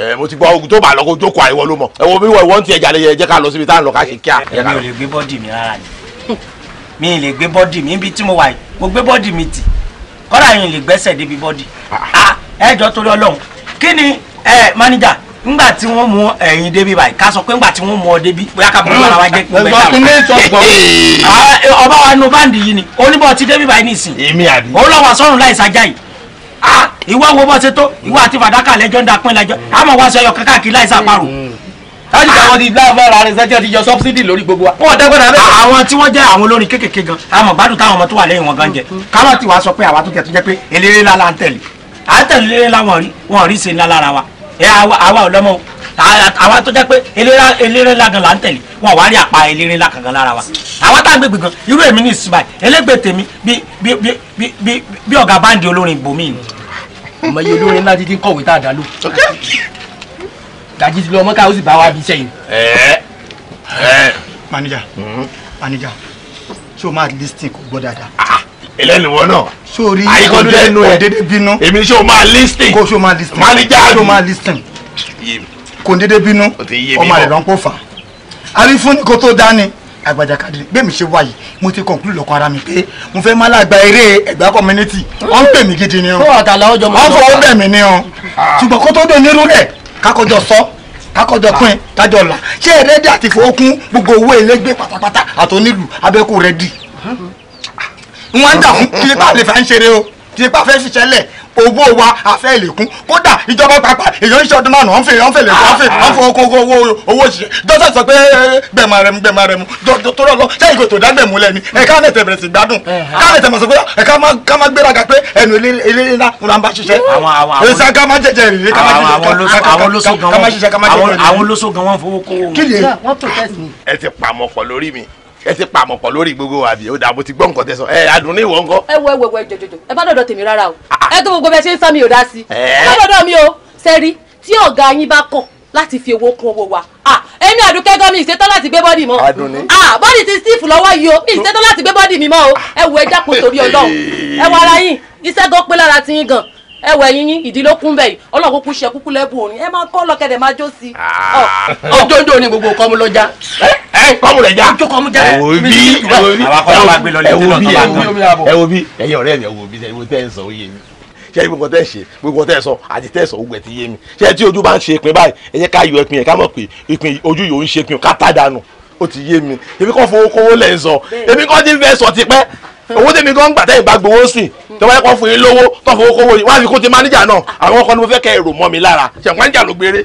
ẹ mo ti gbọ́ ogun tó bá lọ kó jókòó àìwọ ló mọ̀ ẹ wo bí wọ́n ìwọ́n ti ẹja lè jẹ́ ká lọ síbi tá à ń lọ ká ṣe kíá. èmi ò lè gbé bọ́dì mi rárá ni mi ì lè gbé bọ́dì mi ibi tí mo wà mo gbé bọ́dì mi tì kọ́lá yìí lè gbẹ́sẹ̀ débi bọ́dì ah. Ah, ẹ jọ torí ọlọ́run kí ni máníjà ngba tí wọ́n mú ẹ̀yin débi báyìí ká sọ pé ngbà tí wọ́n mú ọ débi bóyá ká bọ́lá ara wa jẹ́ pé bẹ́ẹ̀ ah, ọba wa nù yìí ni ti débi báyìí nìsín òun lọ́wọ́ yìí Ah, ìwọ wo bọ́ ṣe tó ìwọ àti fàdákà lẹ́jọ́ ń da pín lẹ́jọ́ àmọ́ wá sọ ọkàn káàkiri láì sàparò. Mm. láti gba àwọn ti láàbára rẹ sẹ́jọ́ ti yọ sọ́bsidì lórí gbogbo wa. wọ́n dẹ́gbẹ́ náà bẹ́ẹ̀. àwọn tí wọ́n jẹ́ àwọn olórin kéékèèké gan àmọ́ gbádùn táwọn ọmọ tó wà lẹ́yìn wọn gan jẹ mm-hmm. káwọn ti wá sọ pé àwa tó tẹ̀ tó jẹ́ pé eléré ńlá la ń tẹ̀lé à ń tẹ̀lé eléré ńlá wọn rí wọn rí ṣe ńlá lára wa ẹ àwa ọlọ́mọ àwa tó jẹ́ pé eléré lágan là ń tẹ̀lé wọn wá rí àpá eléré lákàgán lára wa àwa tá à ń gbègbè gan irú èmi ní ìsúbà ẹlẹ́gbẹ́ tèmi bí ọ̀gá báńdì olórin ìbòmí ni. ọmọ iye olórin ńlá títí ń kọ̀wé tá a dá lò. gàjí ti lọ ọmọ káwọ́ sì bá wa bí sẹ́yìn. manager hmm. manager ṣé o máa listing kò gbọ́ dáadáa ah, ẹlẹ́nu wọn náà. sori ayikọ́dún lẹ́nu ẹ̀ dédé bínú. èmi ṣé o máa listing. kó o ṣe o máa listing. manager mi. ṣé o máa listing kò dédé bínú ọmọ rẹ̀ ló ń pò fà arífún kò tó dání àgbàjà kadiri bẹ́ẹ̀ mi ṣe wáyé mo ti conclude lọ́kọ ara mi pé mo fẹ́ má lágbá eré ẹ̀gbá community wọ́n ń pè mí gidi ni o wọ́n fọwọ́ bẹ̀ mí ni o ah. ṣùgbọ́n kó tó dé onírú rẹ̀ kákọjọ sọ kákọjọ pín kájọ là ṣé ẹ̀rẹ́dì àti ìfowókún gbogbo owó ẹlẹ́gbẹ́ pátápátá àtọ́nílù abẹ́kù rẹ̀ dì wọ́n ń dà fún kí lè bá lè fà ń ṣeré o tipa fẹ́ ṣiṣẹ́ lẹ̀ owó wa àfẹ́ ìlẹ̀kùn kódà ìjọba pàápàá èèyàn ń ọdún márùn-ún ọ̀nfẹ́ ọ̀nfẹ́ lẹ̀kùn ọ̀nfẹ́ ọ̀nfẹ́ oko owó owó ṣiṣẹ́ dọ́sẹ̀ sọ pé gbẹ̀mà rẹ̀ mu gbẹ̀mà rẹ̀ mu tọ́lọ̀ lọ sẹ́yìn kò tó dá gbẹ̀mú lẹ́ni ẹ̀ka nẹ̀tẹ̀ bẹ̀rẹ̀ sí gbádùn ká nẹ̀tẹ̀ mọ̀ sọ pé ẹ̀ka ká má gbéraga pé ẹnu ilé ńlá ń ẹ ti pa àmọ̀pọ̀ lórí gbogbo wa bí ó dà bó ti gbọ́ nǹkan tẹ sọ ẹ adùn ní ìwọ nǹkan. ẹ wo ẹwọ ẹwọ jọjọjọ ẹ bá dọdọ tèmi rárá o ah, ah. ẹ tó gbogbo bẹ ṣe ń sá mi ò dá sí i ẹ bá dọdọ mi o sẹ́rí tí ọ̀gá yín bá kàn láti fi owó kún owó wa ah, èmi àdúkẹ́ gan ìṣetán láti gbé bọ́dì mọ́ bọ́dì ti steve lọ́wọ́ yìí o ìṣetán láti gbé bọ́dì mi mọ́ o ẹ wo ẹ jákòó torí ọlọ́run ẹ wọ ara yín iṣẹ́ gan pé lára ti yín gan ẹ wẹ yín yín ìdílé kún bẹ́ẹ̀ ọlọ́run kúkú ṣe kúkú lẹ́bùn òní ẹ máa kọ́ lọ́kẹ́dẹ̀ máa jó sí. Ah. ọjọ́jọ́ ni gbogbo kọ́mu lọ́jà. ẹ kọ́mu lẹ̀ já. ọjọ́ kọ́mu já. ẹ wo bí ẹ wo bí ẹ wo bí ẹ wo bí ẹyin ọ̀rẹ́ mi ẹ wo bí ẹ wo tẹ́ ń sọ ó yé mi ṣe gbogbo tẹ́ ṣe gbogbo tẹ́ sọ àti tẹ́ sọ ogun ẹ ti yé mi ṣe tí ojú bá ń ṣe ìpín báyìí ẹ jẹ́ ká yọ ìpín yẹn ká mọ̀ pé ìpín ojú yòó ń ṣe ìpín ká tá dànù ó ti yé mi èmi kàn fowó kówó lẹ̀ ń sọ èmi kàn ti fẹ́ sọ tipẹ́ owó tèmi kàn ń gbà tẹ́yìn bá gbowó sùn tọ́wọ́ ẹ̀kọ́ fún yín lówó tọ́fọ́ owó kówó wá fi kó ti mánéjà náà àwọn ọkọ ni mo fẹ́ kẹ́ èrò mọ́ mi lára ṣẹ̀páníjà ló gbére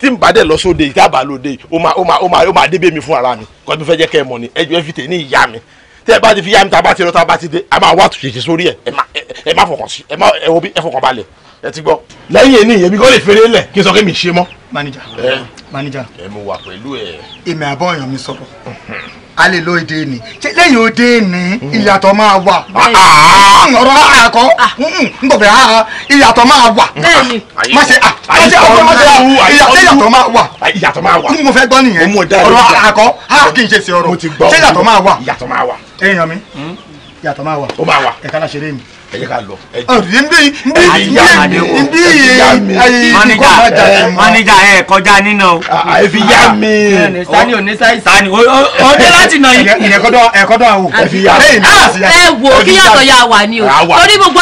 tí n bá dẹ̀ lọ sóde ìdábàá lóde ó máa ó máa ó máa ó máa débè mi fún ara mi kọ́ mi fẹ́ jẹ́ kẹ́ ẹ mọ̀ ni ẹjọ́ ẹ fi tè ní ìyá mi tẹ́ ẹ bá ti fi yá mi tá a bá ti lọ tá a bá ti dé a máa wá àtúnṣe sórí ẹ ẹ má fọkàn sí ẹ má ẹ wo bí ẹ fọkàn balẹ̀ ẹ ti gbọ́. lẹ́yìn èyí èmi kò lè fèrè lẹ̀ kí n sọ pé mi ṣe mọ́. manager manager. ẹ mo wà pẹ̀lú ẹ. èmi àbọ̀ ọ̀yàn mi sọ̀rọ̀ a lè lo èdè ni lẹ́yìn òde ni ìyàtọ̀ máa wà ah, ọ̀rọ̀ àkọ́ ah. mm, mm, n ha ìyàtọ̀ máa wà ah, má ṣe ọ̀rọ̀ má ṣe ìyàtọ̀ máa wà ìyàtọ̀ fẹ́ gbọ́ nìyẹn ọ̀rọ̀ àkọ́ a kì í ṣe sí ọ̀rọ̀ ṣé ìyàtọ̀ máa wà èèyàn mi hmm? ìyàtọ̀ máa wà ẹ̀ka láṣẹ lé mi ẹ jẹ́ ká lọ. ndí ndí ndí mánìjà ẹ kọjá nínà o. ẹ fi yá mi. sani o ní sáyé. sani o dé láti nà yìí. ìyẹn kọ́dọ̀ ẹ kọ́dọ̀ àwọn ẹ mi. ẹ wo kí yàtọ̀ ya wà ní o. torí gbogbo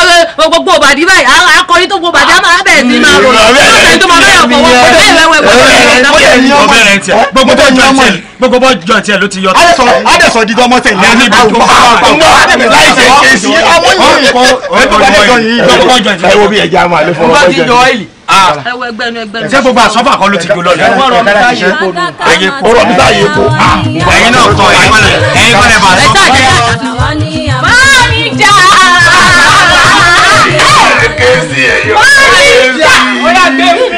gbogbo òbàdí báyìí akọrin tó gbogbo òbàdí a máa bẹ̀rẹ̀ sí máa rò. ọ̀sẹ̀ tó máa bẹ̀rẹ̀ fọwọ́ bẹ̀rẹ̀ wẹ̀wẹ̀. ọ̀bẹ̀rẹ̀ gbogbo tó ń yọ ọmọ yìí gbogbo bọ́ jọ tiẹ̀ ló ti yọ. adẹ̀sọ dídọ́ mọ́tẹ̀ ní àná àwùjọ ọmọ láì ṣe ṣe sí ọmọ yìí ẹgbẹ́ ọmọ yìí gbogbo jọ tiẹ̀. ẹ bí ẹja máa lè fọwọ́ bọ́jọ yìí. Ah. ẹ wo gbogbo àsọ́fà kọ́ ló ti gbó lọ́dọ̀. ọ̀rọ̀ mi bá kó. ẹ̀yin náà kọ ẹ̀yin kọ́ ẹ̀ bá lọ. báyìí jà kéésì ẹ̀yọ́ kéésì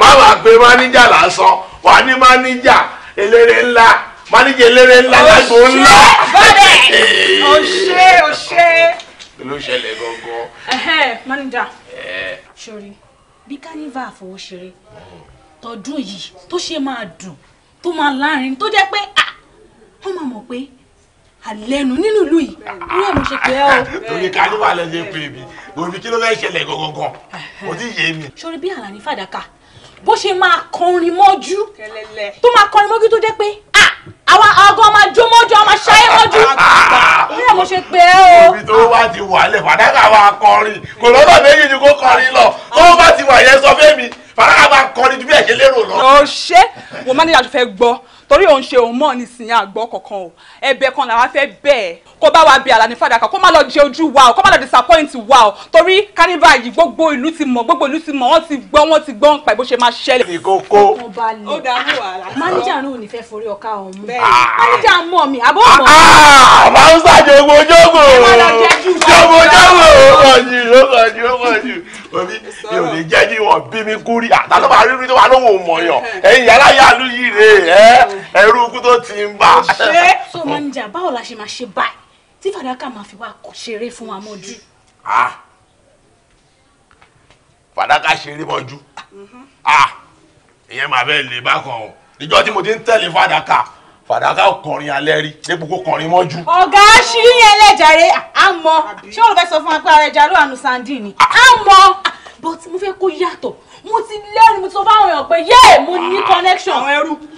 má wàá gbé máníjà lásán wàá ní máníjà eléré ńlá máníjà eléré ńlá lágbo ńlá. bọ́dẹ̀ ọ̀ṣẹ́ ọ̀ṣẹ́. ló ṣẹlẹ̀ gangan. máníjà sori eh. bí kánífà àfọwọ́ṣeré tọdún yìí tó ṣe máa dùn tó máa láàrin tó jẹ́ pé ah, wọ́n máa mọ̀ pé àlẹ́nu nínú ìlú yìí irú ẹ̀ mo ṣe pé ẹ́ o. torí kánífà lẹ́sẹ̀ pé mi òbí kí ló fẹ́ ṣẹlẹ̀ gangan kò tí yé mi. sori bí àlàní fàdákà bó ṣe máa kọrin mọ́jú tó máa kọrin mọ́jú tó jẹ́ pé àwa ọgọ́ máa jó mọ́jú a máa ṣayé mọ́jú bẹ́ẹ̀ ah, ah, ah, mo ṣe pé o. ibi tó wá ti wà lẹ̀ fàdákà wa kọrin kò lọ́dọ̀ méjì ni kò kọrin lọ tó bá ti wà yẹn sọ fẹ́mi fàdákà wa kọrin ju bí ẹ̀ṣẹ̀ lérò lọ. ọ̀ṣẹ́ wo máníjà tó fẹ́ gbọ́ torí òun ṣe òun mọ̀ nísìnyí àgbọ̀ kankan o ẹ̀bẹ̀ kan làwa fẹ́ bẹ́ẹ̀ kó bá wa bẹ àlàní fàdákà kó má lọ jẹ ojú wa o kó má lọ disappoint wa o torí carnival yìí gbogbo ìlú ti mọ̀ gbogbo ìlú ti mọ̀ wọ́n ti gbọ́ wọ́n ti gbọ́ nípa bó ṣe máa ṣẹlẹ̀. ìkókó ó dàrú wàhálà. máníjà náà ò ní fẹ́ forí ọ̀ka ọ̀hún. máníjà mọ̀ mi àbó mọ̀. àbá ah, ah, ń sàjẹ́ ojú ogun. jọ̀wọ́ jọ̀wọ́ ọ̀jù ló kọ̀ jù ó kọ̀ jù omi mi ò lè jẹ́ kí wọ́n bí mi kú rí àtàlọ́ máa rí rí tó wà lóhùn mọ̀ yàn ẹ̀yìn aláyàlú yìí rè é ẹ̀rú ikú tó ti ń bá. ṣé so manager báwo la ṣe máa ṣe báyìí tí fàdákà máa fi wá ṣeré fún wa mọ́jú. fàdákà ṣeré mọ́jú mm-hmm. ìyẹn màá bẹ́ẹ̀ lè bákan o ìjọ tí mo ti ń tẹ̀lé fàdákà fàdákà kọrin alẹ́ rí dépò kó kọrin mọ́jú. ọ̀gá ṣírí ẹlẹ́jàre àmọ́ ṣé o fẹ́ sọ fún wa pé ẹlẹ́jà ló àánú sandin ni àmọ́ but mo fẹ́ kó yàtọ̀ mo ti lẹ́rìí mo ti sọ fáwọn èèyàn pé yé mo ní connection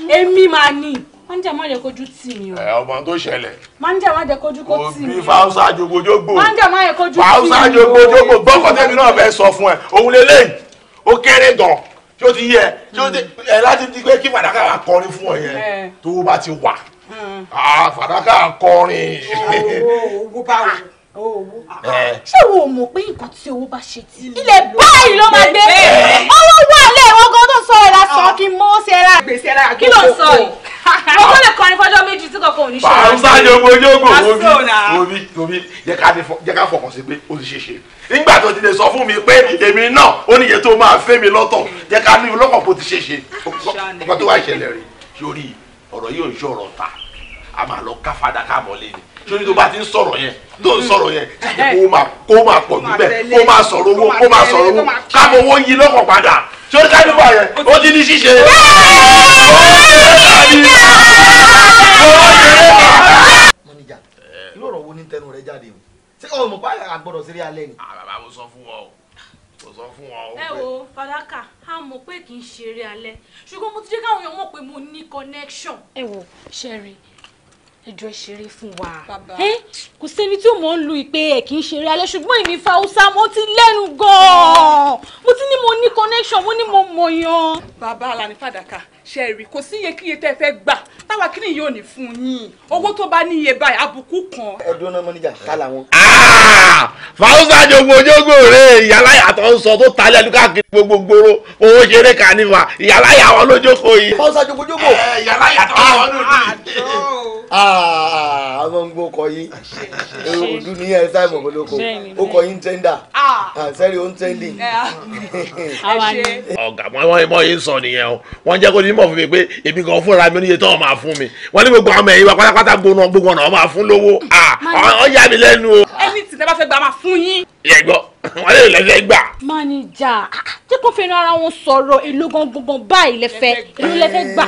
èmi máa ní mánjà má jẹ́ kójú tì mí o. ẹ ọmọ tó ṣẹlẹ̀. mánjà má jẹ́ kójú kó tì mí o. òbí fausa jogojogo. mánjà má jẹ́ kójú tì mí o. fausa jogojogo gbọ́kọ̀ tẹ́mi náà fẹ́ sọ fún ẹ òun lélẹ́yìn ó kéré gan-an tí ó ti yẹ tí ó ti hmm. ẹ láti di pé kí fàdákà wa kọrin fún ọ yẹn eh. tó bá ti wà hmm. fàdákà kọrin. owó bá wà eh. ṣé wo mọ̀ pé nǹkan tí owó bá ṣe tí ilẹ̀ báyìí ló máa gbé eh. owó wà lẹ́ẹ̀wọ̀n gan tó sọ ẹ̀ra ah. sọ kí n mọ́ sí ẹ̀ra kí ló sọ yìí mo kọ́ lè kọrin fọ́jọ́ méjì tí kankan ò ní ṣe. pàṣẹ jogo jogo omi omi jẹ́ ká fọkàn sí pé ó ti ṣe ṣe nígbà tó ti lè sọ fún mi pé èmi náà ó níye tó máa fẹ́ mi lọ́tọ̀ jẹ́ ká ní lọ́kàn bó ti ṣe ṣe ọkọ tó wá ìṣẹ̀lẹ̀ rẹ̀ sórí ọ̀rọ̀ yìí ò ń ṣe ọ̀rọ̀ ta a máa lọ ká fada ni torí tó bá ti ń sọ̀rọ̀ yẹn tó ń sọ̀rọ̀ yẹn kó máa kó máa pọ̀ níbẹ̀ kó máa sọ̀rọ̀ owó kó máa sọ̀rọ̀ owó káàbọ̀ owó yí lọ́kọ̀ padà tí ó ká nípa yẹn ó ti ní ṣíṣe. mọ̀nìjà irú ọ̀rọ̀ wo ní tẹnu rẹ jáde o ṣé ọmọ pa àgbọ̀dọ̀ sí rí alẹ́ ni. àbàbà ah, mo sọ fún wọn o mo o. ẹ wo fàdákà a mọ̀ pé kì í ṣeré alẹ́ ṣùgbọ́n mo ti jẹ́ káwọn èèyàn mọ̀ pé mo ní connection. ẹ wo Sherry ẹjọ́ ìṣeré fún wa kò sẹ́ni tí ó mọ̀ ń lu ìpè ẹ̀ kì í ṣeré alẹ́ ṣùgbọ́n èmi fa hausa mo ti lẹ́nu gan-an mo ti ní mo ní connection mo ní mo mọ̀yàn. bàbá alani fàdákà ṣe rí kò sí iyekíye tẹ́ ẹ fẹ́ gbà táwa kíni yóò ní fún yín owó tó bá ní iye báyìí àbùkù kan. ẹdùn náà mọ́níjà kálá wọn. Ah! fàáúsà jogun ojógun rè ìyálàyà tó ń sọ tó talẹ̀ lukakiri gbogbo gbòòrò owó ṣeré kànífà ìyàláyà wọn ló jókòó yìí. wọ́n sá jogojogo. ìyàláyà tó wà ah, wọ́n lòdì. Ah, ah, àwọn ń gbókọ yìí òdu ní ẹ sáì mọ̀ olóko ó kọ yín tẹ́ndà sẹ́rí ó ń tẹ́ndì. ọ̀gá wọn mọ yín sọ nìyẹn o wọ́n jẹ́ kó ní mọ̀ fún mi pé èmi gan fúnra mi oníye tó máa fún mi wọ́n ní gbogbo àwọn ẹ̀yìn wa pátápátá gbóná gbogbo ọ̀nà ọ̀ máa fún lówó ọ̀yà mi lẹ́nu o. ẹni tí tẹ́ bá fẹ́ gbà máa fún yín. ìyẹn gbọ́ wọ́n lè lẹ́fẹ́ gbà. mánìjà jẹ́ kó fẹ́ràn ara wọn sọ̀rọ̀ èlò gangan báyìí lẹ́fẹ́ èlò lẹ́fẹ́ gbà.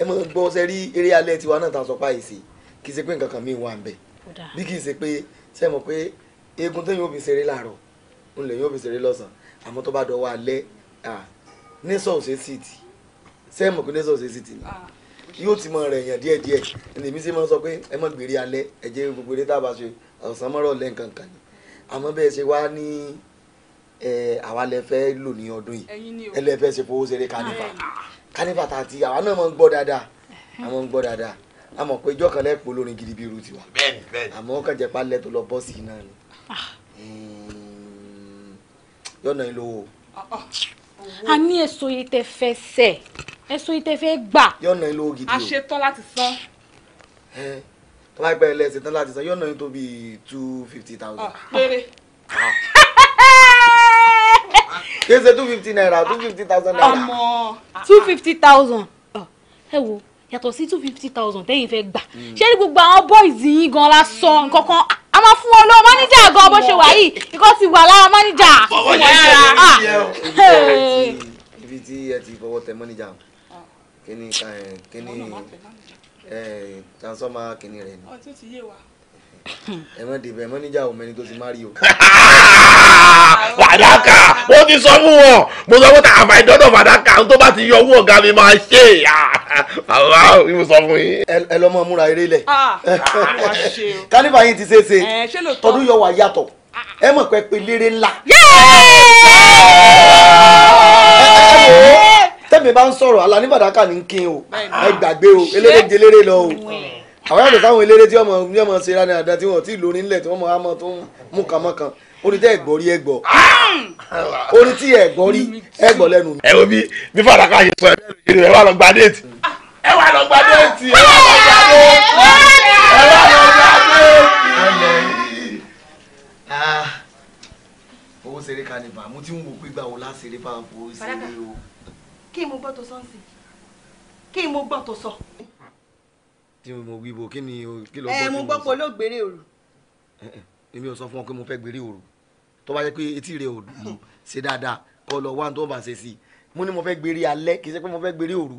ẹ mọ gbọ́ sẹ́ rí eré alẹ́ tiwa náà ta sọ páyì sí kì í ṣe pé nǹkan kan mi wà ń bẹ̀ bí kì í ṣe pé ṣe mọ̀ pé eegun tó yóò fi ṣeré láàárọ̀ ń lè yóò fi ṣeré lọ́sàn-án àmọ́ tó bá dọ̀wọ́ alẹ́ ní sọ̀ọ̀sẹ̀ síìtì ṣe mọ̀ pé ní sọ̀ọ̀sẹ̀ síìtì yóò ti mọ rẹ̀ yàn díẹ̀díẹ̀ ẹni mi sì máa sọ pé ẹ mọ̀ gbèrè alẹ́ ẹ̀jẹ̀ gbogbo eré tá a bá ṣe ọ̀sán mọ́rọ̀ lẹ́ǹkankan ni àmọ́ bẹ́ẹ̀ ṣe wá ní àwa lẹ fẹ́ lò ní ọdún yìí ẹ lẹ fẹ́ ṣe fowó ṣeré kánífà kánífà tàti àwa náà mọ̀ ń gbọ́ dáadáa àmọ́ ń gbọ́ dáadáa a mọ̀ pé ìjọ kan lẹ́pọ̀ olórin gidi bíi irú tiwa àmọ́ kàn jẹ́ palẹ̀ tó lọ bọ́ọ̀sì náà ni ah. hmm. yọ̀nà ìlò wo. Oh. a ní èso yìí tẹ fẹ́ sẹ̀ èso yìí tẹ fẹ́ gbà. yọ̀nà ìlò gidi o a ṣetán láti san tó bá gbẹ ẹlẹ́sìn tán láti san yóò ná yín tó bíi two fifty thousand. Ah, péré. Ah. kí ṣe two fifty naira ah. two fifty thousand naira. ọmọ two fifty thousand ẹ wo yàtọ̀ sí two fifty thousand tẹ́yìn fẹ́ gbà hmm. ṣé ní gbogbo àwọn boys yín gan la sọ nǹkan kan a máa fún ọ lọ́wọ́ máníjà gan bó ṣe wà yìí nǹkan ti wà lára máníjà. fọwọ́ yẹn ṣẹlẹ̀ ibi tí ẹ ti fọwọ́ tẹ máníjà kí ni eh, kí ni transformer kìíní rẹ ni. ọtí ti yé wa. ẹ mọ dìbẹ mọ níjà òun ẹni tó ti má rí o. fàdákà mo ti sọ fún wọn mo sọ fún tààfà ìdọ́dọ̀ fàdákà tó bá ti yọ owó ọ̀gá mi máa ṣe bàbá mi mo sọ fún yín. ẹ lọ mọ múra eré lẹ. kálífà yín ti ṣe é ṣe tọdún yọ wà yàtọ̀ ẹ mọ̀ pé pé léré ńlá. ẹ ẹ wò ó tẹ́mi bá ń sọ̀rọ̀ Alani Badaka ní kí n o ẹ gbàgbé o eléré di eléré lọ o àwọn yàtọ̀ sáwọn eléré tí ọmọ ní ọmọ ṣe rani àdá tí wọn ti lórí nílẹ̀ tí wọn mọ àmọ́ tó ń mú kànmọ́kàn orin tẹ́ ẹ̀gbọ́ rí ẹ̀gbọ́ orin tí ẹ̀gbọ́ rí ẹ̀gbọ́ lẹ́nu. ẹ wo bí bí Fàdákà yẹ fún ẹ ẹ wà lọ gba déètì ẹ wà lọ gba déètì ẹ wà lọ gba déètì ẹ wà lọ gba déètì. Ah, owó ṣeré kanìfà mo ti ń wo pé gbàwó láṣẹrẹ bá ń fowó ṣeré o kí mo gbọ́ tó sọ ń sìn kí mo gbọ́ tó sọ. tí mo wí bo kí ni o kí ló gbọ́ tí mo sọ. ẹ mo gbọ́ pé olóògbére òru. èmi ò sọ fún ọ pé mo fẹ́ gbére òru tó bá jẹ́ pé etí rẹ̀ ò lù hmm. ṣe dáadáa kọ́ lọ wá tó bá ṣe sí i mo ní mo fẹ́ gbére alẹ́ kì í ṣe pé mo fẹ́ gbére òru.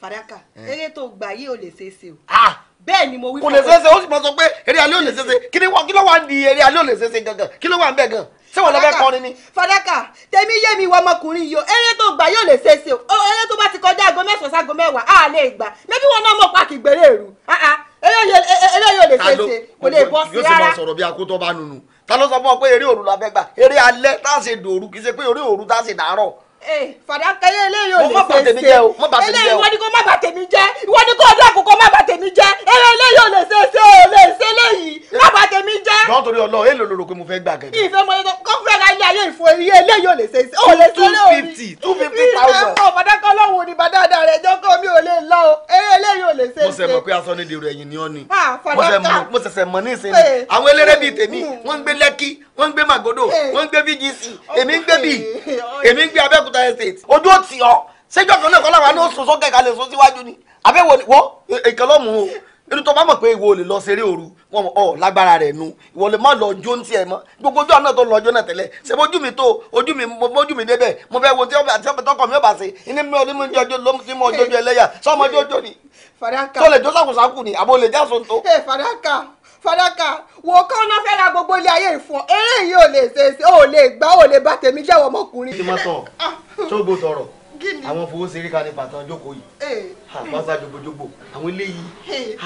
fàdákà eré tó gbà yìí ò lè ṣeé ṣe o. ah bẹ́ẹ̀ ni mo wí. kò lè ṣeéṣe ó sì máa sọ pé eré alẹ́ ò lè ṣeéṣe kí ló wà ń eré alẹ́ ò lè ṣeéṣe gangan kí ló wà ń bẹ̀ gan ṣé wọn kọrin ni. fàdákà tèmi yé mi wọ ọmọkùnrin yìí o eré tó gbà yóò lè ṣeéṣe o eré tó bá ti kọjá aago mẹ́sàn-án ságo mẹ́wàá á lè gbà mẹ́bí wọn náà mọ̀ pa kì í gbèrè èrú eré yóò lè ṣeéṣe kò lè bọ́ sí rárá. yóò sì máa sọ̀rọ̀ bí akótọ́ bá nunu Eh, fàdákẹ́ yé eléyìí ò lè ṣe eléyìí wọ́n ní kó má bà tèmi jẹ́ wọ́n ní kó dákun kó má bà tèmi jẹ́ eléyìí ò lè ṣe ṣe ò lè ṣe eléyìí eh. má bà tèmi jẹ́. jọ́n torí ọlọ èlò lòrò pé mo fẹ́ gbà gẹ́gẹ́. ìfẹ́ mo kọ́ fẹ́ ra ilé ayé ìfọ iye eléyìí ò lè ṣe ṣe ò lè ṣe lé two fifty two fifty thousand. ìfẹ́ kọ́ fàdákẹ́ ọlọ́run ni bàdáàdà rẹ̀ jọ́ kó mi ò lè lọ o mo sẹ̀ mọ̀ pé aṣọ ni dèrò ẹ̀yìn ni ọ́ ni. mo sẹ̀sẹ̀ mọ̀ ní ìsinmi eh. àwọn eléré bíi tèmi hmm. wọ́n gbé lẹ́kí wọ́n gbé màgódò wọ́n gbé bíi èmi ń gbé bíi èmi ń gbé abẹ́kúta capital estate ojú ò tì ọ́ ṣéjọ́ kan náà kọ́ làwọn náà sùn sókè kalẹ̀ sùn síwájú ni àbẹ́wò ni wọ́n ìkànnì mú o irú tó bá mọ̀ pé ìwọ lè lọ ṣeré òru wọn ọ lágbára rẹ̀ nu ìwọ lè má lọ jó ní tiẹ̀ mọ́ gbogbo ojú àná tó lọ jó náà tẹ́lẹ̀ ṣe mojú mi tó ojú mi mojú mi débẹ̀ mo fẹ́ wo tí ọba tí ọba tọkọ mi ò bá ṣe ní mi ò ní mi jọjọ ló ti mọ jọjọ ẹlẹ́yà sọmọ jọjọ ni tó lè jó sàkùsàkù ni àbò lè já so tó. ẹ fàdákà fàdákà wò kán náà fẹ́ ra gbogbo ilé ayé ìfọ̀ eré yìí ò lè ṣe é ò lè gbá ò lè bá tèmi jẹ́wọ́ ọmọkùnrin. kí n má sọ ah. ṣógbó tọrọ àwọn fowó ṣeré kan ní bàtàn jókòó yìí eh. àpáṣá jogbojogbò àwọn eléyìí eh.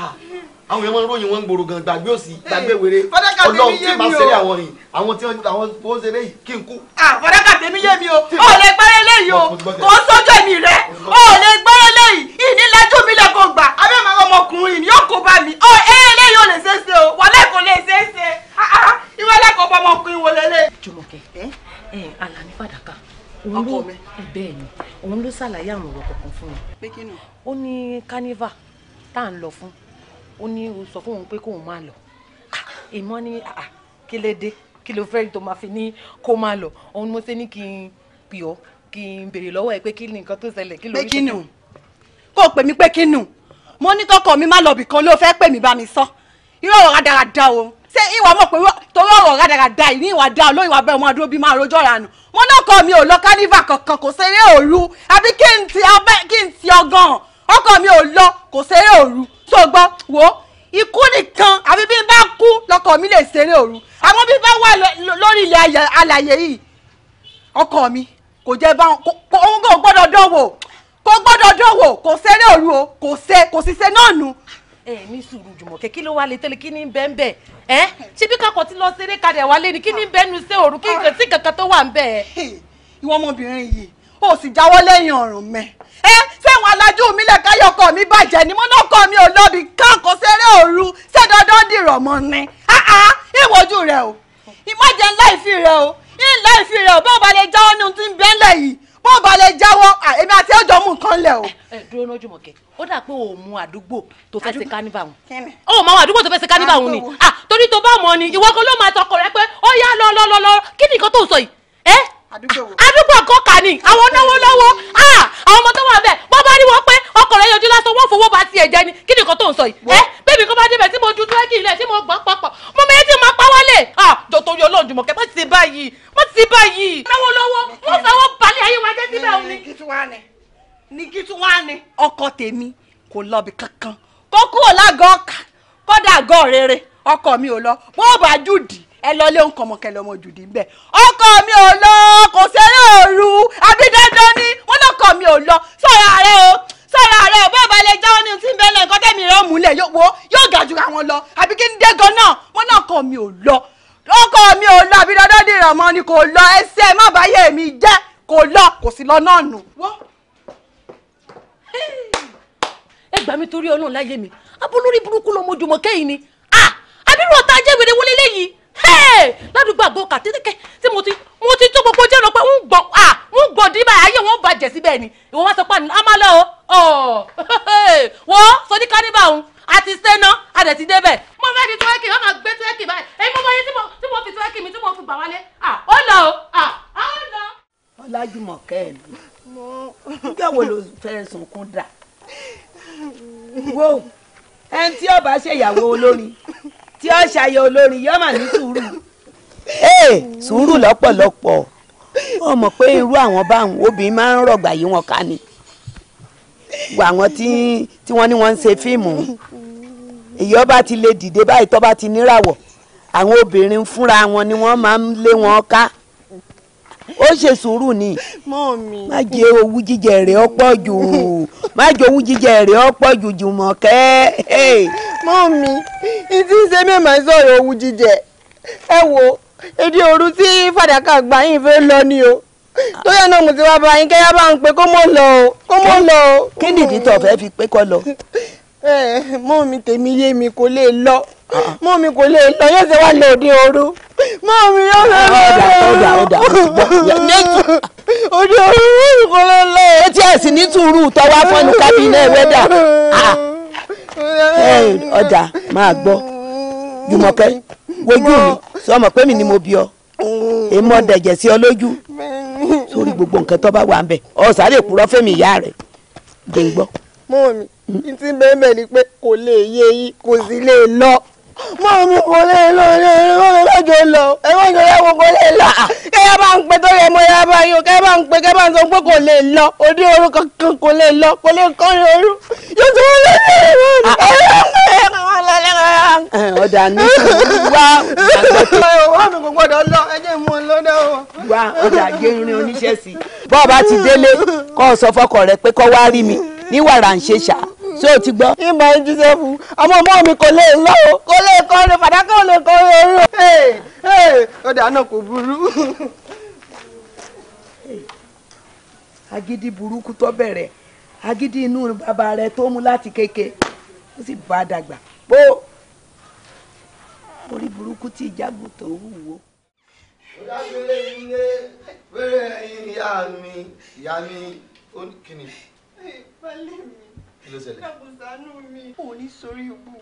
àwọn èèyàn máa ń ròyìn wọn ń gbòòrò gan gbàgbé òsì eh. gbàgbé wèrè ọlọ́run tí màá ṣeré àwọn yìí àwọn tí àwọn fowó ṣeré yìí kí n kú. àfọdàkà ah, tèmi yé mi o ò lè gbẹ́rẹ́ léyìí o kò sójú ẹ̀mí rẹ ò lè gbẹ́rẹ́ léyìí ìnílájú mi lè kó gbà abẹ́ màá ọmọkùnrin ni yóò kó bá mi ọ̀ ẹ́ yóò lè ṣe é ṣe o wàhálà kò lè ṣe é ṣe ìwé ẹlẹ́kọ̀ọ́ bá ọmọ ọkùnrin wọlé lé. jùmọ̀kẹ́ ẹ ẹ alani fàdákà ọkọ mi eh, bẹ́ẹ̀ ni òun ló ṣàlàyé àwọn ọ̀rọ̀ kọ̀ọ̀kan fún mi ó ní carnival tá à ń lọ fún ó ní sọ fún òun pé kóun máa lọ èèmọ́ ah, ní ah, ah, kí lè dé kí ló fẹ́ tó máa fi ní kó máa lọ òun mo ṣe ní kí n pè ọ́ kí n béèrè lọ́wọ́ ẹ pé kí ni nǹkan tó ṣẹlẹ̀ kí ló rí sọ fún mi. kó o pè mí pé kí nù mo ní kọ́kọ́ mi má lọ bìkan ló fẹ́ pè mí bá mi sọ. So irú ọ̀rọ̀ rádaràda o ṣé ìwà mọ̀ pé torí ọ̀rọ̀ rádaràda yìí ní ìwà dá o lóyún abẹ́ ọmọ adúró bíi máa rojọ́ ra nù wọn náà kọ́ mi ò lọ kánífà kankan kò ṣeré òru àbí kí n ti abẹ́ kí n ti ọgàn ọkọ mi ò lọ kò ṣeré òru tó gbọ́ wò ó ikú nìkan àbí bí n bá kú lọkọ mi lè ṣeré òru àwọn bí n bá wà lórí ilẹ̀ alàyè yìí ọkọ mi kò jẹ́ bá òun kò gbọ́dọ̀ dánwò kò gbọ́dọ̀ dánwò kò ṣeré òru o kò ṣe kò sì ṣe náà nù ẹ ní sùúrù Jùmọ̀kẹ́ kí ló wá lè tẹ́lẹ̀ kí ni bẹ́ẹ̀ bẹ́ẹ̀ ẹ́ ṣé bí kakọ̀ ti lọ ṣeré kadà wálé ni kí ni bẹ́ẹ̀ nu ṣé òru kí nǹkan sí kankan tó wà ń bẹ̀ ẹ́. ọmọbìnrin yìí o sì jáwọ́ lẹ́yìn ọ̀rùn mẹ́ ẹ sẹ́wọ̀n alájú mi lẹ̀ káyọ̀kọ̀ mi bàjẹ́ ni mọ́nàkọ̀ mi ò lọ́bi káàkó ṣeré òru ṣé dandan dìrọ̀ mọ́ ni ìwọ́jú rẹ o ìmọ̀jẹ̀ ńlá ìfi rẹ o ńlá ìfi rẹ o bẹ́ẹ̀ bá lè jáwọ́ bó o bá lè jáwọ́ èmi àti ẹ̀jọ̀ mú nǹkan lẹ̀ o. ẹ eh, eh, dúró náà Jùmọ̀kẹ́ ó dà pé o mú àdúgbò tó fẹ́ ṣe kánífà wọn. ó mọ àwọn àdúgbò tó fẹ́ ṣe kánífà wọn ni torí tó bá mọ ni ìwọ kan ló máa tọkọ rẹ pé ó yá lọ lọ lọ kí ni nǹkan tó ń sọ yìí eh? àdúgbò kọ́ka ni àwọn náwó lọ́wọ́ ah, àwọn ọmọ tó wà bẹ́ẹ̀ wọ́n bá rí wọn pé ọkọ̀ rẹ̀ yanjú lásán wọ́n fowó bá tiẹ̀ jẹ ni kí ni nǹkan tó ń sọ yìí. ẹ eh, bébì kan bá débẹ̀ tí mo ju túwẹ́kì ilẹ̀ tí mo gbọ́n papọ̀ mo mẹ́rin tí mo pa wọlé. Ah, jọ torí Ọlọ́run jùmọ̀ kẹ́ mọ́ ti báyìí mọ́ ti báyìí. náwó lọ́wọ́ wọ́n fẹ́ wọ́n balẹ̀ ayé wa jẹ́ síbẹ̀ òní. ní kí tún wá ni ọkọ tèmi kò lọ́bi kankan kó kúrò lágọ̀ọ́ kódà gọ́ọ̀ rere ọkọ mi ò lọ wọ́n bá jù dì ẹ lọ lé nǹkan ọmọkẹ lọmọ jùdí ń bẹ ọkọ mi ò lọ kò sẹ́rẹ̀ òru àbí ni wọ́n lọ́kọ̀ mi ò lọ sọ̀rọ̀ ààrẹ o sọ̀rọ̀ ààrẹ o bẹ́ẹ̀ bá lè jáwọ́ ní ti ń bẹ́lẹ̀ nǹkan tẹ̀mí rẹ̀ múlẹ̀ wo yóò ga ju àwọn lọ àbí kí n dégàn náà wọ́n lọ́kọ̀ mi ò lọ ọkọ mi ò lọ àbí dandan ni ìrànmọ́ ni kò lọ ẹsẹ̀ má báyé mi jẹ́ kò lọ kò sí lọ náà nù. ẹ gbà mí torí ọlọ́run láyé mi abúlórí burúkú lọmọ Jùmọ̀kẹ́ yìí ni àbí rò tá a jẹ́ wèrè wọlé léyìí ládùúgbò àgọ́ kàtẹ́tẹ́kẹ́ tí mo ti mo ti tó gbogbo jẹ́ lọ pé ń gbọ́ à ń gbọ́ díbà ayé wọn bàjẹ́ síbẹ̀ ni ìwọ wá sọ pé a máa lọ o wọ́n sọ ní káníbà òun a ti sẹ́nà a dẹ̀ ti débẹ̀. mo fẹ́ di túwẹ́kì wọ́n máa gbé túwẹ́kì báyìí èyí mo mọ iye tí mo fi túwẹ́kì mi tí mo fi gbà wálé à ó lọ o à á lọ. ọlájúmọ̀ kẹ́ẹ̀lú nígbà wo ló fẹ́ sunkún dà wo ẹni tí ó bá ṣèyàwó olórin tí ó ṣàyẹ̀ olórin yóò mà ní sùúrù. ee sùúrù lọ́pọ̀lọpọ̀ ó mọ̀ pé irú àwọn báwọn obìnrin máa ń rọ̀gbà yí wọn ká ni wọ àwọn tí wọ́n ní wọ́n ń ṣe fíìmù ìyọ́ bá ti lè dìde báyìí tó bá ti níràwọ̀ àwọn obìnrin fúnra wọn ni wọ́n máa ń lé wọn ká ó ṣe sùúrù ni má jẹ owú jíjẹ rẹ ọ̀pọ̀ jù má jẹ owú jíjẹ rẹ ọ̀pọ̀ jù Jùmọ̀kẹ́. mọ́mì ìdí ṣe mẹ́mà sọ̀rọ̀ owú jíjẹ ẹ wo èdè òru tí fàdákà gbà yín fẹ́ lọ ni o tó yẹ náà mo ti wá bá yín kẹ́yà bá ń pe kó mọ̀ lọ o kó mọ̀ lọ o. kí nìdí tó fẹ́ fi pé kọ́ lọ ẹ mọ mi tèmi yé mi kò lè lọ mọ mi kò lè lọ yóò ṣe wá lọ òde òru mọ mi yóò lọ òde òru òde òru kò lè lọ. ó ti ẹ̀sìn ní túrú tọwọ́ fọ́nù kábínẹ̀ wẹ́dà ọjà máa gbọ́ jùmọ̀kẹ́ wojú mi sọmọ pé mi ni mo bí ọ èmi ọ̀dẹ̀jẹ̀ sí ọ lójú sórí gbogbo nǹkan tó bá wà ń bẹ̀ ọ sáré kúrọ́ fẹ́mi ìyá rẹ̀ dé gbọ́ mọ́ọ̀mí n ti bẹ́ẹ̀ bẹ́ẹ̀ ni pé kò lè yé yín kò sì lè lọ mọ́ọ̀mí kò lè lọ lè lọ lè lọ́jọ́ lọ ẹ má jọ yẹ́wò kò lè lọ kẹ́yà bá ń pe tó yẹ mọ́ yà bá yín o kẹ́yà bá ń pe kẹ́yà bá ń sọ pé kò lè lọ òdi ooru kankan kò lè lọ kò lè kọ́ ní ooru yóò tún wọ́n ah, ah. lè lọ ọ̀dà ní wá wá mi kò gbọ́dọ̀ lọ ẹ jẹ́ mú un lọ́dọ̀ o. wá ọ̀dà gé irin oníṣẹ́ sí i bọ́ọ̀ bá ti délé kọ́ ọ sọ fọkọ rẹ pé kọ́ wá rí mi. ní wàrà ń ṣe o ti gbọ́. ìmọ̀ ìjíṣẹ́ fún ọmọ ọmọ mi kò lè lọ o kò lè kọrin fàdákà ò lè kọrin orí o. náà kò burú. agidi burúkú tó bẹ̀rẹ̀ agidi inú bàbá rẹ̀ tó mú láti kéke ó sì bá dàgbà pó orí burúkú tí ìjágùn tó wúwo ìyá mi ìyá mi ó balẹ̀ mi kí ló ṣẹlẹ̀ kàbùsánú mi ò ní sórí ibù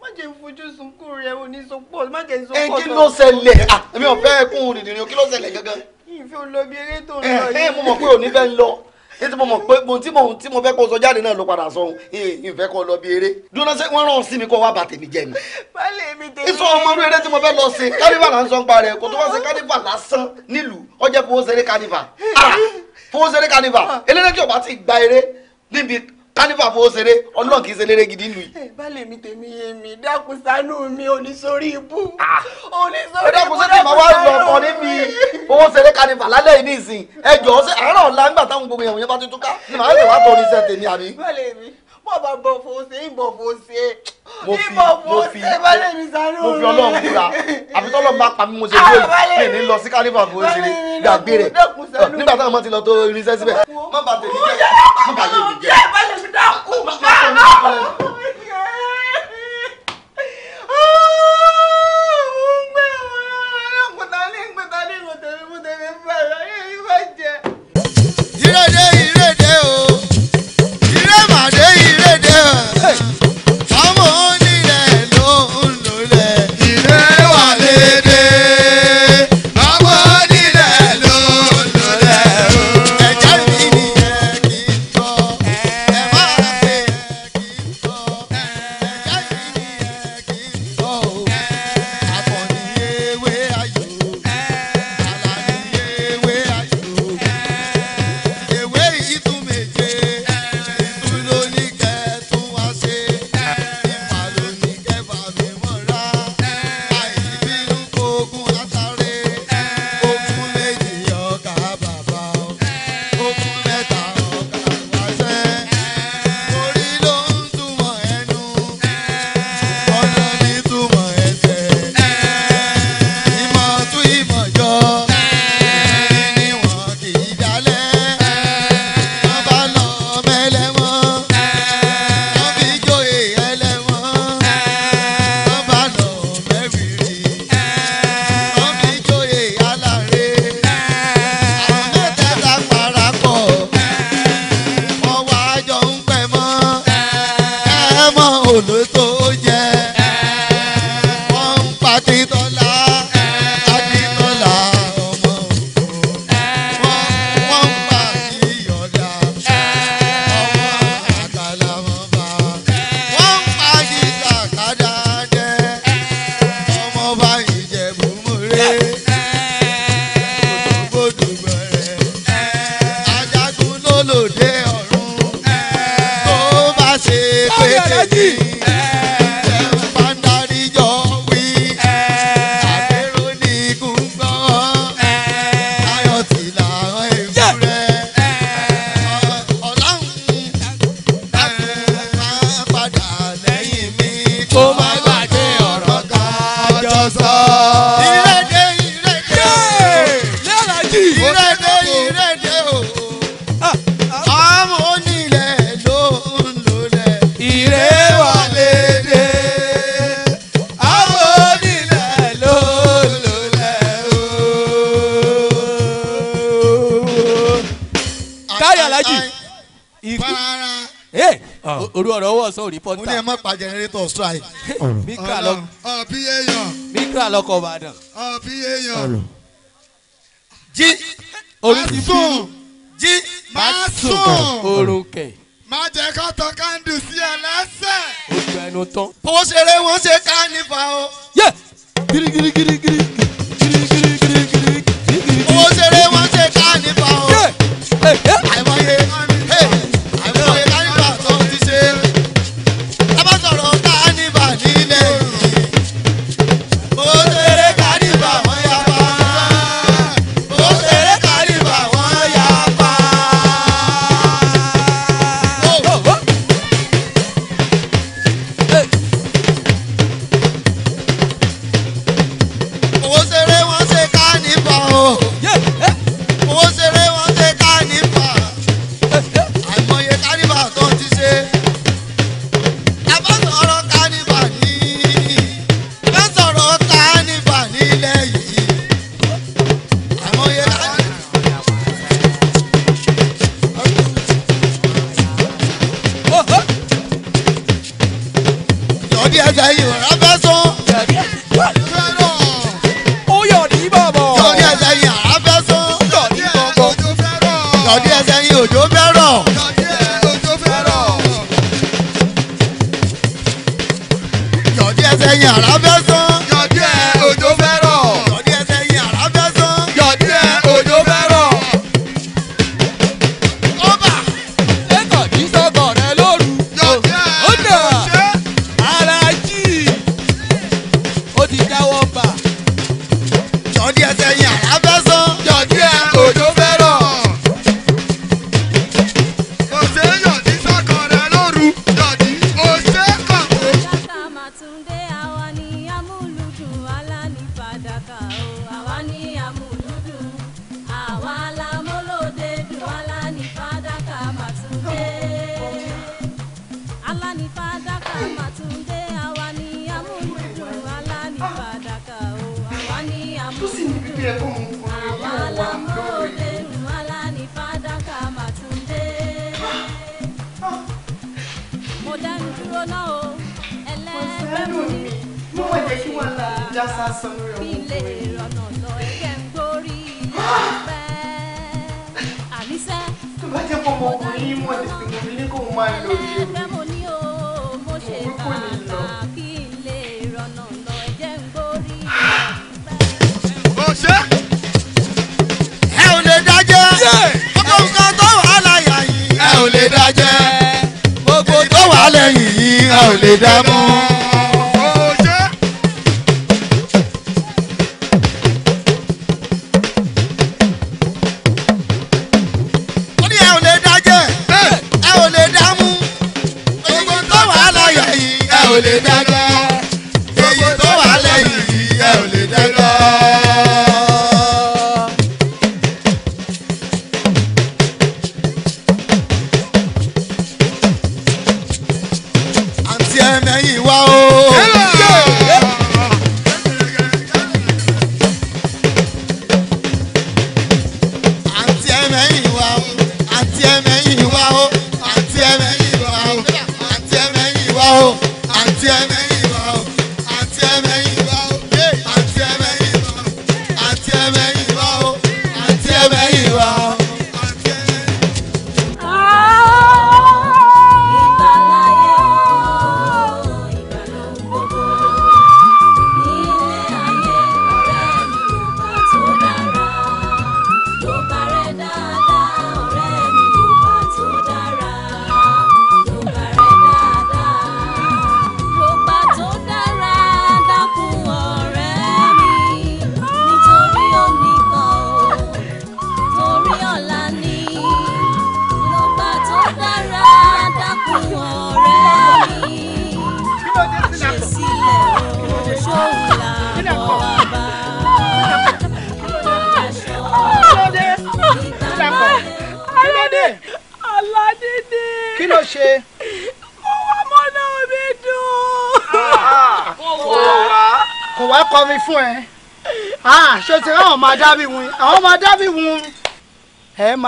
má jẹ́ fojú sunkún rẹ ò ní sọ pọ̀ má jẹ́ sọ pọ̀ lọ. ẹ kí ló ṣẹlẹ̀ èmi ò fẹ́ kún rìndìnrín o kí ló ṣẹlẹ̀ gangan. ìfẹ́ olóbi eré tó ń lọ yìí. ẹ mo mọ̀ pé òní fẹ́ ń lọ títí mo mọ̀ pé mo tí mo tí mo fẹ́ kó sọ jáde náà ló padà sọ ìfẹ́ kọ́ lọ bí eré dúró ṣe wọ́n rán sí mi kó wá bà tèmi jẹ mi. balẹ̀ mi tèmi. ìsọ ọmọ orí eré tí mo fẹ́ lọ ṣe kánífà là ń sọ ń parẹ́ kó tó wá ṣe kánífà lásán nílùú ọjọ́ fowó ṣeré kánífà fowóṣeré carnival ah. eléré tí o bá ti gba eré níbi carnival fowóṣeré ọlọ́run kì í ṣe eléré gidi nù yìí. ẹ eh, mi tèmi yé mi dákun ṣàánú mi oníṣòrí ibú. Ah. oníṣòrí ibú dákun ṣàánú mi. ẹ dákun ṣètì màá wá lọ ọkọ níbi fowóṣeré carnival lálẹ́ yìí nísìnyí ẹ jọ̀ọ́ ṣe àárọ̀ ọ̀la ńgbà táwọn gbogbo èèyàn yẹn bá ti túká ni màá lè wá tọ́ oníṣẹ́ tèmi àbí. bá lè mi bàbá bọ̀fọ̀ ṣe ìbọ̀fọ̀ ṣe ìbọ̀fọ̀ ṣe balẹ̀ mi sáré orí. mo fi ọlọ́run kúra àfi tọ́lọ́ máa pa mí mo ṣe dé ah, ní lọ sí kálífà fún oṣèré gbàgbé rẹ̀ nígbà táwọn ọmọ ti lọ tó irinṣẹ́ síbẹ̀. má bàa tèmi jẹ́ má bàa tèmi jẹ́. balẹ̀ mi dá kú jíra Oh. lọ strike. mika lọkọ ìbàdàn. ọbí èèyàn. mika lọkọ ìbàdàn. ọbí èèyàn.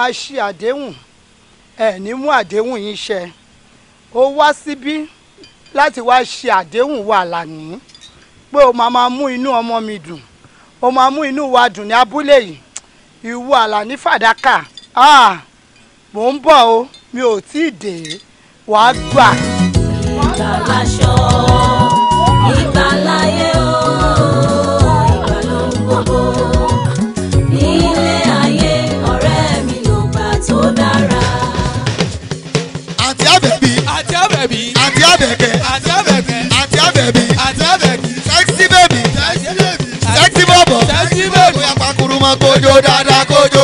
máa ṣe àdéhùn ẹ̀ ní mú àdéhùn yín ṣẹ ó wá síbí láti wá ṣe àdéhùn wa lànà pé o máa máa mú inú ọmọ mi dùn o máa mú inú wa dùn ní abúlé yìí ìwọ àlàní fàdákà ah, mò ń bọ̀ o mi ò tí ì dé wàá gbà. bàbá aṣọ. ọmọ kójó dáadáa kójó.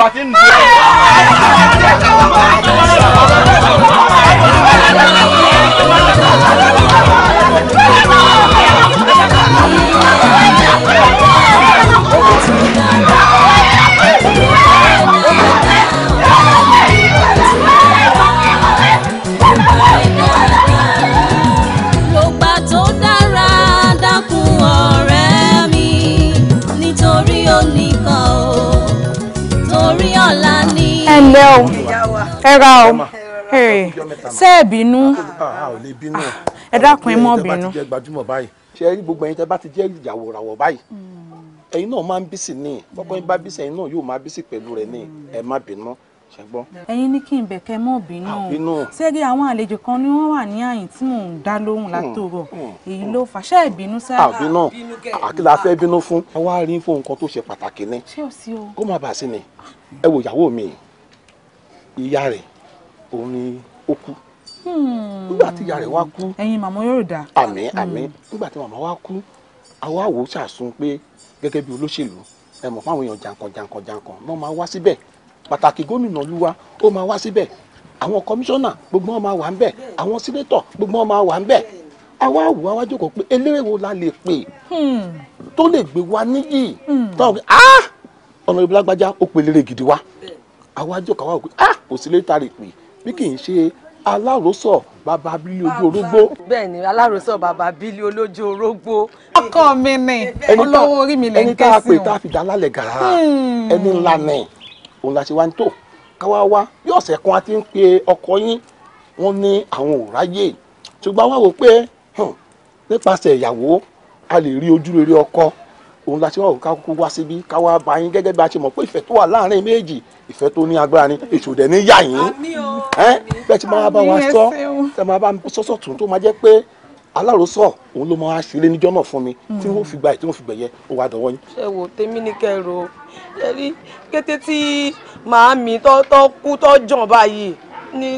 latin dẹ̀ bínú. a ah, ah, ò lè bínú. Ah, ẹ dákun ẹ mọ́ bínú. ṣe rí gbogbo ẹ̀yin tẹ́ bá ti jẹ́ ìyàwó ràwọ̀ báyìí hmm. ẹ̀yin náà máa ń bísí ni bọ́kọ́ yín bá bísí ẹ̀yin náà yóò máa bísí pẹ̀lú rẹ̀ ni ẹ má bínú ṣe gbọ́. ẹ̀yin ní kí n bẹ̀ kẹ́ mọ́ bínú ṣẹ́gi àwọn àlejò kan ni wọ́n wà ní àyìn tí mò ń dá lóhùn hmm, látòrọ̀ hmm, èyí ló fà ṣe ìbínú sáà. àbínú àkìlà fẹ́ bínú fún. àwa rí fún nǹkan tó ṣe pàtàkì ni kó má bàa sí ni ẹ wo ìyàwó mi ìyá rẹ̀ òun ni ó kú Hmm. nígbà tí ìyá rẹ̀ wá kú. ẹ̀yin màmá yóò dà. àmín hmm. àmín nígbà tí màmá wá kú àwa wò ó ṣàsun pé gẹ́gẹ́ bí olóṣèlú ẹ mọ̀ fáwọn èèyàn jàǹkàn jàǹkàn jàǹkàn wọ́n máa wá síbẹ̀ pàtàkì gómìnà olúwa ó máa wá síbẹ̀ àwọn kọmíṣánná gbogbo wọn máa wà ń bẹ̀ àwọn sínétọ̀ gbogbo wọn máa wà ń bẹ̀ àwa wò àwa jókòó pé eléré wo la lè pè hmm. tó lè gbé wa níyì táwọn pé ah ọ̀nà ìbílágbájá ó pe eléré gidi wa àwa jókòó àwa wò pé ah kò sí létà rè pè bí kì í ṣe aláròsọ bàbá bílí ojú orógbó. bẹ́ẹ̀ni aláròsọ bàbá bílí olójú orógbó. ọkọ mi ni olówó orí mi lè ń ké sí o. ẹni tá a pè tá a fi dá lálẹ́ gàrà hmm. ẹni ńlá ni òun la ṣe wá ń tò káwá wá bí ọ̀sẹ̀ kan a ti ń pe ọkọ yín wọ́n ní àwọn ò ráyè ṣùgbọ́n wá wò pé hmm, nípasẹ̀ ìyàwó a lè rí ojúrere ọkọ òun la ti wá òkà kúkú wá síbí ká wá bá yín gẹ́gẹ́ bá a ṣe mọ̀ pé ìfẹ́ tó wà láàrin méjì ìfẹ́ tó ní agbára ni èṣù dẹ̀ ní yà yín bẹ́ẹ̀ tí máa bá wa sọ tẹ́ máa bá mi sọ́sọ̀ tún tó máa jẹ́ pé aláròsọ òun ló máa ṣeré níjọ́ náà fún mi tí wọ́n fi gba ẹ̀ tí wọ́n fi gbẹ̀yẹ ó wá dọ̀wọ́ yín. ṣé wo tèmi ní kẹrò yẹrí kété tí màámi tó kú tó jàn báyìí ni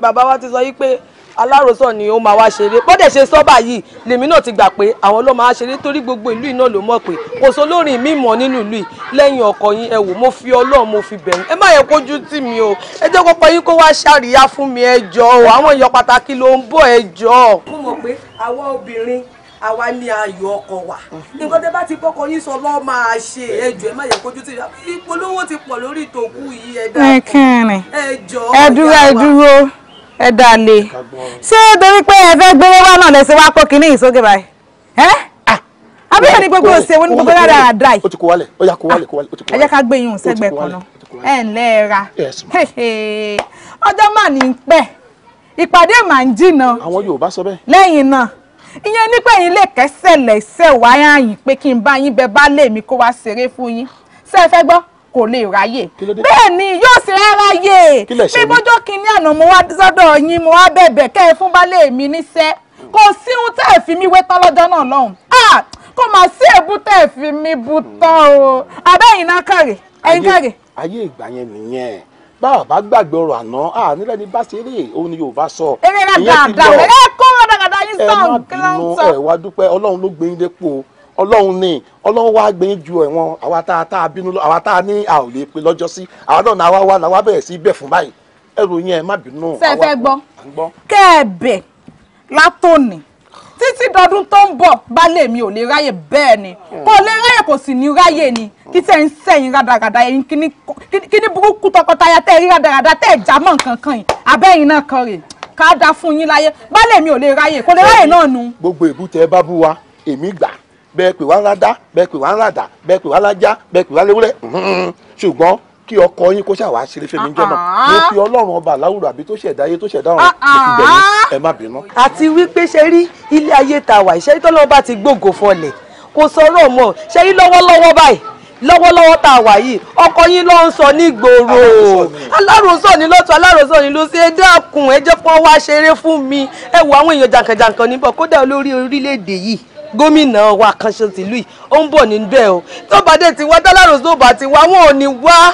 bàbá wa ti sọ yìí pé aláròsọ ni ó máa wá ṣeré bọ́dẹ̀ ṣe sọ́bà yìí lèmi náà ti gbà pé àwọn ló máa ṣeré torí gbogbo ìlú iná ló mọ̀ pé kò sọ lórin mi mọ̀ nínú ìlú yìí lẹ́yìn ọkọ yín ẹ wò mo fi ọlọ́run mo fi bẹ̀rù ẹ má yẹ kójú tì mí o ẹ jẹ́ kó pẹ́yìn kó wá ṣàríyá fún mi ẹ jọ o àwọn èèyàn pàtàkì ló ń bọ̀ ẹ jọ. mo mọ̀ pé àwọn obìnrin àwa ní ayọ̀ ọkọ wa nǹkan tẹ bá ti bọ́kọ yín sọ lọ́ọ́ máa ṣe ẹjọ́ ẹ má yẹ kojú tí ìpolówó ti pọ̀ lórí ìtòkù yìí ẹ dáa ẹ jọ ẹ dúró ẹ dúró ẹ dá lé ṣé torí pé ẹ fẹ́ gbé wá náà lẹ́sẹ̀ wá kó kinní ìsókè báyìí ẹ́ abẹ́rẹ́ ah! ni gbogbo ṣe wọ́n ní gbogbo dára àdá yìí. ó ti kó wálẹ̀ ó yá kó wálẹ̀ kó wálẹ̀. ẹ jẹ́ ká gbé yín sẹ́gbẹ̀ kan náà ẹ̀ ǹlẹ́ ẹ ra ọjọ́ mà ní pẹ́ ìpàdé mà ń jìnnà àwọn Yorùbá sọ bẹ́ẹ̀ lẹ́yìn náà ìyẹn ní pé yín lè kẹ́sẹ̀ lẹ́sẹ̀ wáyà yín pé kí n bá yín bẹ bá lè mi kó wá ṣeré fún yín ṣé fẹ́ gbọ́ kò lè ráyè bẹ́ẹ̀ ni yóò ṣe é ráyè bí bójó kínní àná mo wá sọ́dọ̀ yín mo wá bẹ̀bẹ̀ kẹ́ ẹ fún baálé mi níṣẹ́ kò sí ohun tẹ́ ẹ fi mí wé tán lọ́jọ́ náà lọ́hùn kò mà sí èébú tẹ́ ẹ fi mí bu tán o abẹ́yìn náà kàrè ẹ̀yìn kàrè. ayé ìgbà yẹn nìyẹn bá a bá gbàgbé ọ̀rọ̀ àná ànílẹ̀ ní bá ṣe eré òun ni Yorùbá sọ. eré rẹ̀ dáadáa ẹ kó rẹ̀ dáadáa yín sàn kí ló ń sọ. ẹ má bínú ẹ wá dúpẹ́ Ọlọ́run ló gbé yín dépò ọlọ́run ni ọlọ́run wá gbé ju ẹ̀wọ̀n àwa tá a tá a bínú àwa tá a ní a ò lè pe lọ́jọ́ sí àwa náà náà wá wá náà bẹ̀rẹ̀ sí bẹ̀ fún báyìí ẹrù yẹn má bínú. fẹ́fẹ́ gbọ́ kẹ́ẹ̀bẹ̀ látòní títí dọdún tó ń bọ̀ baálé mi ò lè ráyè bẹ́ẹ̀ ni hmm. kò lè ráyè kò sì ní ráyè ni kí tẹ́ ń sẹ́yìn rádaràda ẹ̀yin kí ní burúkú tọkọtaya tẹ́ rí rádaràda tẹ́ ẹ̀ já mọ́ nǹkan kan yìí abẹ́yìn náà kan rè ká dá fún yín láyé baálé mi ò lè ráyè kò lè ráyè náà nu. gbogbo èbúté bá bú wa èmi gbà bẹ́ẹ̀ pè wá ládá bẹ́ẹ̀ pè wá ládá bẹ́ẹ̀ pè wá lájá bẹ́ẹ̀ pè wá léwúrẹ́ ṣùgbọ́n kí ọkọ yín kó ṣàwá ṣeré fẹmi jọ náà mo fi Ọlọ́run ọba aláwùrọ àbí tó ṣẹ̀dá ayé tó ṣẹ̀dá ọ̀run mo fi bẹ̀ yín ẹ má bínú. àti wípé ṣe rí ilé ayé tá wà ìṣẹ́rí tó lọ́wọ́ bá ti gbòògò fọlẹ̀ kò sọ̀rọ̀ mọ́ ṣe rí lọ́wọ́lọ́wọ́ báyìí lọ́wọ́lọ́wọ́ tá a wà yìí ọkọ yín ló ń sọ ní gbòòrò aláròsọ ni lọ́tọ̀ aláròsọ ni ló ṣe é dákun ẹ kó wá ṣeré fún mi ẹ wo àwọn èèyàn jàǹkànjàǹkàn níbọ̀ kódà olórí orílẹ̀ yìí gómìnà wa kan ṣe tìlú yìí ó ń bọ̀ níbẹ̀ o tó bá dé ti wá dálárò tó bá ti wá wọn ò ní wá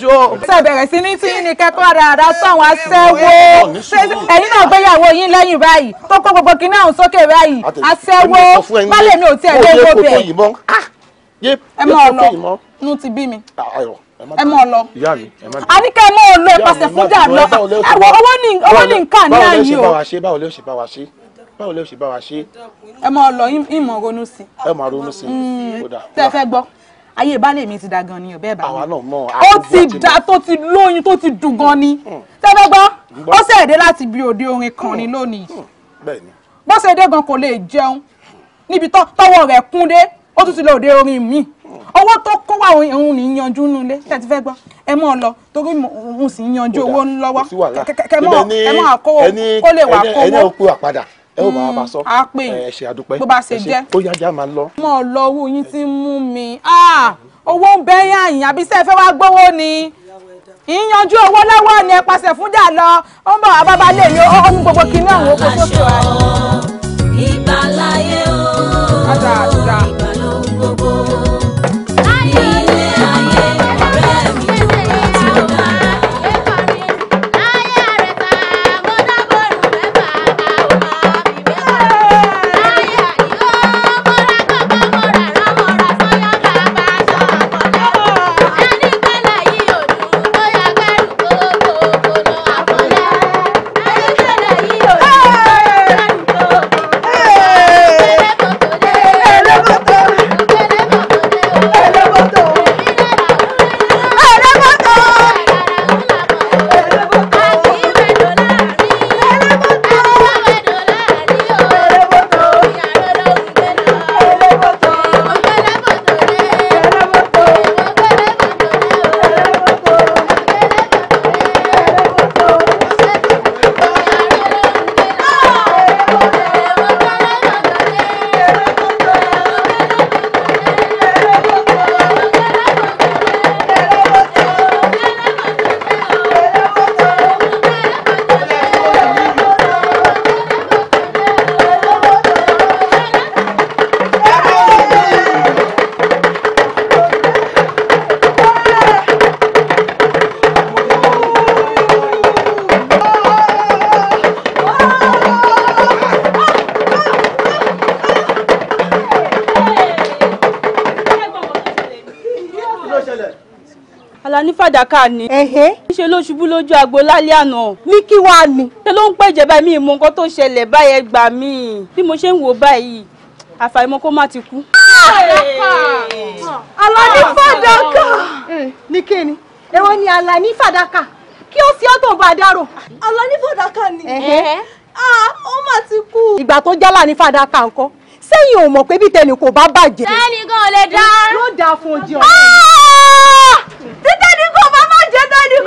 jọ. ṣe bẹ̀rẹ̀ sí ní tí ní kẹ́kọ̀ọ́ dáadáa sọ̀wọ́n aṣẹ́wó ẹ̀yin náà gbéyàwó yín lẹ́yìn báyìí tó kó gbogbo kinní àwọn sókè báyìí aṣẹ́wó bálẹ̀ mi ò tiẹ̀ lé owó bẹ̀. ẹ mọ ọ̀nà nu ti bí mi ah, ẹ mọ lọ a ní kẹ́ ẹ mọ lọ ipasẹ̀ fújà lọ ẹ wọ owó ní nǹkan náà yìí o. báwo ló ṣe bá wa ṣe báwo ló ṣe bá wa ṣe báwo lè ṣe bá wa ṣe. ẹ máa lọ ìmọ̀ ronú sí. ẹ máa ronú sí i. tẹ́ ẹ fẹ́ gbọ́ ayé ìbálẹ̀ mi ti da gan ni ọ̀bẹ́ ìbá mi ó ti da tó ti lóyún tó ti dùn gan ni tẹ́ ẹ fẹ́ gbọ́ ó ṣẹ̀dé láti bí òde orin kan ni lónìí bó ṣe dé gan kò lè jẹun níbi tọ́wọ́ rẹ̀ kún dé ó tún ti lọ òde orin mi owó tó kó wà òun ní yanjú nulẹ̀ tẹ́ ti fẹ́ gbọ́ ẹ mọ̀ lọ torí mo sì ń yanjú owó lọ́wọ́ kẹ mọ̀ kó lè wà kówó. ẹni ọkọ àpadà ẹ ó bá bá sọ ẹ ṣe àdúpẹ́ bó bá ṣe jẹ́ ó yájá máa lọ. mo lọ owó yín ti mú mi owó ń bẹ yàn yín àbí sẹ́ẹ̀ fẹ́ wá gbówó ni ìyanjú owó lọ́wọ́ ni ẹ pàṣẹ fún jà lọ ó ń bọ̀ wá bábá lè ní ó ní gbogbo kinní àwọn oko tó tó ra. ìgbàláyé o gbogbo. fàdákà ni. ẹ̀hẹ́. ṣe ló ṣubú lójú agbo lálẹ́ àná. ní kí wàá ni. ṣe ló ń pẹ̀jẹ̀ báyìí mi ìmọ̀ nǹkan tó ṣẹlẹ̀ báyẹn gbà mí. bí mo ṣe ń wò báyìí àfàìmọ̀ kó má ti kú. alani fàdákà. ní kí ni ni alani fàdákà kí ó sì ọ́ tó dárò. alani fàdákà ni. ẹ̀hẹ́. ah ó má ti kú. ìgbà tó jálà ní fàdákà ńkọ́ sẹ́yìn ò mọ̀ pé bí tẹnì kò bá bàjẹ́. sẹ́ni gan lè dá. yóò dáa fún ojú ọ̀rẹ́ mi. Ah! mo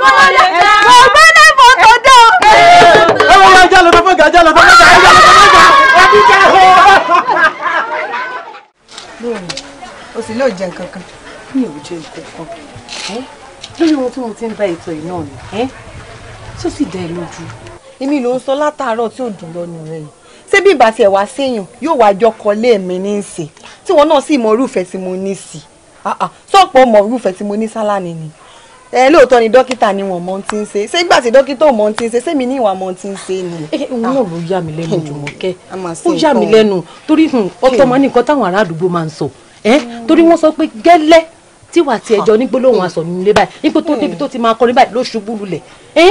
gbé ní fọ́tò dé o. ẹ wọ́n wá jálọ tó fọ́gà jálọ tó fọ́gà jálọ tó fọ́gà ẹbí jẹ́ o. lóòrè o sì lóò jẹ nǹkan kan mi ò jẹ nǹkan kan lórí ohun tí mo ti ń bá ètò yìí náà ni tó sì dá ẹ lójú. èmi ló ń sọ látàárọ̀ tí ò dùn lọ́nu rẹ̀ yìí ṣé bí ìbá tiẹ̀ wá séèyàn yóò wá jọ kọ léèmí ní í sè tí wọn náà sì mọ irúfẹ́ tí mo ní sí sọ́pọ̀ mọ irúfẹ́ tí mo ní sálá ni ni ẹ eh, lóòótọ́ ni dókítà ni wọ́n mọ ti ń ṣe ṣé gbà tí dókítà ò mọ ti ń ṣe ṣé mi ní ìwà mọ ti ń ṣe ni. Eh, eh, òun náà ló yà mí lẹ́nu ah. jùmọ̀kẹ́ ó yà mí lẹ́nu torí ọtọ́ mọ́ nìkan táwọn ará àdúgbò máa ń sọ torí wọ́n sọ pé gẹ́lẹ́ tí wàá ti ẹjọ́ nígbólóhùn aṣọ nílé báyìí nígbó tó hmm. débi tó ti máa kọrin báyìí ló ṣubú lulẹ̀ ẹ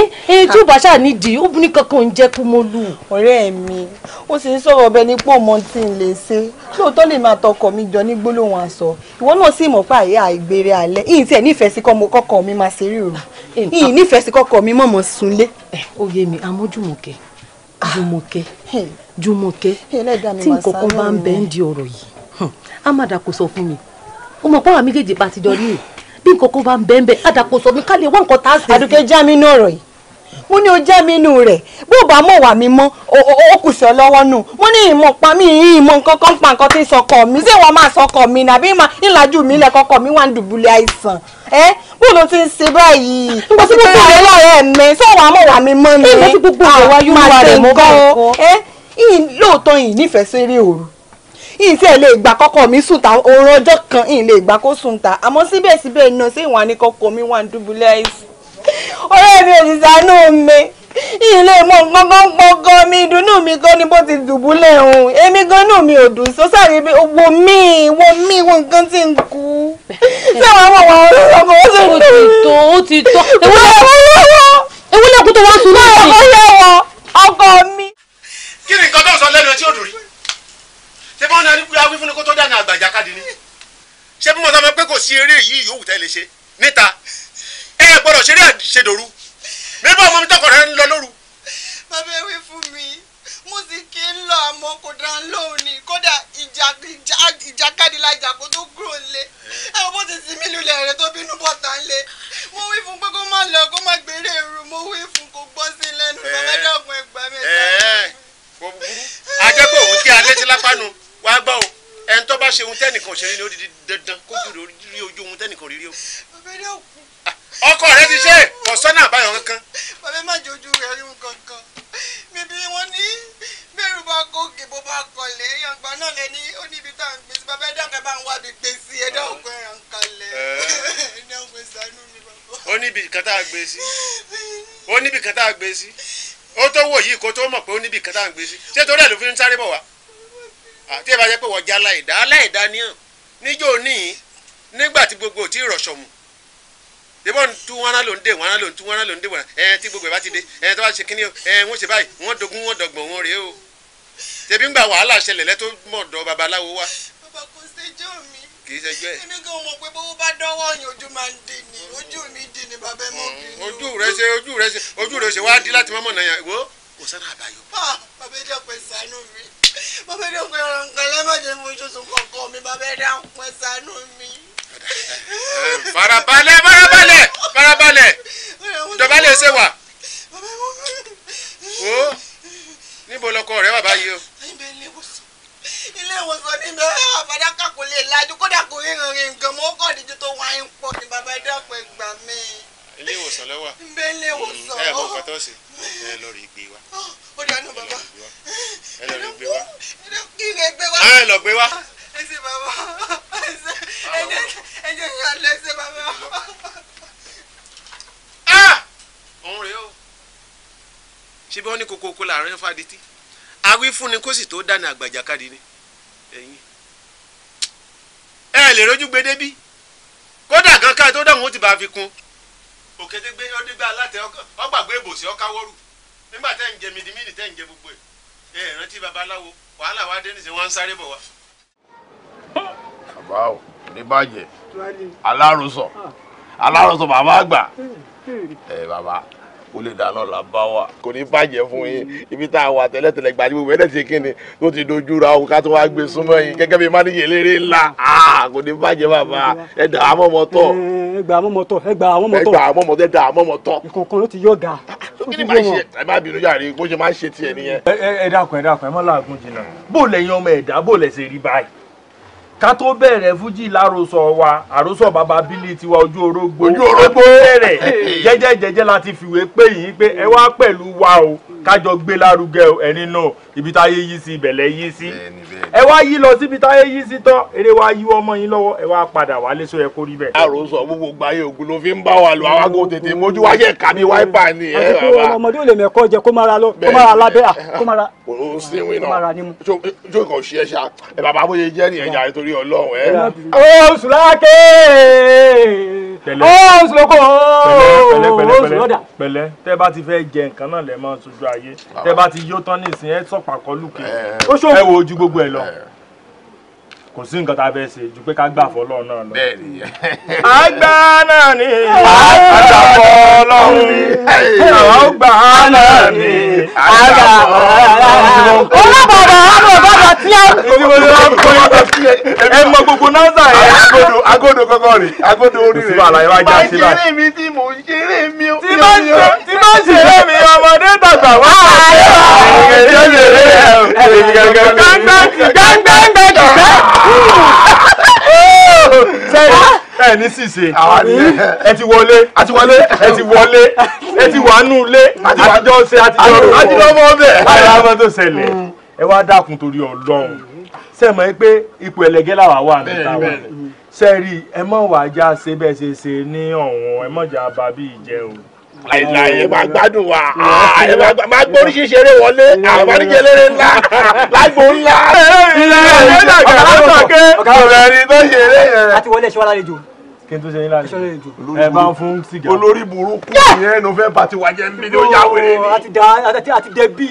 tí ó bá ṣáà nídìí ó ní kankan ń jẹ́ kú mo lù. ọ̀rẹ́ mi ó sì ń sọ̀rọ̀ ọbẹ̀ ní pò mọ́ tí n lè ṣe lóòótọ́ lè máa tọkọ̀ mi jọ nígbólóhùn aṣọ ìwọ náà sì mọ̀ pé àyè àìgbére alẹ́ ìyìn tí ẹ̀ nífẹ̀ẹ́ sí kọ́kọ́ mi máa ṣe rí o ìyìn nífẹ̀ẹ́ sí kọ́kọ́ mi mọ̀mọ́ sunlé. ó yé mi amójúmọ̀kẹ́ ah. jùmọ̀kẹ́ hmm. jùmọ̀kẹ́ tí nǹkan kan bá ń bẹ́ẹ̀ ń di ọ̀rọ̀ yìí amada ó mọ̀ pọ́n àwọn méjèèjì bá ti jọ ní bí nǹkan kan bá ń bẹ́ẹ̀ bẹ́ẹ̀ àdàpọ̀ sọ mi ká lè wá nǹkan tá a ṣe. àdùkẹ́ já mi inú ọ̀rọ̀ yìí mo ní o já mi inú rẹ̀ bí ò bá mọ̀ wà mí mọ́ o kù sí ọ lọ́wọ́ nù mo ní ìmọ̀ pa mí ìmọ̀ nǹkan kan pa nǹkan tí ń sọkọ mi ṣé wọ́n máa sọkọ mi nàbí ìlàjú mi lẹ̀ kọkọ mi wà ń dùbúlẹ̀ àìsàn ẹ bó ló ti ń ṣe báyìí nígbà tí gbogbo rẹ lọrẹ mi sọwọ àmọ wà mí mọ mi àwọn yóò wà rẹ mọ báyìí ẹ lóòótọ́ yìí nífẹ̀ẹ́ sí eré òru ìsì ẹ̀ lè gbà kọ́kọ́ mi sùn ta oorun ọjọ́ kan ìyìn lè gbà kó sùn ta àmọ́ síbẹ̀síbẹ̀ náà sí ìwọ̀n àníkọ́kọ́ mi wà ń dùbúlẹ̀ àìsàn ọ̀rẹ́ mi ò sì sànú mi ilé mọ gbọ́ngàn gbọ́ngàn mi ìdùnnú mi gan ni bó ti dùbúlẹ̀ òun èmi gan náà mi ò dùn sọ sáré bí wo mí wo mí wo nǹkan tí ń kú sáwọn àwọn àwọn ọ̀rọ̀ ọmọ wọn sì ń dùn. ó ti tó ó ti tó ewúlẹ̀ kú tó wá sùn lọ́wọ́ ọkọ mi. kí ni nǹkan tó sọ lẹ́nu tí ó dùn rí ṣé bí wọ́n náà wíwá wí fún ni kó tó dànù àgbàjá káàdì ni ṣé bí wọ́n sọ pé kò sí eré yìí yòówù tẹ́ lè ṣe níta ẹ gbọ́dọ̀ ṣeré àṣedòru mi bá ọmọ mi tọkọ rẹ ń lọ lóru. bàbá ewé fún mi mo sì kí ń lọ àmọ́ kò dá lóhùn ni kódà ìjàkadì lajà kó tó kúrò lé eh. ẹ wọ́n ti sinmi lulẹ̀ rẹ tó bínú bọ̀tà ń lé mo wí fún pé kó má lọ kó má gbèrè èrò mo wí fún kó gbọ́ sí lẹ́nu bàbá dàgbọ́n ẹgbàá mẹ́ta. kò burú ajẹ́ pé òun kí alẹ́ ti lápá nu wàá gbọ́ o ẹni tó bá ṣe ohun tẹ́nìkan ṣe rí ni ó di dandan kó jù rí ojú ohun tẹ́nìkan rí o. ọkọ rẹ ti ṣe kọsánà àbáyọ kankan. bàbá má jẹ ojú rẹ rí nǹkan kan bíbí wọn ní bẹ̀rù bá gòkè bó bá kọlẹ yàngbà náà lẹ ní ó níbi tá à ń gbé sí bàbá ẹdá kan bá ń wá bí gbé sí ẹdá òkú ẹran kalẹ̀ ẹdá òkú ẹsánú mi bàbá. ó níbi kan tá a gbé sí ó níbi kan tá a gbé sí ó tó wò yìí kó tó mọ̀ pé ó níbi kan tá a gbé sí ṣé torí ẹ̀ ló fi ń sáré bọ̀ wá àti ìbájẹ́ pé wọ́n jẹ́ aláìdá aláìdá ni hàn níjó ní nígbà tí gbogbo tí rọ̀ṣọ̀ mu débọ̀ ń tú wọn ló ń dé wọn ló ń tú wọn ló ń dé wọn ẹ tí gbogbo ẹ bá ti dé ẹ tó bá ṣe kíní ẹ wọn ṣe báyìí wọn dogun wọn dọgbọn wọn rèé o tẹbi ń gba wàhálà ṣẹlẹ̀ lẹ́tọ́ mọ̀dọ̀ babaláwo wa. bàbá kò ṣẹjọ́ mi kì í ṣẹjọ́ ẹ. èmi gan mọ̀ pé bówó bá dọ́wọ́ yín ojú máa ń di ni ojú mi di ni bàbá ẹ mọ̀ mm, bí. ojú rẹ ṣe ojú rẹ ṣe ojú rẹ ṣe wá di láti mọ́mọ́ náà yàn kò sẹ́nà àbáyọ. Ah, bàbá ẹ dàpẹ́ sànú mi. mo fẹ́ dé nǹkan nǹkan lẹ́mọ̀jẹ̀ mo ṣoṣo kọ̀ọ̀kan mi bá fẹ́ dá nǹkan ṣàánú mi. farabalẹ̀ farabalẹ̀ farabalẹ̀ dọ̀bálẹ̀ ṣe wà. o níbo lọkọ rẹ wà báyìí o. ilé ìwòsàn ní bẹ́ẹ̀ àfàdàkà kò lè lajú kódà kò ríran rí nǹkan mọ́ kọ́ ìdíjú tó wáyé ń pọ̀ ní bàbá ìdàpọ̀ ẹgbàá mi ilé ìwòsàn lọ wà nbẹ ilé ìwòsàn mm, ẹ mọ nǹkan tó ṣe ẹ lọ rí gbé wa ó dànù bàbá ẹ lọ rí gbé wa kí ni gbé wa ẹ lọ gbé wa ẹ ṣe bàbá ẹ jẹ ẹ jẹ ìyá lẹ ṣe bàbá. Ah! òun rèé o ṣé bí wọ́n ní kokoko làárín fadití awí fún ni kó sì tó dáná àgbàjàkadì ni ẹ̀yin ẹ lè rojú gbedébí kódà kankan tó dáhùn ó ti bá a fi kún òkétégbé ọdẹgbẹ alátẹ ọgbàgbé ìbòsí ọkáwọrù nígbà tẹ́ ń jẹ midimini tẹ́ ń jẹ gbogbo ẹ̀ ẹ rántí babaláwo wàhálà wa dé nísìnyí wọ́n ń sáré bọ̀ wá. bàbá o ní bàjẹ́ alárùsọ alárùsọ ah. bàbá àgbà hmm, hmm. ẹ bàbá ó lè dáná la bá wà. kò ní bàjẹ́ fún yín ibi tá a wà tẹ́lẹ̀tẹ́lẹ̀ gbajúmọ̀ bẹ́ẹ̀ tẹ̀sí kíni tó ti dojú ra òun ká tó wá gbé súnmọ́ yín gẹ́gẹ́ bí máníyè eléré ńlá ah, kò ní bàjẹ́ bàbá ẹ dà á mọ́mọ́ tọ́. Eh, ẹ gbà á mọ́mọ́ tọ́ ẹ gbà á mọ́mọ́ tọ́ ẹ gbà á mọ́mọ́ tọ́ ẹ dà á mọ́mọ́ tọ́. ìkọ̀ọ̀kan ló ti yọ̀ ga kí ah, ni máa ṣe ẹ má bínú yàrá bó ká tó bẹ̀rẹ̀ fújì lárosọ wa àròsọ bàbá bílí tiwa ojú orógbó ojú orógbó bẹ̀rẹ̀ jẹ́jẹ́ jẹ́jẹ́ la ti fìwé pé yìí pé ẹ wá pẹ̀lú wa o kájọ gbé lárugẹ ẹni náà ibi táyé yí sí ìbẹ̀lẹ̀ yí sí ẹ wá yí lọ síbi táyé yí sí tán eré wá yí ọmọ yín lọ́wọ́ ẹ wá padà wá lé sóyẹ kó rí bẹ́ẹ̀. àrò sọ gbogbo gbayé ògùn ló fi ń bá wa lò àwọn ago tètè mójú wáyé ẹ̀ka ní wáìpà ni. àti pé ọmọdé ò lè mẹ́kọ́ jẹ kó mara lọ kó mara lábẹ́ à kó mara. o sinwi náà jó kàn ṣí ẹ ṣá ẹ bàbá bóyá jẹ́ nìyẹn jà nítorí ọlọ́run ẹ. ó sùlákè ti fẹ́ jẹ nǹkan náà lẹ́ ayé ah. tẹ bá ti yó tán nísìnyí ẹ sọ̀pà kọlù eh. ó ṣòwò ẹ wo ojú gbogbo ẹ lọ eh. kò sí nǹkan tá a fẹ́ ṣe ju pé ká gbà fọlọ́run náà lọ. bẹ́ẹ̀ ni. àgbà náà ni. àgbà fọlọ́run ni. náà ni. àgbà fọlọ́run. olùbàdàn àwọn ọ̀bàdàn tí a. ibi wo ni wọn kọ yàtọ̀ sí ẹ. ẹ mọ gbogbo náírà yẹn. agodo agodo kọkọ rè agodo orí rè. ìsúbà àlàyé wa já sí báyìí. máa ṣeré mi tí mò ń ṣeré mi. tí máa ń ṣeré mi ọmọdé tàgbà wá. sẹ́yìn ẹ ní ṣìṣe ẹ ti wọlé ẹ ti wọlé ẹ ti wọlé ẹ ti wà lé àtijọ́ ṣe àtijọ́ àtijọ́ mọ́ bẹ́ẹ̀. báyọ̀ àwọn tó ṣẹlẹ̀ ẹ wá dákun torí ọlọ́run sẹ́mọ̀ ẹ pé ipò ẹlẹ́gẹ́ làwà wà níta wà sẹ́ẹ̀rì ẹ mọ̀ wàá ṣe bẹ́ẹ̀ ṣe ṣe ní ọ̀hún ẹ mọ̀ jà bàbí ìjẹun àìlà yẹn máa gbádùn wa àyè máa ah, gbọ́ oríṣiríṣi eré wọlé àwọn oníjẹlẹ́rẹ́ ńlá lágbo ńlá. ilé ẹ̀ ní ọ̀gá lọ́sọ̀kẹ́ ọ̀rẹ́ rí tó ṣe eré yẹn rẹ̀. àti wọlé ṣọwọ́ lálejò kí n tó ṣe yín lálejò ẹ bá ń fún sìgá. olórí burúkú yẹn ló fẹ́ bàtí wájẹ́ ń bí ní ó yá wèrè ni. àti dẹbí.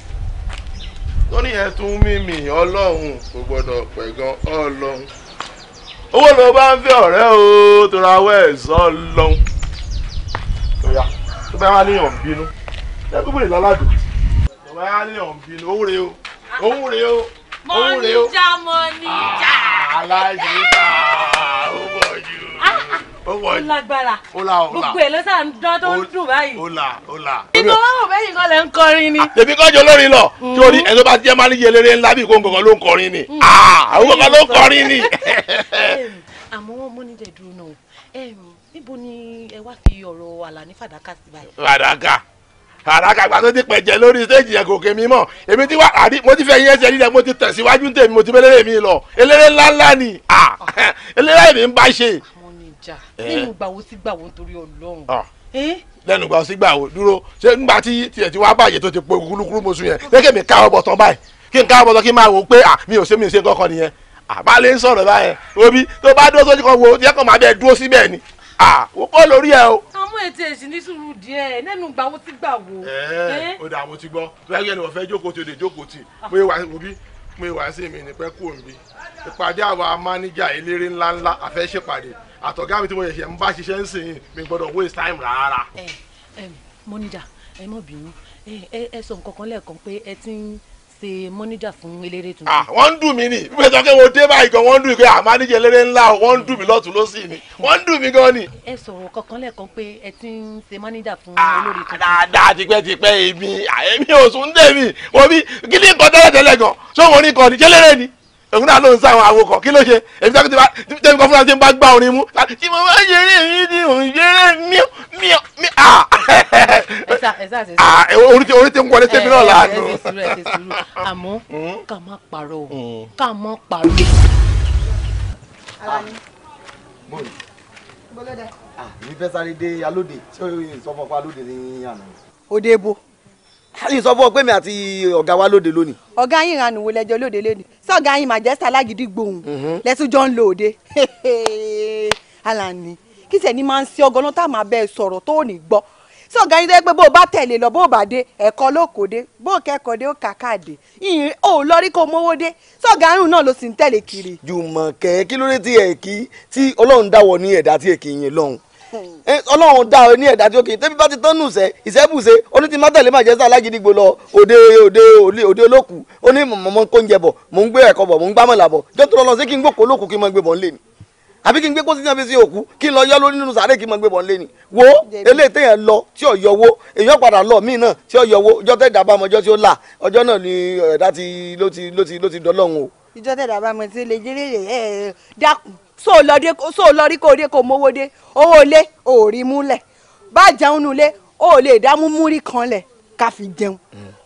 torí ẹ tún mímì ọlọ́run kò gbọ́dọ̀ pẹ̀ gan ọlọ́run owó ló bá ń fi ọ̀rẹ́ o torí awọ́ ẹ̀ sọ lọ́hún lọ́yà tó bá wà níyàn bínú ẹgbẹ́ bèrè lálàdùn tó bá wà níyàn bínú òun rèé o òun rèé o òun rèé o mọ́níjà mọ́níjà ah, aláìsíta ó bọ̀ jù. Ah, ah ó lágbára gbogbo ẹ̀ ló sà ń dán tó ń dùn báyìí. ìgbà wọn ò bẹ́yìn kan lẹ̀ ń kọrin ni. Ah, èmi kọ́ jọ lórin lọ mm. torí ẹ̀ tó bá jẹ́ máa ń yẹ eléré ńlá bí kóńgò kan ló ń kọrin ni mm. ah, àwọn kankan ló ń kọrin ni. àmọ́ wọn mú nílẹ̀ dúró náà níbo ni ẹ wá fi ọ̀rọ̀ Àlàní fàdákà sí báyìí. fàdákà àràkà àgbà tó ti pẹ̀jẹ̀ lórí stéèjì yẹn kò ké mi mọ̀ èmi ti wá àdí mo ti fẹ́ yẹn ẹsẹ̀ lílẹ̀ mo ti tẹ̀síwájú tèmi mo ti bẹ́lẹ́rẹ́ mi lọ eléré ńláńlá ni ah, eléré mi ń bá ṣe ajá eh. nínú gbàwo sí gbàwo nítorí Ọlọ́run ah. eh? lẹ́nu gbàwo sí gbàwo dúró ṣé nígbà tí tiẹ̀ ti wá bàjẹ́ tó ti po kúlúkúlú mọ́sù yẹn kéèké mi káwọ́ bọ̀tán báyìí kí n káwọ́ bọ̀tán kí n máa wò ó pé ah, mi ò ṣe mi ò ṣe kankan nìyẹn àbálẹ̀ ah, ń sọ̀rọ̀ báyẹn obi tó bá dúró sójú kan wo tiẹ̀ kan máa bẹ́ẹ̀ dúró síbẹ̀ ni wò kọ́ lórí ẹ o. àmọ́ ètò èsì ní sùúrù díẹ̀ lẹ́nu gbà wo ti gbà wo. ẹ eh, ó dà mo ti gbọ́ tó yẹ kí ẹni fẹ́ jókòó tí o lè jókòó tì mo yẹ wá òbí mo yẹ wá sí mi nípẹ́ kú òǹbí ìpàdé àwa máníjà eléré ńláńlá àfẹ́ àtọ̀gá mi tí mo yẹ̀ṣẹ̀ ń bá ṣiṣẹ́ ń sìn mi gbọ́dọ̀ waste time rárá. ẹ ẹ mọ́níjà ẹ mọ̀ bínú ẹ sọ nǹkan kan lẹ́ẹ̀kan pé ẹ ti ń ṣe mọ́níjà fún eléré tuntun. ah wọ́n ń dùn mí ni bí wọ́n kẹ́ wọ́n dé báyìí gan wọ́n ń dùn mí pé àmáníjẹ ah, eléré ńlá wọ́n ń dùn mí lọ́tún lọ́sì ni wọ́n ń dùn mí gan ni. ẹ sọ̀rọ̀ kankan lẹ́ẹ̀kan pé ẹ ti ń ṣe mọ́níjà fún eléré ah, tuntun. dáadáa tipẹ́tipẹ́ èmi èmi ò sùn dé mi wọ́n bí kí ni nǹkan tẹ́lẹ̀tẹ́lẹ̀ gan ṣé wọ́n ní nǹkan ní jẹ́lẹ́rẹ́ ni òun náà ló ń sáwọn àwòkọ kí ló ṣe èmi sábà tẹ́mi fúnra ṣe ń bá gbá orin mú tí mo bá ṣeré mi ni mò ń ṣeré mi mi mi à. orí tí orí tí ń wọlé tẹ́mi náà láàánú. àmọ́ ká má parọ́ o hmm. ká má parọ́. mi fẹ́ sáré dé alóde tí ó sọ fún ọkọ alóde ní àná. òde bo ìsọ fún ọ pé mi àti ọ̀gá wa lóde lónìí. ọ̀gá yín ìranù wo lẹ́jọ́ lóde lónìí sí ọ̀gá yín màjẹ́sítà alágídí gbòhùn mhm. lẹ́tún jọ ń lo òde. alani kí sẹ́ni máa ń ṣe ọgọ́nà tá a máa bẹ́ẹ̀ sọ̀rọ̀ tó ò ní gbọ́ sí ọ̀gá yín dẹ́gbẹ́ bó o bá tẹ̀lé lọ bó o bá dé ẹ̀kọ́ ló kò dé bó o kẹ́kọ̀ọ́ dé ó kàkà dé ìyìn ò lọ rí kó mówó dé sí ọ̀gá yín náà ló sì ń tẹ̀lé kiri. jùmọ̀kẹ́ kí ló dé tí ẹ̀ kí tí ọlọ́run dáwọ́ ní ẹ̀dá tí ẹ̀ yẹn lọ́hùn Eh, ọlọ́run dá ọ ní ẹ̀dá tí ó kì í tẹ́bí bá ti tán nù sẹ́ ìṣẹ́bùṣe oní ti mátẹ̀lé màjẹ́sà alágídígbò lọ òde òde òde òde olóòkú ó ní mọ̀mọ́ kó ń jẹ bọ̀ mò ń gbé ẹ̀kọ́ bọ̀ mò ń gbámọ̀là bọ̀ jọ́tò lọ́lọ́ sí kí n gbòkó olóòkú kí n mọ̀ gbé bọ̀ ńlẹ̀ ni àbí kí n gbé kóṣí sáfẹ́ sí òkú kí n lọ yọ́ lórí nínú sàárè kí n mọ̀ gbé bọ̀ ńlẹ̀ ni wo eléyìí téèyàn lọ tí ò yọwó èèyàn padà lọ míì náà tí ò yọwó ọjọ́ tẹ̀ dábàá mọ́ ọjọ́ ni ẹ̀dá ti ti ló ti ló ti dọ́lọ́run o. ìjọ tẹ̀ dábàá mọ́ ti lè so lọ rí kó rí kó mówó dé owó lé òòrí múlẹ̀ bá jẹun nulẹ̀ ó lè dá múmúrí kan lẹ̀ ká fi jẹun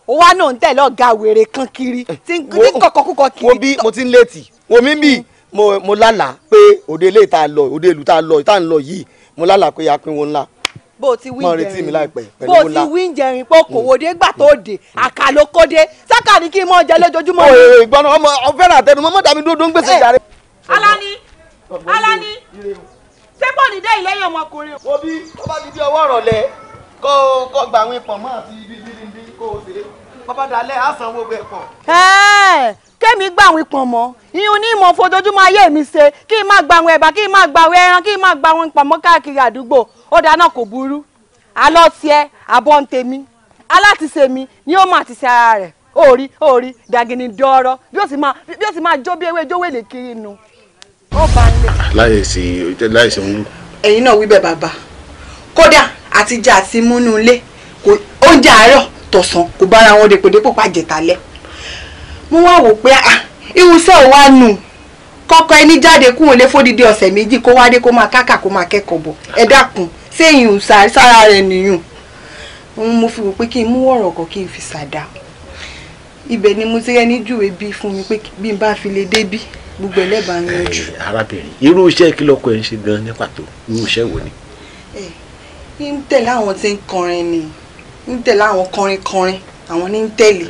ó wá náà ń tẹ̀lé ọ̀gá wèrè kan kiri tí kọ̀kọ̀kọ̀ kiri. wo bí mo ti ń léètì wo mi bí mo lálàá pé òde ilé ìta lọ òde ìlú ta lọ ìta ń lọ yìí mo lálàá pé apínwó ńlá bó ti wí jẹrin bó ti wí jẹrin pé okòwò gbà tó mm. dé àkàlókò sákà ní kí n mọ jẹ lójoojúmọ́. ọ̀rẹ́ ìgbọ́n ọmọ ọ̀fẹ́ràn àtẹnumọ́ mọ́tàmí ń gbèsè eh. jàre. alani Alani ṣé bọ́ọ̀lù dé ìlẹ́yìn ọmọkùnrin. Obi, bí tó bá ti di ọwọ́ ọ̀rọ̀lẹ́ kó kó gba àwọn ìpọ̀ mọ́ àti ibi bíbí kó o ṣe bàbá dalẹ̀ á san owó gbẹ pọ̀. kémi gba àwọn ìpọ̀ mọ́ ìyún ní ìmọ̀ fojoojúmọ́ ayé mi ṣe kí n má gba àwọn ẹ̀bà kí n má gba àwọn ẹran kí n má gba àwọn ìpọ̀ mọ́ káàkiri àdúgbò ó dáná kò burú alọ́ tiẹ̀ àbọ̀ ń tèmi alátiṣe mi ni ó mà ti ṣe ara rẹ̀ orí orí dàgìnì dọ́rọ́ bí ó sì máa jó bí ewé jówé lè kiri nu ọba ńlẹ. láìsí láìsí wọn. ẹ̀yin náà wí bẹ́ẹ̀ bàbá kódà àtijọ́ àti múnú ilé oúnjẹ àárọ̀ tọ̀sán kò bára wọn dèpòdépò pàjẹ́talẹ̀ mo wá wò pé ah, irúṣẹ́ ò wá nù kọ́kọ́ ẹni jáde kúrò lé fódìdí ọ̀sẹ̀ méjì kó wádé kó máa kákà kó máa kẹ́kọ̀ọ́ bọ̀ ẹ dákun séyìn sára rẹ̀ nìyún mo fi wò pé kí n mú ọ̀rọ̀ kan kí n fi ṣàdá ibẹ̀ ni mo ti rẹ́ ní júwe bí fún mi pé bí n bá fi lè débí gbogbo ẹlẹ́bàá yanjú. Eh, arábìnrin irú iṣẹ́ kí lọ́kọ ẹ̀ ń ṣe gan-an ní pàtó irú iṣẹ́ wo ni. ẹ eh, ń tẹ̀lé àwọn tí ń kọrin ni ń tẹ̀lé àwọn kọrin kọrin àwọn ní ń tẹ̀lé eh,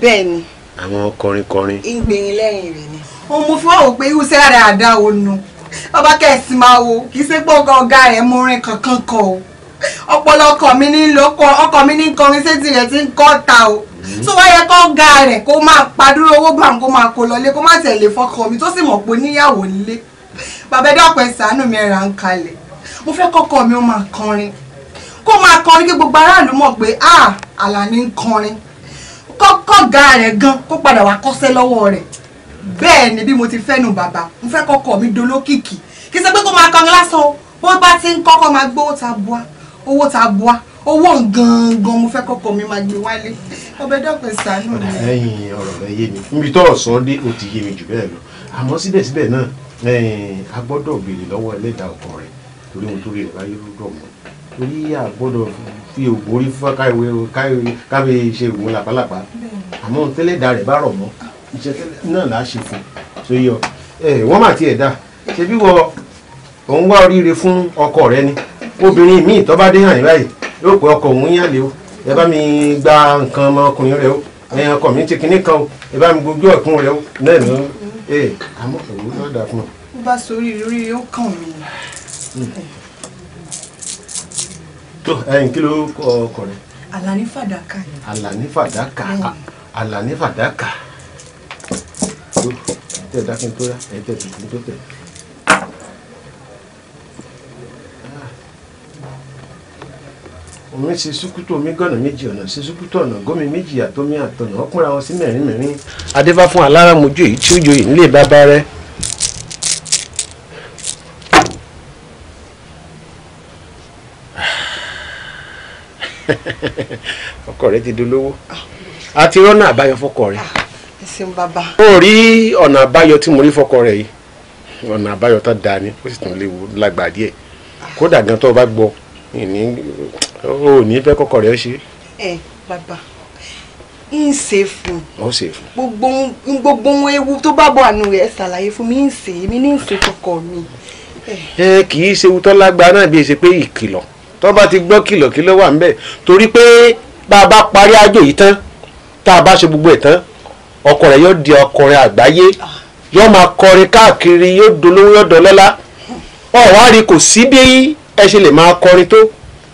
bẹ́ẹ̀ ni. àwọn kọrin kọrin. ń gbẹ̀yìn lẹ́yìn rẹ̀ ni. òun mo fi wá wò pé irú iṣẹ́ rárá àdá wo nu ọba kẹ̀sì máa wo kì í ṣe pé ọgá ọgá rẹ̀ mú orin kankan kọ o ọpọlọ ọkọ mi ní lóko ọkọ mi ní kọrin sétí rẹ̀ ti ń kọ́ ta o so wọ́n yẹ kó ga rẹ̀ kó máa padúró owó gbàm kó máa kó lọlé kó má tẹ̀lé fọ́kọ mi tó sì mọ̀ pé níyàwó nílé bàbá ẹ̀dá ọ̀pẹ sàánù mi ẹ̀rà ń kalẹ̀ mo fẹ́ kọ́kọ mi ó máa kọrin kó máa kọrin kí gbogbo aráàlú mọ̀ pé ah Àlàní ń kọrin kọ́kọ́ ga rẹ̀ gan kó padà wá kọ́sẹ́ lọ́wọ́ rẹ̀ bẹ́ẹ̀ ni bí mo ti fẹ́nu bàbá mo fẹ́ kọ́kọ mi dolókìkì kì í ṣe pé kó máa kọrin lásán bó bá ti ń kọ́kọ́ máa gbówó ta bua owó ta bua owó gangan mo fẹ́ kọ́kọ́ mi máa gbé wálé ọbẹ̀ dọ́pẹ́ sànú mi. ẹyin ọ̀rọ̀ rẹ yé mi níbi tó ọ̀sán dé ó ti yé mi jù bẹ́ẹ̀ lọ àmọ́ síbẹ̀síbẹ̀ náà a gbọ́dọ̀ béèrè lọ́wọ́ ẹlẹ́dàá ọkọ rẹ torí ohun tó rí rẹ báyé lọ́dọ̀ mọ́ torí a gbọ́dọ̀ fi ògbó orí fífá káwé káwé ṣe ògùn làpálàpá àmọ́ tẹ́lẹ̀dá rẹ̀ bá rọ̀ mọ́ iṣẹ́ náà là á ṣe fún tó yọ wọ́n mà tiẹ̀ dá ṣe bí wọ òun wá oríire fún ọkọ rẹ ni obìnrin míì tó bá dé hàn yín báyìí yóò pé ọkọ òun yàn lé o ẹ bá mi gba nǹkan ọmọkùnrin rẹ o ẹyàn ọkọ mi ti kinní kan o ẹ bá mi gbójú ẹkún rẹ o náà ní ẹ àmọ́ òun náà dà fún ọ. ó bá sórí orí ó kàn mí. tó ẹ̀yin kí ló kọ ọkọ rẹ. Àlàní Fàdákà. Àlàní Fàdákà Àlàní Fàdákà. tó ẹ tẹ dákin tó rà ẹ tẹ tuntun tó tẹ. omi ṣe sukutu omi gànà méjì ọ̀nà ṣe sukutu ọ̀nà gómi méjì àtomi àtọ̀nà ọkùnrin àwọn sí mẹ́rin mẹ́rin. adébá fún aláramojú èyí tí ó joyè nílé bàbá rẹ. ọkọ rẹ ti dolówó àti rọ́nà àbáyọ fọkọ rẹ. Ah, ẹ ṣeun bàbá. ó rí ọ̀nà àbáyọ tí mo rí fọkọ rẹ yìí ọ̀nà àbáyọ tó dáa ni ó sì tún léwu lágbàá díẹ̀ ah. kódà gan tó o bá gbọ́ ìní ò ní fẹ́ kọ́kọ́ rẹ̀ ṣe. ẹ bàbá ń ṣe fún un gbogbo gbogbo ohun ewu tó bá bọ àánú rẹ ṣàlàyé fún mi ń ṣe èmi ní ṣe kọkọ mi. ẹ kì í ṣe ewu tó lágbára náà bí ẹ ṣe pé ìkìlọ̀ tó bá ti gbọ́ kìlọ̀kìlọ̀ wà ń bẹ̀ torí pé bá a bá parí àjò yìí tán tá a bá ṣe gbogbo ẹ̀ tán ọkọ rẹ̀ yóò di ọkùnrin àgbáyé ah. yóò máa kọrin káàkiri yóò dolówó yóò dọlọ́lá ọ̀ wá kò sí bí ẹ ṣe lè máa kọrin tó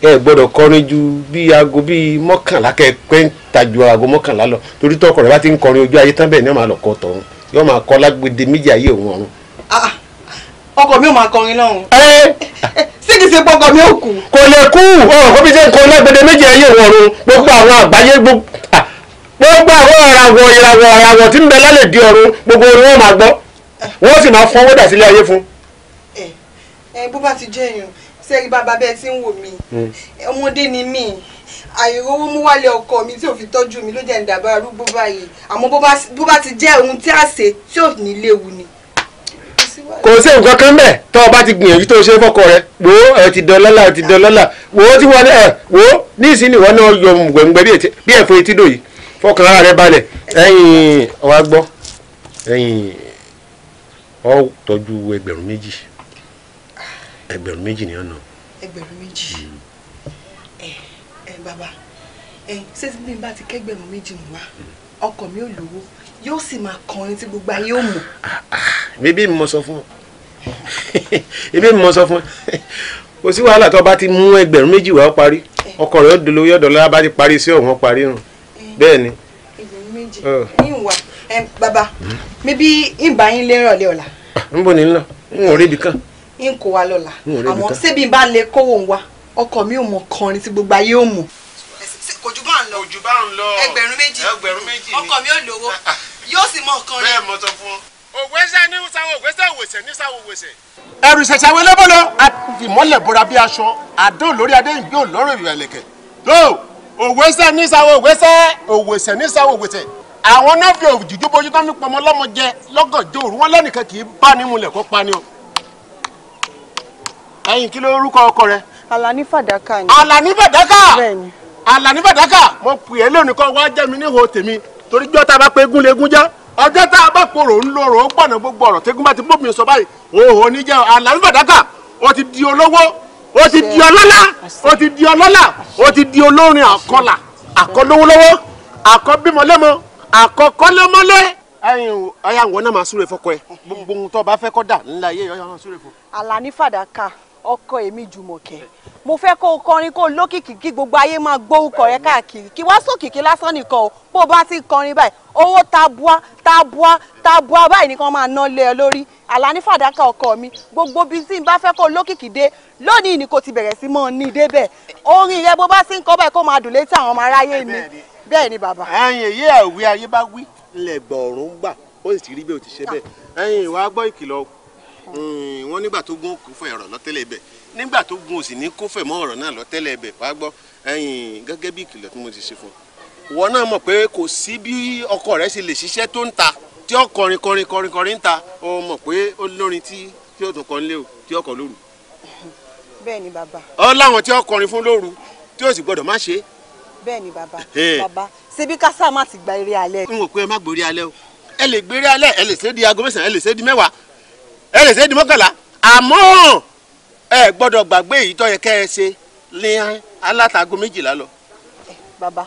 ẹ gbọ́dọ̀ kọrin ju bí aago bíi mọ́kànlá kẹ́ẹ̀pẹ́ ń ta ju aago mọ́kànlá lọ torí tọkọ rẹ̀ bá ti ń kọrin ojú ayé tán bẹ́ẹ̀ ni ó máa lọ kọ tọ̀run yóò máa kọ lágbede méjì ayé òun ọ̀run. Ah, ah, ọkọ mi ò máa kọrin lọ́hùn. ṣé kìí ṣe pọkọ mi ò kú. kò lè kú ọ̀rọ̀ kó fi ṣe ń kọ lágbede méjì ayé òun ọ̀run gbogbo àwọn àgbáyé ah, gbogbo àwọn ìràwọ̀ ìràwọ̀ ìràwọ̀ tí ń bẹ lálẹ́ di ọ̀run gbogbo orin wọn máa gbọ́ wọ́n sì máa fọwọ́ dà sílé ayé fún. ẹ bó bá ti jẹ́ èèyàn sẹ́rí bàbá bẹ́ẹ̀ tí ń wò mí hmm. ọmọdé ni mí àìrówó mú wálé ọkọ mi tí ò fi tọ́jú mi ló jẹ́ ń dàbá arúgbó báyìí àmọ́ bó bá ti jẹ́ ohun tí a ṣe tí ò ní léwu ni. kò sí nǹkan kan bẹ́ẹ̀ tọ́ ọ bá ti gbìyànjú tó ṣe fọ́kọ rẹ wo ẹ ti dán lọ́la ẹ ti dán lọ́la wo ti wọ ẹ wo ní ìsín ìwọ náà yọ gbẹ̀ngbẹ̀ bí ẹ̀fọ́ etí dò yìí fọkàn ara rẹ balẹ̀ ẹ̀yìn ọ̀wá gbọ́ ẹ̀yìn ọ̀ tọ́jú ẹgbẹ̀rún méjì ẹgbẹ̀rún méjì ni ọ̀nà. ẹgbẹ̀rún méjì hmm. ẹ ẹ bàbá ẹ ṣé bí n bá ti kẹ́gbẹ̀rún méjì mú wa hmm. ọkọ mi ò lówó yóò sì máa kọrin tí gbogbo ayé ò mọ̀. Ah, ah, bébí mi mọ sọ fún ọ bébí mi mọ sọ fún ọ kò sí wàhálà tó bá ti mú ẹgbẹ̀rún méjì wá ó parí eh. ọkọ rẹ̀ ó dolo yọ̀dọ̀ lọ́la bá ti parí sí ọ̀hún ó parí rùn eh. bẹ́ẹ̀ ni. ẹgbẹ̀rún méjì oh. ní ìwà bàbá mi bí ìbáyín lérò lé ọ̀la. n bò ní lọ n ò rí ibì kan n kò wá lọ́la àmọ́ ṣébi bá lè kówó wa ọkọ mi ò mọ kọrin tí gbogbo ayé ò mọ̀ kò jù bá ń lọ kò jù bá ń lọ ẹgbẹ̀rún méjì ẹgbẹ̀rún méjì ni ọkọ mi ò lówó yóò sì mọ kọrin bẹ́ẹ̀ mo sọ fún ọ. ògbésẹ̀ ní sáwọ́ ògbésẹ̀ òwòsẹ̀ ní sáwọ́ òwòsẹ̀. ẹrù ìṣẹ̀ṣẹ̀ àwọn elébọ́lọ́ àfìmọ́lẹ̀ bora bí aṣọ àdó lórí adé ìgbé òlóró ìrẹ̀lẹ̀kẹ̀ tó ògbésẹ̀ ní sáwọ́ ògbésẹ̀ òwòsẹ̀ ní sáwọ́ òwòsẹ̀ àwọn náà fi ẹyin kí ló rúkọ ọkọ rẹ. alani Fàdákà ni. alani Fàdákà. Fàdákà mo pè é lónìí kan wá jẹ́ mi níhò tèmi torí jọ́ tá a bá pé gúnlegún já ọjọ́ tá a bá korò ń lòrò ó gbọ̀nà gbogbo ọ̀rọ̀ tẹ́gùn bá ti sọ báyìí òhò ti di olówó ti di ọlọ́lá ti di ọlọ́lá ti di olórin àkọlà àkọlówólówó àkọbímọlẹ́mọ àkọkọlẹ́mọlẹ́ ẹyin ọkọ èmi jùmọ̀kẹ́ mo fẹ́ kó o kọrin kó o lókìkí kí gbogbo ayé máa gbórúkọ rẹ káàkiri kí wá sókìkí lásán nìkan o bó o bá ti kọrin báyìí owó tabua tabua tabua báyìí nìkan máa ná lé ẹ lórí àlàní fàdákà ọkọ mi gbogbo bí bá fẹ́ kó o lókìkí dé lónìí ni kò ti bẹ̀rẹ̀ sí mọ́ ní débẹ̀ orin rẹ bó bá sì ń kọ́ báyìí kó máa dùn létí àwọn ọmọ aráyé mi bẹ́ẹ̀ ni bàbá. ẹyin èyí ẹ̀ ayé bá wí ilẹ̀ gbà ó sì rí bẹ́ẹ̀ ó ti ṣe bẹ́ẹ̀ ẹyin ìwà gbọ́ ìkìlọ̀ Hmm, wọ́n nígbà tó gún kó fẹ́ ọ̀rọ̀ lọ́tẹ́lẹ̀ bẹ̀ nígbà tó gún òsì ní kó fẹ́ mọ́ ọ̀rọ̀ náà lọ́tẹ́lẹ̀ bẹ̀ wá gbọ́ gẹ́gẹ́ bí ìkìlọ̀ tí mo ti ṣe fún un wọ́n náà mọ̀ pé kò sí bí ọkọ rẹ̀ ṣe lè ṣiṣẹ́ tó ń ta tí ó kọrin kọrin kọrin kọrin ń ta ó mọ̀ pé ó lórin tí tí ó tún kọ nílé o tí ó kọ lóru. bẹ́ẹ̀ ni bàbá. ọ láwọn tí ó kọrin fún lóru tí ó sì gbọ́dọ̀ má ṣe. bẹ́ẹ̀ ni bàbá bàbá ṣebí kásá má ti gba eré alẹ́. n ò pé ẹ má gbèrè alẹ́ o ẹ lè gbèrè alẹ́ ẹ lè ṣe di aago mẹ́sàn-án ẹ lè ṣe di mẹ́wàá ẹ lè ṣe é di mọ́kànlá àmọ́ ẹ gbọ́dọ̀ gbàgbé èyí tó yẹ kẹ́ ẹ ṣe ní alátago méjìlá lọ. Eh, bàbá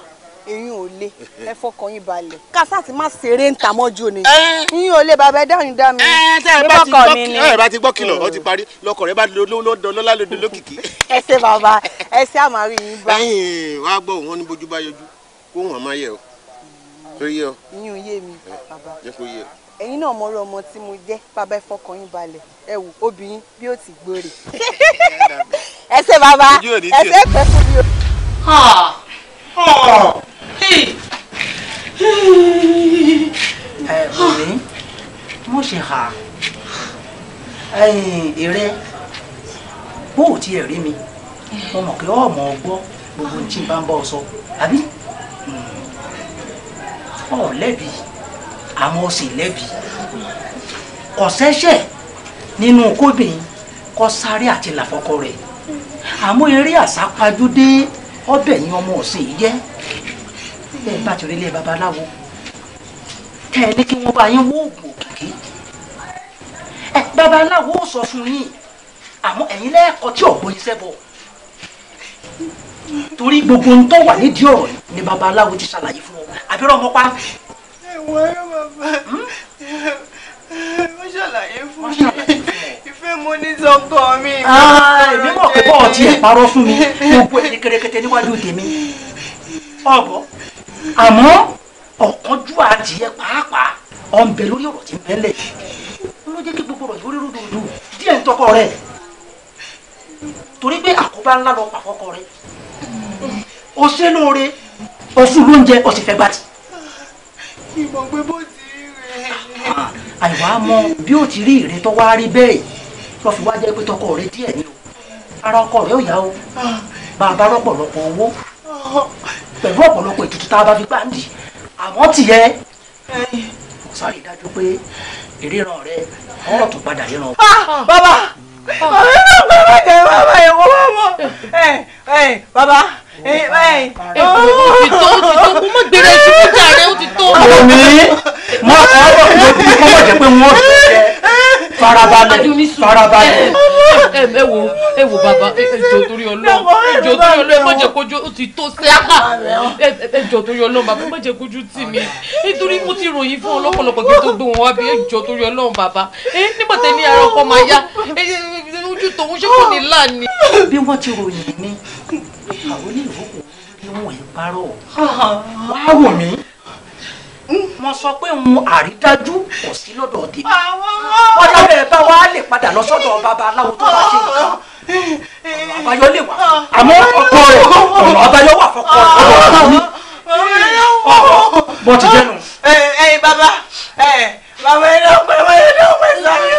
eyín ò lé ẹ fọkàn yín balẹ̀ kásá ti má ṣeré ń tamọ́jú ni eh. eyín ò lé bàbá ẹ dáhùn dá mi lọ́kọ̀ mi ni. ẹ bá ti gbọ́ kìlọ̀ ọ ti parí lọkọ̀ rẹ bá lọ́dọ̀ lọ́lálódò lókìkí. ẹ ṣe bàbá ẹ ṣe àmàrí yín bá. ẹyin wàá gbọ́ òun ní bójú bá yọjú kó wọn máa yẹ ọ. eyín ò yé mi eh, bàbá. jẹ́ kó yé ẹ̀yin náà mọ̀rọ̀ ọmọ tí mo jẹ́ bàbá fọkàn yín balẹ̀ ẹ wò obìnrin bí ó ti gbòòrè ẹsẹ̀ bàbá ẹsẹ̀ pẹ́ fún mi. ẹ ọ̀rẹ́ mo ṣe hà èrè bó ò tiẹ̀ rí mi mo mọ̀ pé ọmọ ọgbọ́ gbogbo ní tí sọ àbí hmm. ọ̀ lẹ́bi àwọn ọ̀sẹ̀ lẹ́bi kọ̀sẹ́sẹ̀ nínú kóbìnrin kọ́ sáré àti làfọ́kọ́ rẹ̀ àmọ́ eré àsápajúdé ọbẹ̀ yín ọmọ ọ̀sìn yìí jẹ́ bẹ́ẹ̀ bá ti rí ilé babaláwo kẹ́ ẹ ní kí wọ́n bá yín wó oògùn òkìkí ẹ babaláwo sọ fún yín àmọ́ ẹ̀yin lẹ́ẹ̀kọ́ tí ọ̀pọ̀ yín sẹ́bọ̀ torí gbogbo ń tọ́ wà nídìí ọ̀rọ̀ ni babaláwo ti ṣàlàyé fún ọ àbí ọmọ pa ìwọ̀n ẹ̀rọ bàbá wọ́n ṣàlàyé fún mi ìfẹ́ mo ní sọ́kọ mi. Ah, èmi mọ̀ pé bọ́ọ̀ tiẹ̀ parọ́ fún mi gbogbo ẹni kẹrẹkẹtẹ níwájú tèmi ọ̀bọ̀ àmọ́ ọ̀kánjú àdìyẹ pàápàá ọ̀nbẹ lórí ọ̀rọ̀ tí ń bẹ́lẹ̀ ló jẹ́ kí gbogbo ọ̀rọ̀ yìí ó rí rúdurùdu díẹ̀ ń tọkọ rẹ̀ torí pé àkóbá ńlá lọ pàfọ́kọ rẹ̀ o ṣe lóore o fún lóúnjẹ o sì fẹ́ gbàtì ìmọ̀ pé bó ti rí rè. àìwá mọ bí ó ti rí ìrè tó wá rí bẹ́ẹ̀ lọ fi wá jẹ́ pé tọkọ rẹ díẹ̀ ni o ara ọkọ rẹ ò yá o bàbá rọpọ̀lọpọ̀ owó pẹ̀lú ọ̀pọ̀lọpọ̀ ètùtù tá a bá fi gbáǹdì àmọ́ tìyẹ sáré dájú pé ìríran rẹ ọ̀rọ̀ tó padà ríran. bàbá bàbá bàbá jẹ́ bàbá ẹ̀wọ̀ bàbá bàbá ei tó ti tó kó mọ̀ gbèrè ṣubú jàre ó ti tó. àmì mo kọ́ ọ́ mo ti kọ́ mọ̀ jẹ́ pé wọ́n farabalẹ̀ farabalẹ̀. Eh, eh, eh, ẹ wo ẹ wo bàbá ẹjọ torí Ọlọ́run ẹjọ torí Ọlọ́run ẹ má jẹ́ kojú ó ti tó sí àkà ẹjọ torí Ọlọ́run bàbá ẹ má jẹ́ kojú tì mí nítorí mo ti ròyìn fún ọlọ́pọ̀lọpọ̀ kí n tó gbé wọn wá bí ẹjọ torí Ọlọ́run bàbá ẹ nígbà tẹ ní ara ọkọ máa yá ojú tòun ṣe kò ní láàánú. bí wọ́n ti ròyìn mi àwọn onílùú ìwọ̀n ìparọ́ wá wò mí hmm? wọ́n sọ pé òun àrídájú kò sí lọ́dọ̀ tèmi ọ̀dà bẹ̀rẹ̀ bá wa lè padà lọ sọ́dọ̀ babaláwo tó bá ṣe nǹkan àbáyọ ah. lè wà ah. àmọ́ ọkọ rẹ̀ ọ̀nà ah. àbáyọ wà fọkọ rẹ̀ ọ̀rọ̀ mi bọ́ ti jẹ́ nù. ẹ eh, ẹ eh, eh, bàbá ẹ bàbá ẹ lọ́pẹ́ ẹ lọ́pẹ́ sáré.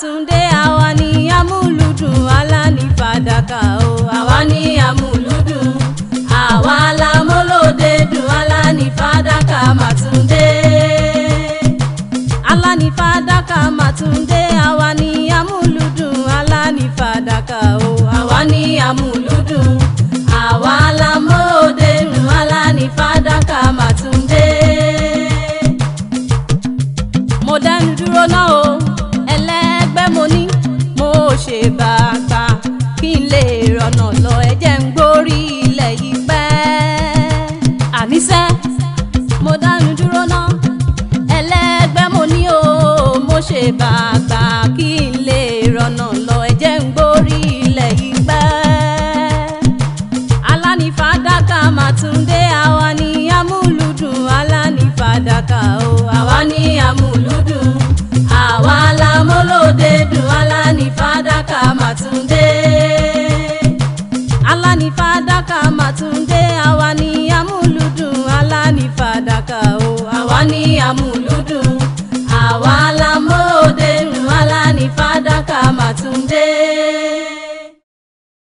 someday.